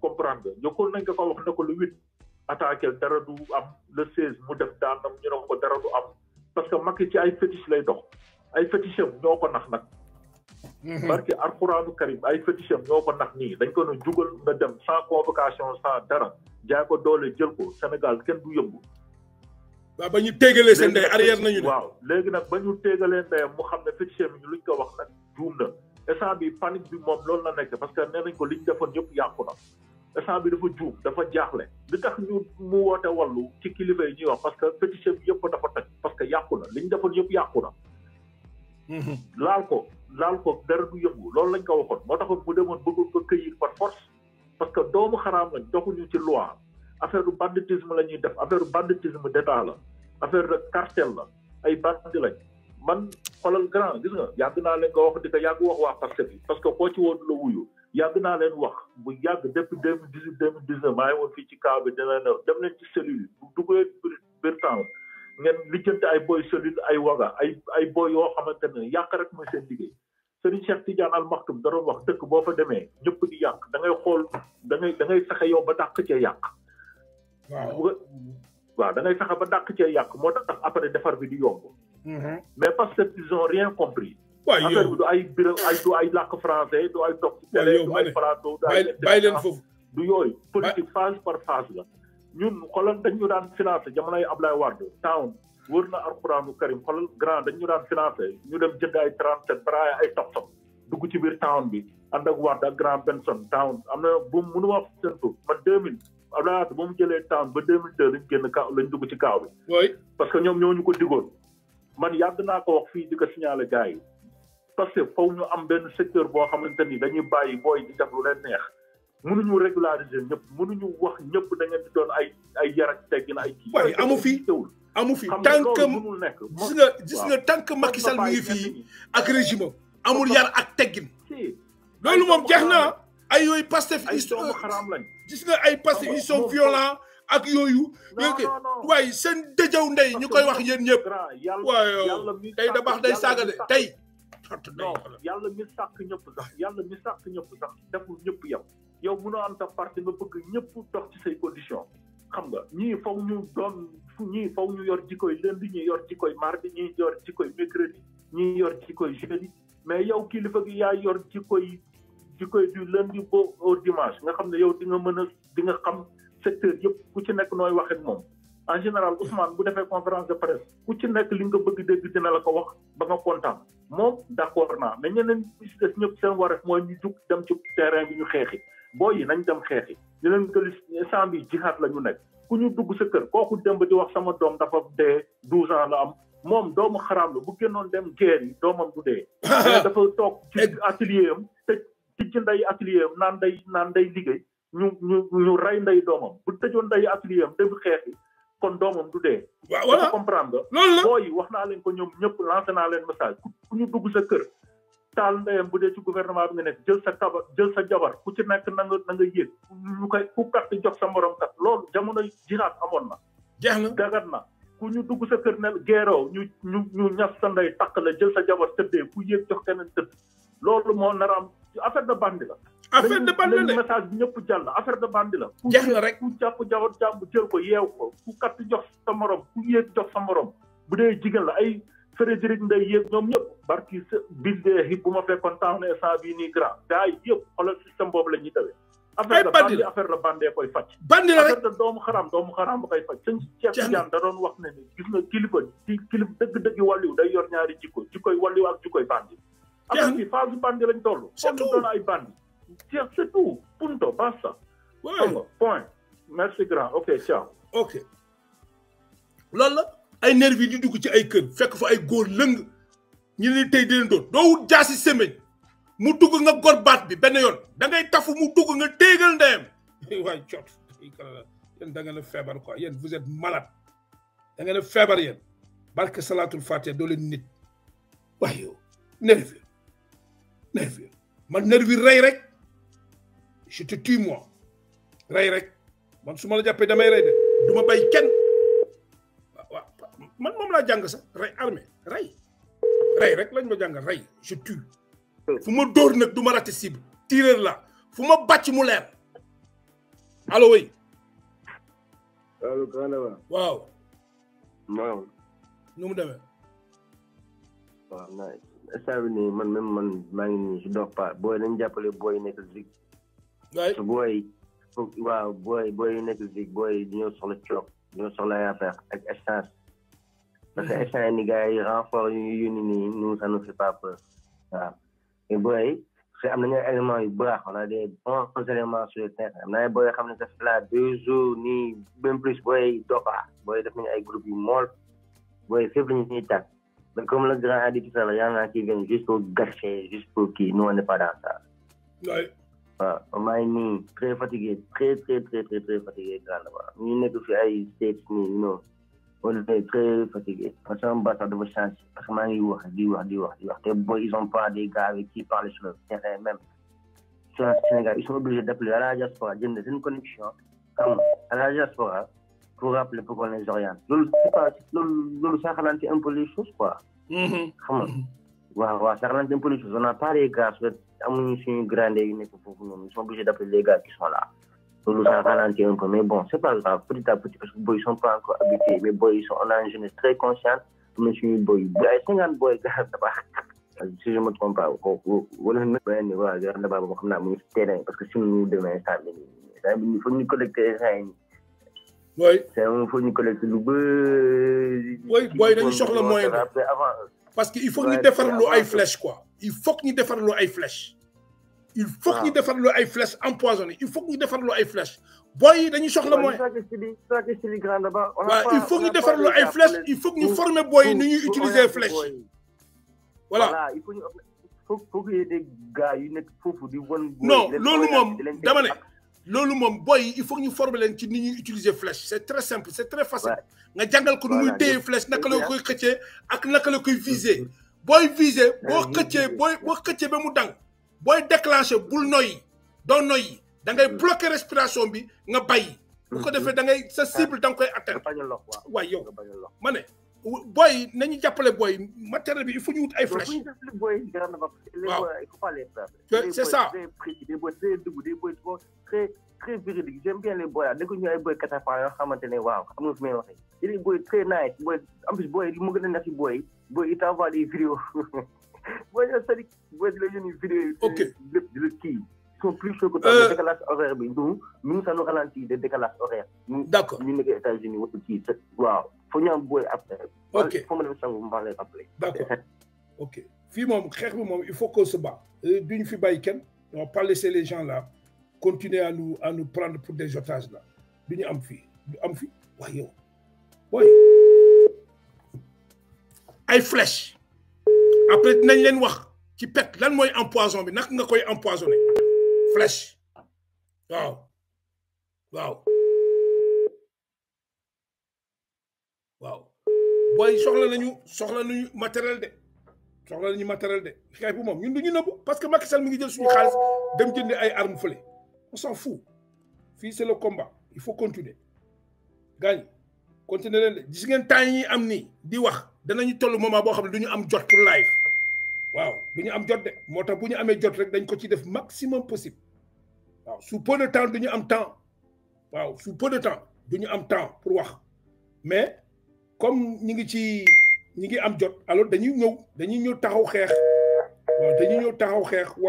comprendre nga nañ ko ko wax attaqué dara du am le 16 mu def daanam ñu ne ko dara du am parce que Macky ci ay fétiche lay dox ay fétiche am ñoo ko nax nag. parce mhm. que alxuraanu karim ay fétiche am ko nax nii dañ ko ne jugal nga dem sans convocation sans dara jaay ko doole jël ko Sénégal kenn du yëngu. waaw ba ñu tégalee seen ndey arrière nañu de. waaw léegi nag ba ñu tégalee ndeyam mu xam ne fétiche bi luñ ko wax nag juum na instant bi panique bi moom loolu la nekk parce que nee nañ ko liñ defoon yëpp yàqu instant bi dafa juum dafa jaaxle li tax ñu mu woote wallu ci kilifa yi ñuy wax parce que petit chef yëpp dafa toj parce que yàqu na li ñu defoon yëpp yàqu na. Mhm. laal ko laal ko dara du yëngu loolu lañ ko waxoon moo taxoon mu demoon bëggoon ko këyit par force parce que doomu xaraam lañ doxuñu ci loi affaire du banditisme la ñuy def affaire du banditisme d'état la affaire de cartel la ay bandi lañ man xoolal grand gis nga yàgg naa leen ko wax di ko yàgg wax waa que bi parce que koo ci yàgg naa leen wax bu yàgg depuis deux mille dix huit deux mille dix neuf maa ngi woon fii ci cas bi dina leen dem leen ci cellule bu duggee Birtan ngeen lijjanti ay boy cellule ay waga ay ay boy yoo xamante ne yàq rek mooy seen liggéey Serigne Cheikh Tidiane Al Maktoum da wax dëkk boo fa demee ñëpp di yàq da ngay xool da ngay da yow ba dàq cee yàq. waaw waaw da ngay ba dàq cee yàq moo tax après defar bi di yomb. Mm-hmm. mais parce que ils ont rien compris. waaw yow affaire du ay biral ay du ay làkk français du ay toog ci télé du ay plateau du ay bàyyi leen foofu du yooyu politique phase par phase la ñun xoolal dañ ñu daan financé jamonoy Ablaye Wade town wër na alxuraanu karim xoolal grand dañ ñu daan financé ñu dem jënd ay trente sept braay ay top top dugg ci biir town bi ànd ak Wade ak grand Benson town am na bu mu mënu wax seen tur man deux mille Ablaye Wade ba mu jëlee town ba deux mille deux lañ génn kaaw lañ dugg ci kaaw bi parce que ñoom ñoo ñu ko digoon man yàgg naa ko wax fii di ko signalé gars yi parce que faw ñu am benn secteur boo xamante ni dañuy bàyyi booy di def lu leen neex mënuñu régulariser ñëpp mënuñu wax ñëpp da ngeen di doon ay ay yar ak teggin ay. kii amu fi amu fi tant que gis nga gis tant que Macky Sall mi ngi fii ak régime amul yar ak teggin. loolu moom jeex na ay yooyu Pastef ay doomu xaraam lañ gis nga ay Pastef ils sont violents ak yooyu. waaye seen dëjëw ndey ñu koy wax yéen ñëpp. waaw tey da baax day saaga de tey. tontu non yàlla mi sàkk ñëpp sax yàlla mi sàkk ñëpp sax deful ñëpp yem. yow mënoo am sa partir nga bëgg ñëpp dox ci say conditions xam nga ñii faw ñu doon ñii faw ñu yor jikkoy lundi ñii yor ci jikkoy mardi ñii yor jikkoy mercredi ñii yor ci jikkoy jeudi mais yow kilifa gi yaa yor ci jikkoy jikkoy du lundi ba au dimanche nga xam ne yow di nga mën a di nga xam secteur yëpp ku ci nekk nooy wax ak moom. en général Ousmane bu defee conférence de presse ku ci nekk li nga bëgg dégg dina la ko wax ba nga kontaan moom d' accord naa mais ñeneen ñi si des ñëpp seen rek mooy ñu jug dem ci terrain bi ñu xeexi boo yi nañ dem xeexi ñu leen ko instant bi jihaat la ñu nekk ku ñu dugg sa kër kooku dem ba di wax sama doom dafa dee douze ans la am moom doomu xaraam la bu génnoon dem guerre yi doomam du dee [COUGHS] dafa toog ci atelier am te ci ci nday atelier am naan day naan day liggéey ñu ñu ñu rey nday doomam bu tëjoon nday atelier am dem xeexi kon doomam du dee. wax comprendre nga. loolu la wax naa leen ko ñoom ñëpp lancé naa leen message ku ñu dugg sa kër. taal ndeyam bu dee ci gouvernement bi nga nekk jël sa kaba jël sa jabar ku ci nekk na nga na nga yéeg ñu koy ku kat jox sa morom kat loolu jamono jihad amoon na. jeex na dagat na ku ñu dugg sa kër ne geeroo ñu ñu ñu ñas sa ndey takk la jël sa jabar tëddee ku yéeg jox keneen tëdd. loolu moo nar am affaire de bandi la. affaire de bandi la de bandi la. jeex na rek ku jàpp jaww jàpp jël ko yeew ko ku katt jox sa morom ku yéeg jox sa morom bu dee jigéen la ay Frédéric Ndeye yéeg ñoom ñëpp. barki bindee bu ma fekkoon temps ne saa bii nii grand gars yi yëpp xoolal système boobu la ñuy dawee. ay bandi la affaire de bandee koy faj. bandi la rek affaire doomu xaraam doomu xaraam ba koy faj. sëñ Cheikh Tidiane da doon wax ne ni gis na kilifa ci kilifa dëgg-dëgg wàlliw day yor ñaari jikko jikkoy wàlliw ak jikkoy affaire bi phase bandi lañ toll. surtout comme ay bandi. jeex c'est tout punto basta. oui point merci grand la ay nervi yi di dugg ci ay kër fekk fo ay góor lëng ñu ne tey dinañ doon doo wut jaasi semaine mu dugg nga gor baat bi benn yoon da ngay tafu mu dugg nga téegal ndeyam. [LAUGHS] waay cot yéen da ngeen a feebar ko yéen vous êtes malade da ngeen feebar yéen barke salaat fatiha doo leen nit waaye yow nervi nervi man nervi rey rek je te tue moi rey rek man su ma la jàppee damay rey de du ma bay kenn waaw man moom laa jàng sax rey armée rey rey rek lañ ma jàngal rey je tue fu ma dóor nag du ma raté sib tireur la fu ma bàcc mu leer allo oui allo Kandaba waaw nu mu demee saa bi nii man même man maa ngi nii si dox pa booy nañ jàppale booy nekk zig. waay su booy waaw booy booy nekk zig booy dañoo soxla coop dañoo soxla ay affaire ak essence. parce que essence ni gars yi renfort yu ñu yónni nii nous ça nous fait pas peur waaw te booy parce que am nañu ay éléments yu baax on a des bons éléments sur le terrain am na ay booy xam ne daf la deux jours nii même plus booy dox booy def nañu ay groupes yu mool booy fépp la ñu siy tàgg. Mais comme le grand a dit tout à l'heure, il y en a qui viennent juste pour gâcher, juste pour qui. Nous, on n'est pas dans ça. Ouais. waaw On très fatigué très très très très très fatigué grandement ñu nekk fi ay non on est très fatigué parce bat ça de vos chances, parce que moi, di wax di wax di boy ils ont pas des gars avec qui parler sur le terrain même sur Sénégal ils sont obligés d'appeler à la diaspora ont une connexion Comme à la diaspora pour rappeler pour les oriente loolu c'est pas loolu loolu ça ralentit un peu les choses quoi. Mm-hmm. xam nga wa wa ça ralentit un peu les choses on a pas les gars parce que amuñu suñu grande une nekk pour nous. ils sont obligés d'appeler les gars qui sont là Nous ça ralentit un peu mais bon c'est pas grave petit à petit parce que boy sont pas encore habitués mais boy ils sont on a une jeunesse très consciente mais suñu boy ay cinquante boy gars [LAUGHS] si je me trompe pas vous na benn pas avoir da baax boo xam naa mu parce que si nous demain ça il faut nous collecter les oui un faut Nicolas euh, moyen parce qu'il il faut nous le ay flash quoi. il faut que nous le ay flash, il faut que nous ah. ay flèche empoisonné il faut que nous high ay flèche il il faut que ay flash, il faut que former il utiliser voilà il faut ait des gars qu'il y ait des gars. non non, non, non, il faut ñu former utiliser flèche C'est très simple c'est très facile nga Nous ko nu muy flèches, flèche naka la koy nous ak naka la koy viser mm-hmm. boy viser boy boy booy boo xëccee ba mu dang booy déclenché bul noy, mm-hmm. bloquer respiration bi nga mm-hmm. sa cible boy yi nañu jappalé boy matériel bi il faut ñu wut ay c'est ça. très véridique j'aime bien les boy C'est ça. ñu ay boy sont yoo waaw xam nga fi may boy très nice boy en plus boy li mu gën a boy boy il t'envoie des vidéos [LAUGHS] boy cest boy ok sont plus chauds que toi. le décalage horaire nous nous ça nous ralentit le décalage horaire. d'accord nous les États-Unis wala kii faut nous ñu am booy après. ok d'accord ok fii moi il faut qu'on se bat. Euh, duñ fi bàyyi on on va pas laisser les gens là continuer à nous à nous prendre pour des otages là D'une fille. am fille. Voyons. am Aïe flèche. yow ay flèches après dinañ leen wax ci pet lan mooy empoison bi nak nga koy empoisonné flèche wow. waaw waaw Boy, soxla nañu soxla nañu matériel de soxla nañu matériel de bu ñun parce que Macky Sall mi ngi jël suñu dem ay armes on s'en fout fils c'est le combat il faut continuer Gagne. continuer leen gis ngeen temps am ni di wax moment bo duñu am pour live waaw am jot de motax buñu amé jot rek dañ ko ci maximum possible sous peu de temps nous am temps sous peu de temps nous am temps pour wax mais comme nous ngi ci ngi alors dañuy nous dañuy ñëw taxaw dañuy taxaw mhm.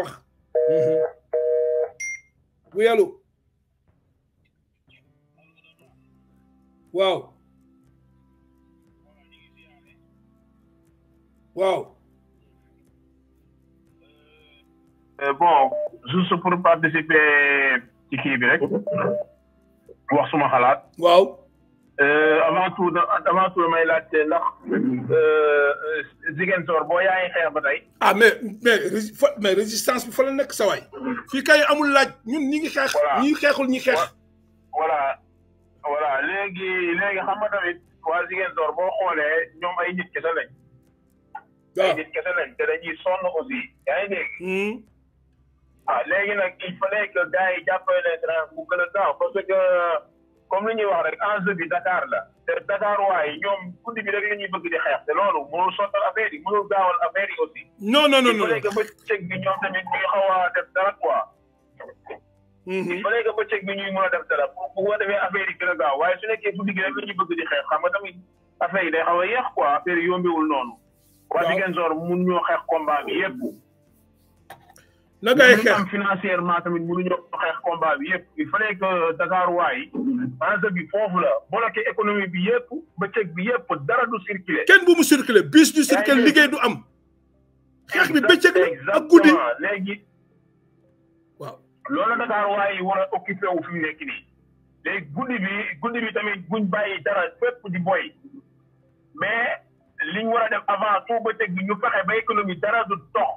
oui Euh, bon juste pour participer ci kii bi rek wax suma xalaat. waaw. Euh, avant tout avant tout may laajte ndax euh, Ziguinchor boo yaayee xeex ba tey. ah mais mais fa mais résistance bi fa la nekk sawaay hmm. fii kay amul laaj ñun ñi ngi xeex. ñi xeexul ñi xeex. voilà voilà léegi léegi xam nga tamit waa Ziguinchor boo xoolee ñoom ay nit kese lañ. ay nit kese lañ te dañuy sonn aussi yaa ngi dégg. Hmm. ah léegi nag il fallait que gars yi jàppale leen train bu gën a gaaw parce que comme li ñuy wax rek enjeu bi Dakar la te Dakar waaye ñoom guddi bi rek la ñuy bëgg di xeex te loolu mënul sottal affaire yi mënul gaawal affaire yi aussi. non non non non il fallait que bëccëg bi ñoom tamit ñuy xaw a def dara quoi. Mhm. il fallait que bëccëg bi ñuy mën a def dara pour bu ko defee affaire yi gën a gaaw waaye su nekkee guddi gi rek la ñuy bëgg di xeex xam nga tamit affaire yi day xaw a yéex quoi affaire yi yombewul noonu. waaw waa Ziguinchor mun ñoo xeex combat bi yépp na ngay xeex am financièrement tamit mënuñoo xeex combat bi yëpp il fallait que Dakar waay enjeu bi foofu la bloqué économie bi yëpp bëccëg bi yëpp dara du circuler kenn bu mu circuler bis du circuler liggéey du am xeex bi bëccëg la ak guddi léegi waaw loolu Dakar waay war a occupé fi mu nekk nii léegi guddi bi bi tamit guñ bàyyi dara fépp di boy mais liñ war a def avant tout bëccëg bi ñu fexe ba économie dara du tox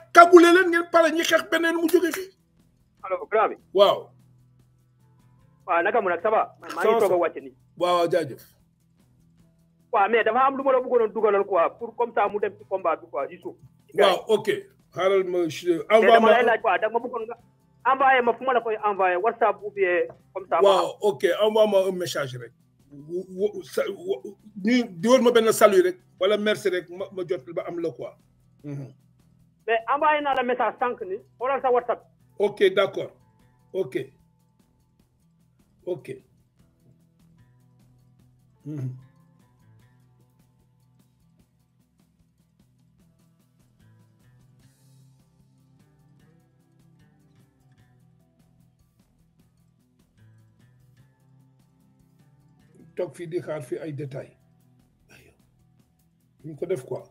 kagule leen ngeen paré ñi xex benen mu joggé fi. alors grand waaw. waaw naka mu nak sa ba ma ngi toog a wàcc nii. waaw jaajëf. waaw mais dafa am luma la bëggono dugalal quoi pour comme ça mu dem ci combat bi quoi Youssouf. waaw ok. haral ma ci envoie ma lay laaj quoi da nga bëggoon nga. envoyé ma fu ma la koy envoyé WhatsApp ou bien comme ça. waaw ok envoie ma un message rek. ñu diwal ma benn salut rek wala merci rek ma ma jot ba am la quoi. Mhm. mais envoyé naa la message sànq ni xoolal sa WhatsApp. ok d'accord, accord ok ok. Mhm. toog fii di xaar fi ay détails. ñu ko def quoi.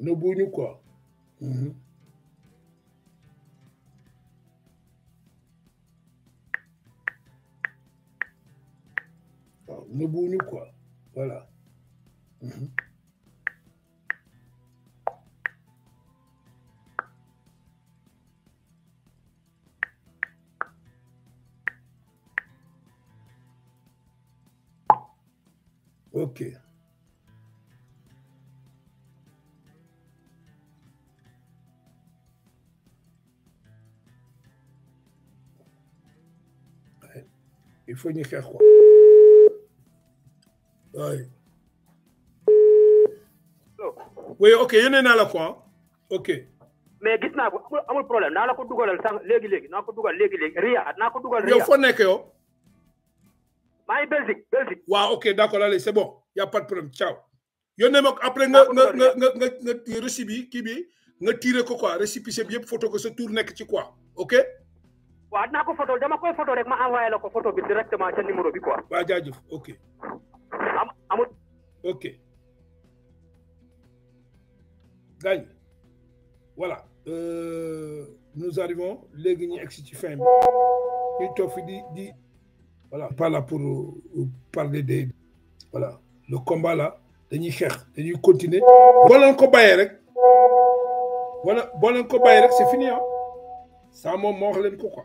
Nobunyu, quoi. -hmm. quoi. Voilà. Mhm. Ok. il يفونيك quoi? oui ok en a la quoi ok. mais a un problème il ok d'accord allez c'est bon y' a pas de problème ciao. après nga nga nga nga quoi récépissé bien photo ko ce tour nekk ci quoi ok waaw dinaa ko photo dama koy photo rek ma envoyé la ko photo bi directement ca numéro bi quoi. waa jaajëf ok. am amul. ok. gaañ voilà. euh, nous arrivons léegi ñu egsi ci fin bi ñu toog fi di di. voilà pas là pour euh, parler des voilà le combat là dañuy xeex dañuy continuer. boo leen ko bàyyee rek. wala boo leen ko bàyyee rek c'est fini ah. ça moom moo wax leen ko quoi.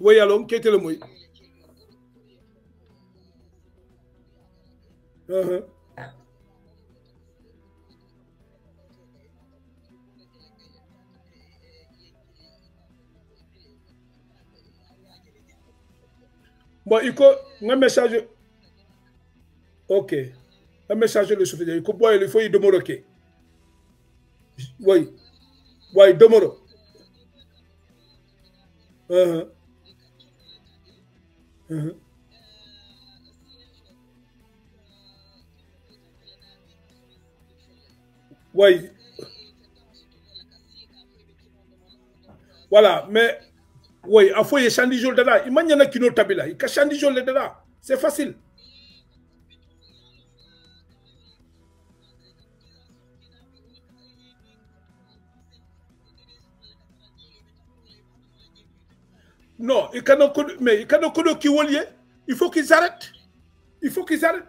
weyalong ketele moy uh -huh. bon iko nga message ok nga message le sofide iko boy le foyi domoro ke way way domoro uh -huh. Mm-hmm. Oui. Voilà, mais oui, il faut chandijol de là, Il y a un qui là. tabila. Il y a de là. C'est facile. Non, il mais il ko qui est Il faut qu'ils arrêtent. Il faut qu'ils arrêtent.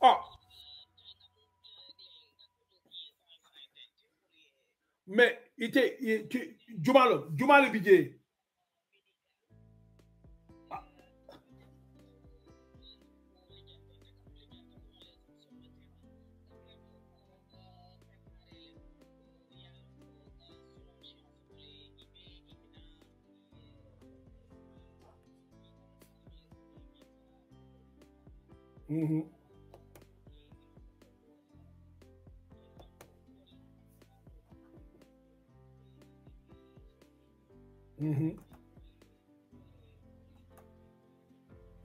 Ah. Mais il était. Jumalo, Jumalo Bidje. Uhum. Uhum.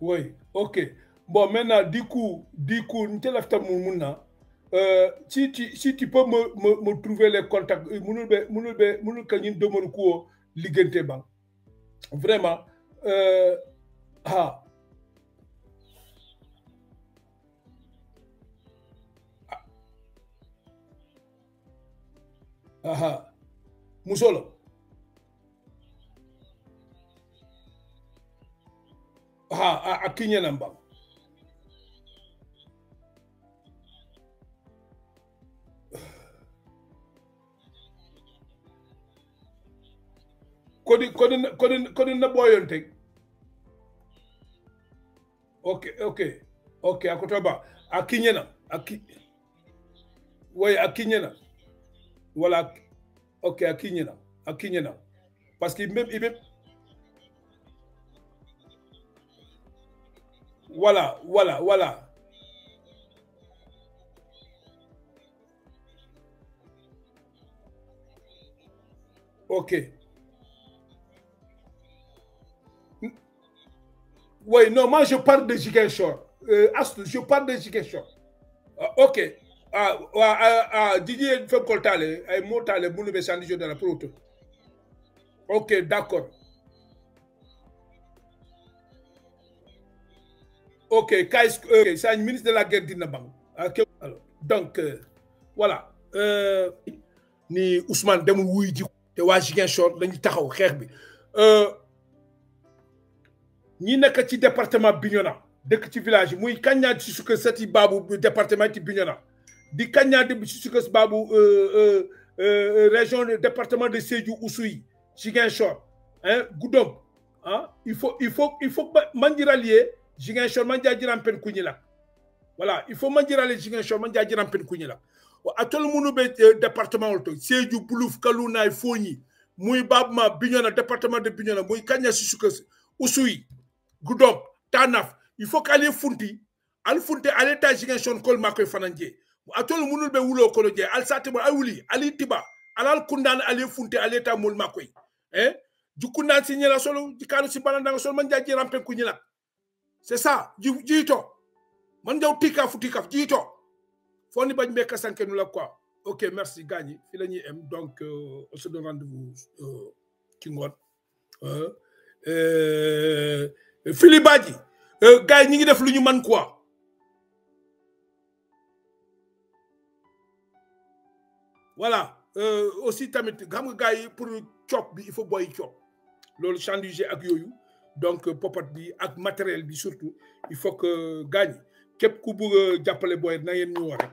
Oui, ok. Bon, maintenant, du coup, du coup, euh, si, tu, si tu peux me, me, me trouver les contacts, euh, vraiment, euh, ah, Aha. Musolo. Aha, kinye namba. kodi kodi kodi kodi na boyon tek okay okay okay akotoba akinyena a way akinyena Voilà. Ok, à a À a Parce qu'il même, il même. Voilà, voilà, voilà. Ok. Oui, non, moi je parle de Jigenshore. Euh, je parle de Jigenshore. Ah, ok ah waaw ah, ah Didier Fempol Thaale ay moo Thaale mënu be sandi jodana pour auto ok d'accord ok qu'est-ce kay euh, ok sa ministre de la guerre dina bang ok donc euh, voilà euh, ni Ousmane demul wuy ji te waa Ziguinchor dañu taxaw xeex bi euh, ñi nekk ci département Bignona de ci village yi muy Kagnan ce sukk sati baabu département ci Bignona di kaññaade euh euh, euh, euh, région département de Sédhiou Oussouy, Ziguinchor hein Il Hein, il faut il faut il faut mandiralié Ziguinchor manjaajiran pen là. voilà il faut mandiralié Ziguinchor manjaajiran pen kuñila atol munu le euh, département wol to Boulouf, Kalouna et Fogni Moui Babma Bignona département de Bignona Moui Kanya si Oussoui, Oussouye Tanaf il faut aller Founti, aller funti aller état Ziguinchor kol maa koy atol munul be wulo kono je al sati mo awuli ali tiba alal kundan ali funte ali ta mul makoy hein eh? du kundan si nyela solo di kanu si balanda solo man jaji rampe ku nyela c'est ça jiito man jaw tika fu tika jiito foni bañ be kasanke nula quoi ok merci gagne fi lañuy em donc euh, on se donne rendez-vous ki euh, ngon euh, euh, Philippe Badji euh, ñi ngi def luñu man quoi voilà euh, aussi tamit gam nga gars pour matériel, bi il faut boy chop le ak donc euh, bi matériel surtout il faut que gagne kep ku a les na ngeen ñu wara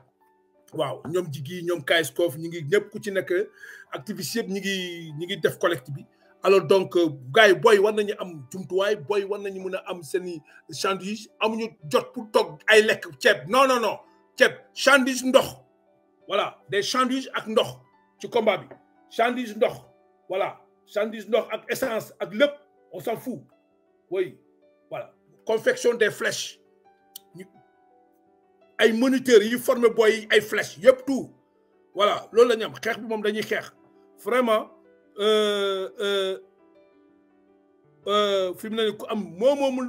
waaw ñom jigi ñom KS Kof ñi ngi ku ci activiste def collecte alors donc euh, gars boy war am war am i amuñu jot pour tok ay non non non ndox voilà des chandises ak ndox ci combat bi sandwich voilà Chandises ndox ak essence ak on s'en fout oui voilà confection des flèches Les ay moniteurs yi boy booy ay flèches tout voilà loolu la ñu am xeex bi vraiment euh, euh, euh ne am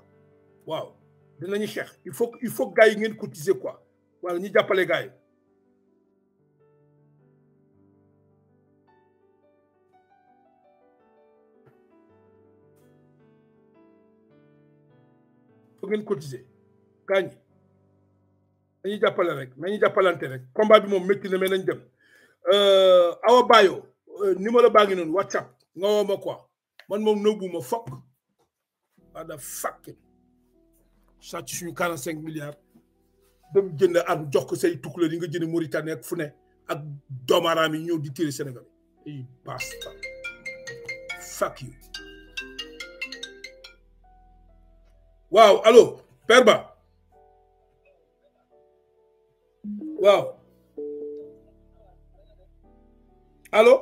waaw il faut il faut gars cotiser quoi a pas les gars Il faut ngeen cotiser gars pas les rek n'y combat bi moom euh, awa Bayo, euh, numéro baa whatsapp nga quoi man moom nëbbu ma the sàcc suñu quarante cinq milliards dem jënd arme jox say tukulóor yi nga jënd Mauritanie ak fu ne ak doomaaraam yi ñëw di tirer Sénégal i basta fuck you waaw allo Père Ba waaw allo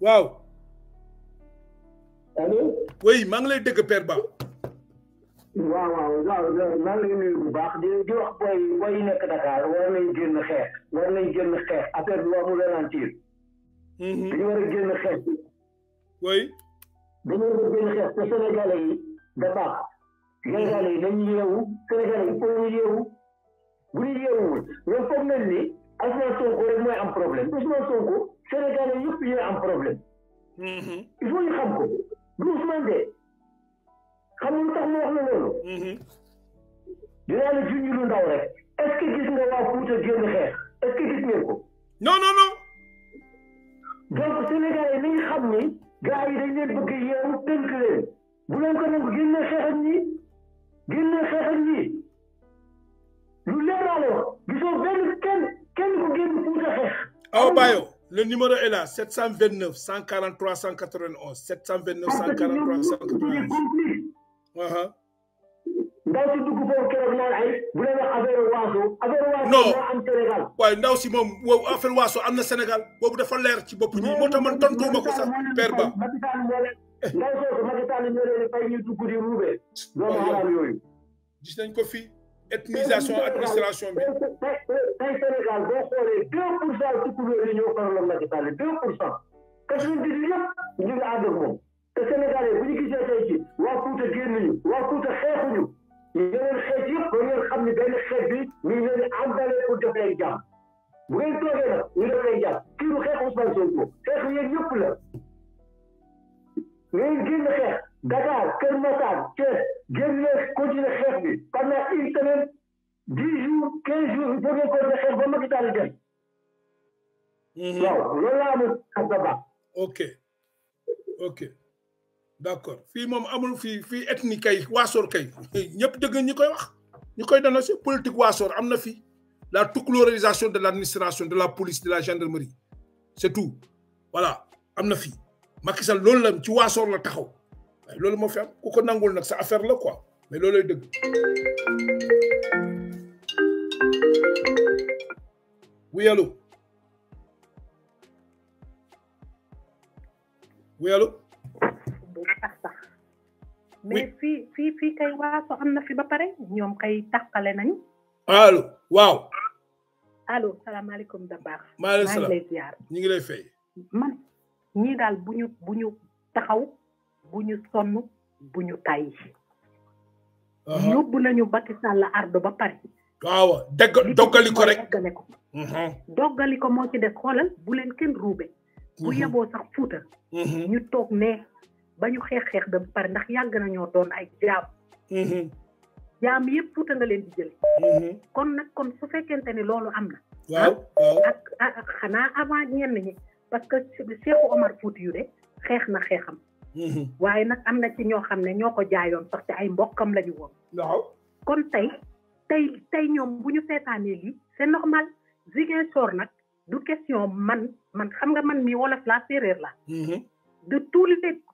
waaw allo oui maa ngi lay dégg waaw waaw waaw maa ngi lay nuyu bu baax di di wax booy booy yi nekk Dakar war nañ génn xeex war nañ génn xeex affaire bi amul ralentir. Mhm. dañu war a génn xeex. oui. dañu war a génn xeex te Sénégalais yi da baax. Sénégalais yi dañuy yeewu Sénégalais yi pour ñu yeewu bu ñu yeewul ñoom foog nañ ni Ousmane Sonko rek mooy am problème Ousmane Sonko Sénégalais yëpp ñooy am problème. Mhm. il faut ñu xam ko du Ousmane de. xam nga lu tax mu wax la loolu. Mhm. la junj lu ndaw rek est gis nga waa Fuuta jéem xeex est-ce gis ngeen ko. non non non. donc Sénégal yi xam ni gars yi dañ leen bëgg yeewu tënk leen bu leen ko nangu génne xeex ak ñi génne xeex ak ñi lu leer laa la wax gisoo benn kenn kenn ko génn Fuuta xeex. aw Bayo le numéro est là 729 143 191 729 143 191. Uh-huh. ndaw si dugg foofu keroog naan ay bu ne wax affaire waaso. affaire waaso waaye ndaw si moom wow waaso am na Sénégal boobu dafa leer ci bopp ñi man tontuuma ko sax père ba. Macky Sall moo leen ndaw soosu Macky Sall ñoo ko fii ethnisation administration bi. tey Sénégal boo xoolee deux pour cent ci te Sénégalais bu ñu gisee tey ci waa Fuuta génnuñu waa Fuuta xeexuñu yeneen xeet yëpp ba ngeen xam ne benn xeet bi ñu ngi leen àndale pour def leen jàmm bu ngeen toogee nag ñu def leen jàmm kii du xeexu Ousmane Sonko xeexu yéen ñëpp la ngeen génn xeex Dakar Kër Massar Thiès génn leen continuer xeex bi pendant une semaine dix jours quinze jours il faut ngeen continuer xeex ba Macky Sall dem waaw loolu laa amul ak ba ok ok D'accord. Fi mom amul fi fi ethnie kay waasoor kay ñëpp deug ñi koy wax Ñi koy dana si politique waasoor am na fii la toucolorisation de l'administration, de la police de la gendarmerie c'est tout voilà Amna fi. fii Macky Sall loolu la ci waasoor la taxaw waaye loolu moo fi am ku ko nangul nak sa affaire la quoi mais loolu lay dëgg oui allô. oui allô. sax sax mais fii fii fii kay waaso am na fi ba pare ñoom kay tàqale nañ allo waaw allo salaamaaleykum da baax maaleykum salaam lay ngi lay fay man ñii daal bu ñu bu ñu taxaw bu ñu sonn bu ñu tàyyi yóbbu nañu Macky Sall ardo ba pare waaw dëgg doggali ko rek ko moo ci def xoolal bu leen kenn ruube bu mhm. yeboo sax fuuta mhm. ñu toog ne ba ñu xeex xeex ba pare ndax yàgg nañoo doon ay jaam. Mhm. jaam yëpp Fuuta nga leen di jël. Mhm. kon nag kon su fekkente ne loolu am na. Ah, ak ah, ak xanaa avant ñenn ñi parce que Cheikh Omar Fouti yu de xeex na xeexam. Mhm. waaye nag am na ci ñoo xam ne ñoo ko jaayoon parce que ay mbokkam la ñu woon. waaw kon tey tey tey ñoom bu ñu seetaanee lii c'est normal Ziguinchor nag du question man man xam nga man mi wolof la séeréer la. de tous les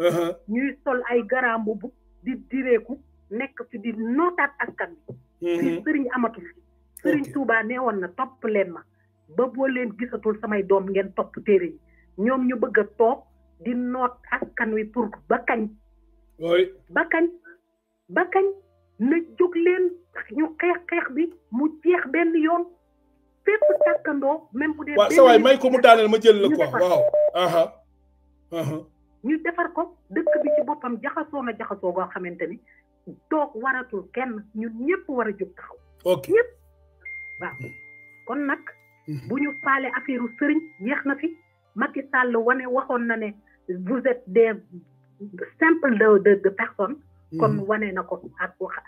Uh-huh. ñuy sol ay garambubu di direeku nekk fi di nootaat askan bi mm-hmm. fii sëriñ amatu fi sëriñ Touba nee na topp leen ma ba boo leen gisatul samay doom ngeen topp téere yi ñoom ñu bëgg a toog di noot askan wi pour ba kañ ba kañ ba na jóg ñu xeex xeex bi mu jeex benn yoon fépp tàkkandoo même bu dee waaw sa may ko mu daaneel ma jël la quoi waaw ñu defar ko dëkk bi ci boppam jaxasoo na jaxasoo goo xamante ni toog waratu kenn ñun ñëpp war a jóg taxaw. ok ñëpp kon nag. Mhm. bu ñu faale affaire sëriñ yeex na fi Macky Sall wane waxoon na ne vous êtes des simples de de de mhm. wane na ko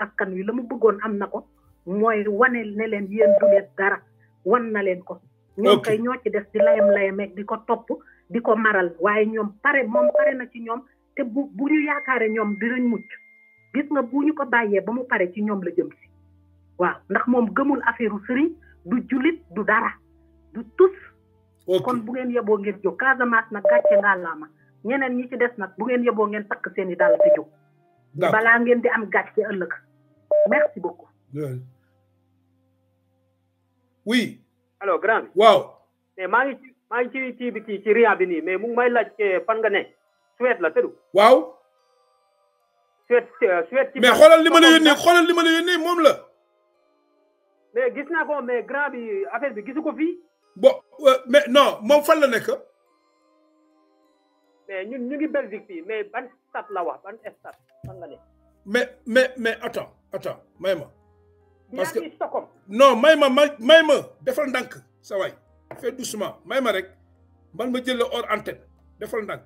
ak kan wi la mu bëggoon am na ko mooy wane ne leen yéen du dara wan na leen ko. ñoo koy ñoo ci def di layam layam ak di ko topp. di maral waye ñom pare mom pare na ci ñom te bu bu ñu yaakaare ñoom dinañ mucc gis nga bu ñu ko bayé ba mu pare ci ñom la jëm ci waaw ndax mom gëmul affaireu sëriñ du julit du dara du tous kon bu ngeen yeboo ngeen jóg casamance gatché nga lama ñeneen ñi ci dess nak bu ngeen yeboo ngeen tak seeni dal ci jox bala ngeen di am gatché ëlëk merci beaucoup oui alors grand wow eh, mais mari ngi maa ngi ci kii ci ria bi nii mais mu ngi may laaj eh, fan nga ne Suède la tëdu. waaw. Suède eh, Suède ci. mais xoolal li ma la yónnee xoolal li ma la yónnee moom la. mais gis naa ko mais grand bi affaire bi gisuko ko fii. bon euh, mais non moom fan la nekk. mais ñun ñu ngi Belgique fii mais ban stade la wax ban stade fan nga ne. mais mais mais attends attends may ma. parce que non may ma may ma defal ndànk sa waay. fais doucement may ma rek man ma jël la hors antenne defal ndank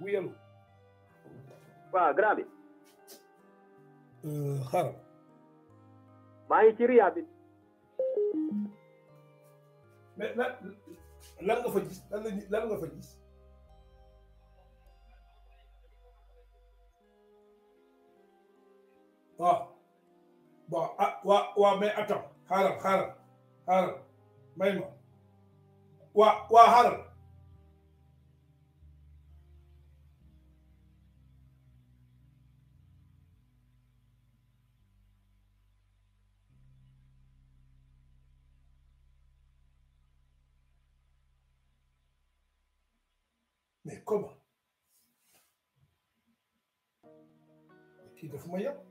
Oui, allô. waaw grave. Euh, xaaral maa ngi ci riyaa bi mais lan lan fa gis lan lan nga fa gis waaw ah, bon ah waaw waaw mais attends xaaral xaaral xaaral may ma waaw waaw è comune. Tito Fumayo.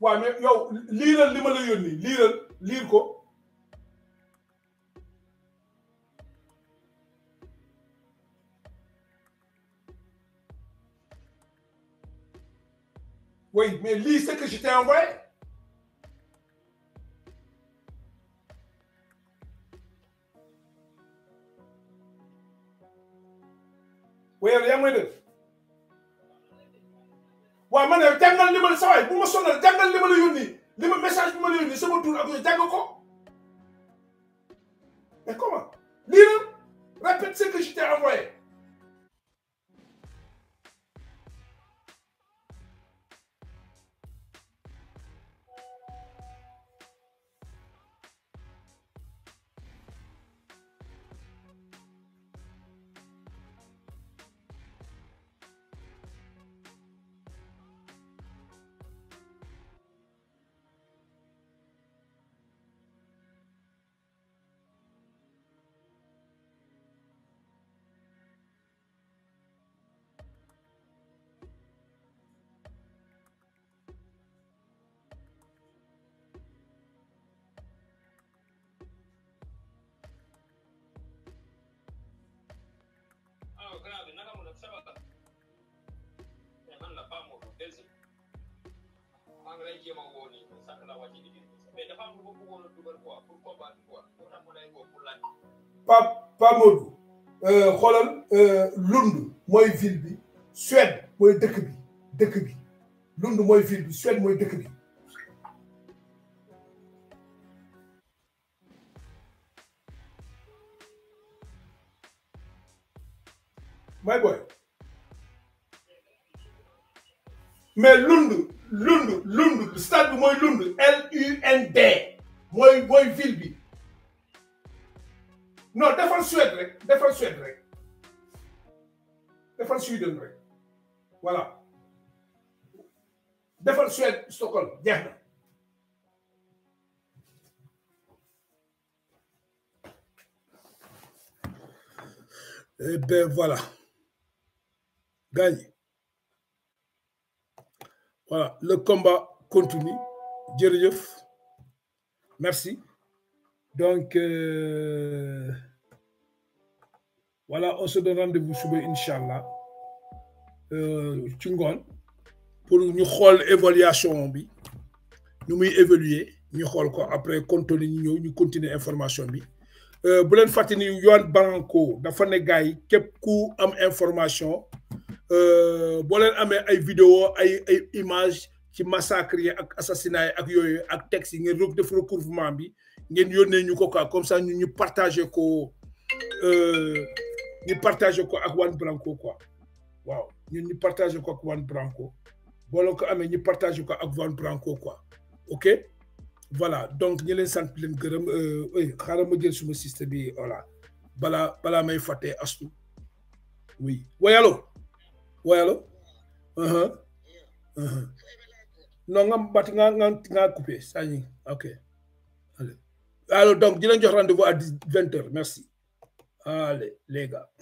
waaw mais yow liiral li ma la yónni liiral liir ko Oui, mais lis ce que je um envoyé. Pa Modou euh, xoolal euh, Lund mooy ville bi Suède mooy dëkk bi dëkk bi Lund mooy ville bi Suède mooy dëkk bi my boy mais Lund Lund Lund stade bi mooy Lund L U N D Moy mooy ville bi non defal Suède rek Suède rek Suède voilà Défense Suède Stockholm Bien. Eh bien voilà. gagne. Voilà, le combat continue. Djerjef, merci. Donc, euh voilà, on se donne rendez-vous suba inshallah Euh, ngoon pour ñu xool évaluation bi Nous muy évaluer ñu xool ko après contenu nous ñëw ñu continuer information bi euh, bu leen fàttali ni banco Branco dafa ne gars ku am information euh, boo leen Amé, ay vidéo ay ay image ci massacre ak assassinat yi ak yooyu ak texte yi ngeen de recouvrement bi ngeen yónnee ñu ko comme ça ñu ñu partagé ko. Euh, partage partage quoi ak Branco quoi waaw ñun partage quoi ko Branco Bon ko amé partage partage Branco quoi ok voilà donc leen sant leen gërëm euh, ma jël système bi voilà bala bala may faté astu oui wayalo wayalo uh-huh. uh-huh. non nga bat nga nga nga coupé ok allez alors donc di jox rendez-vous à 20h merci allez les gars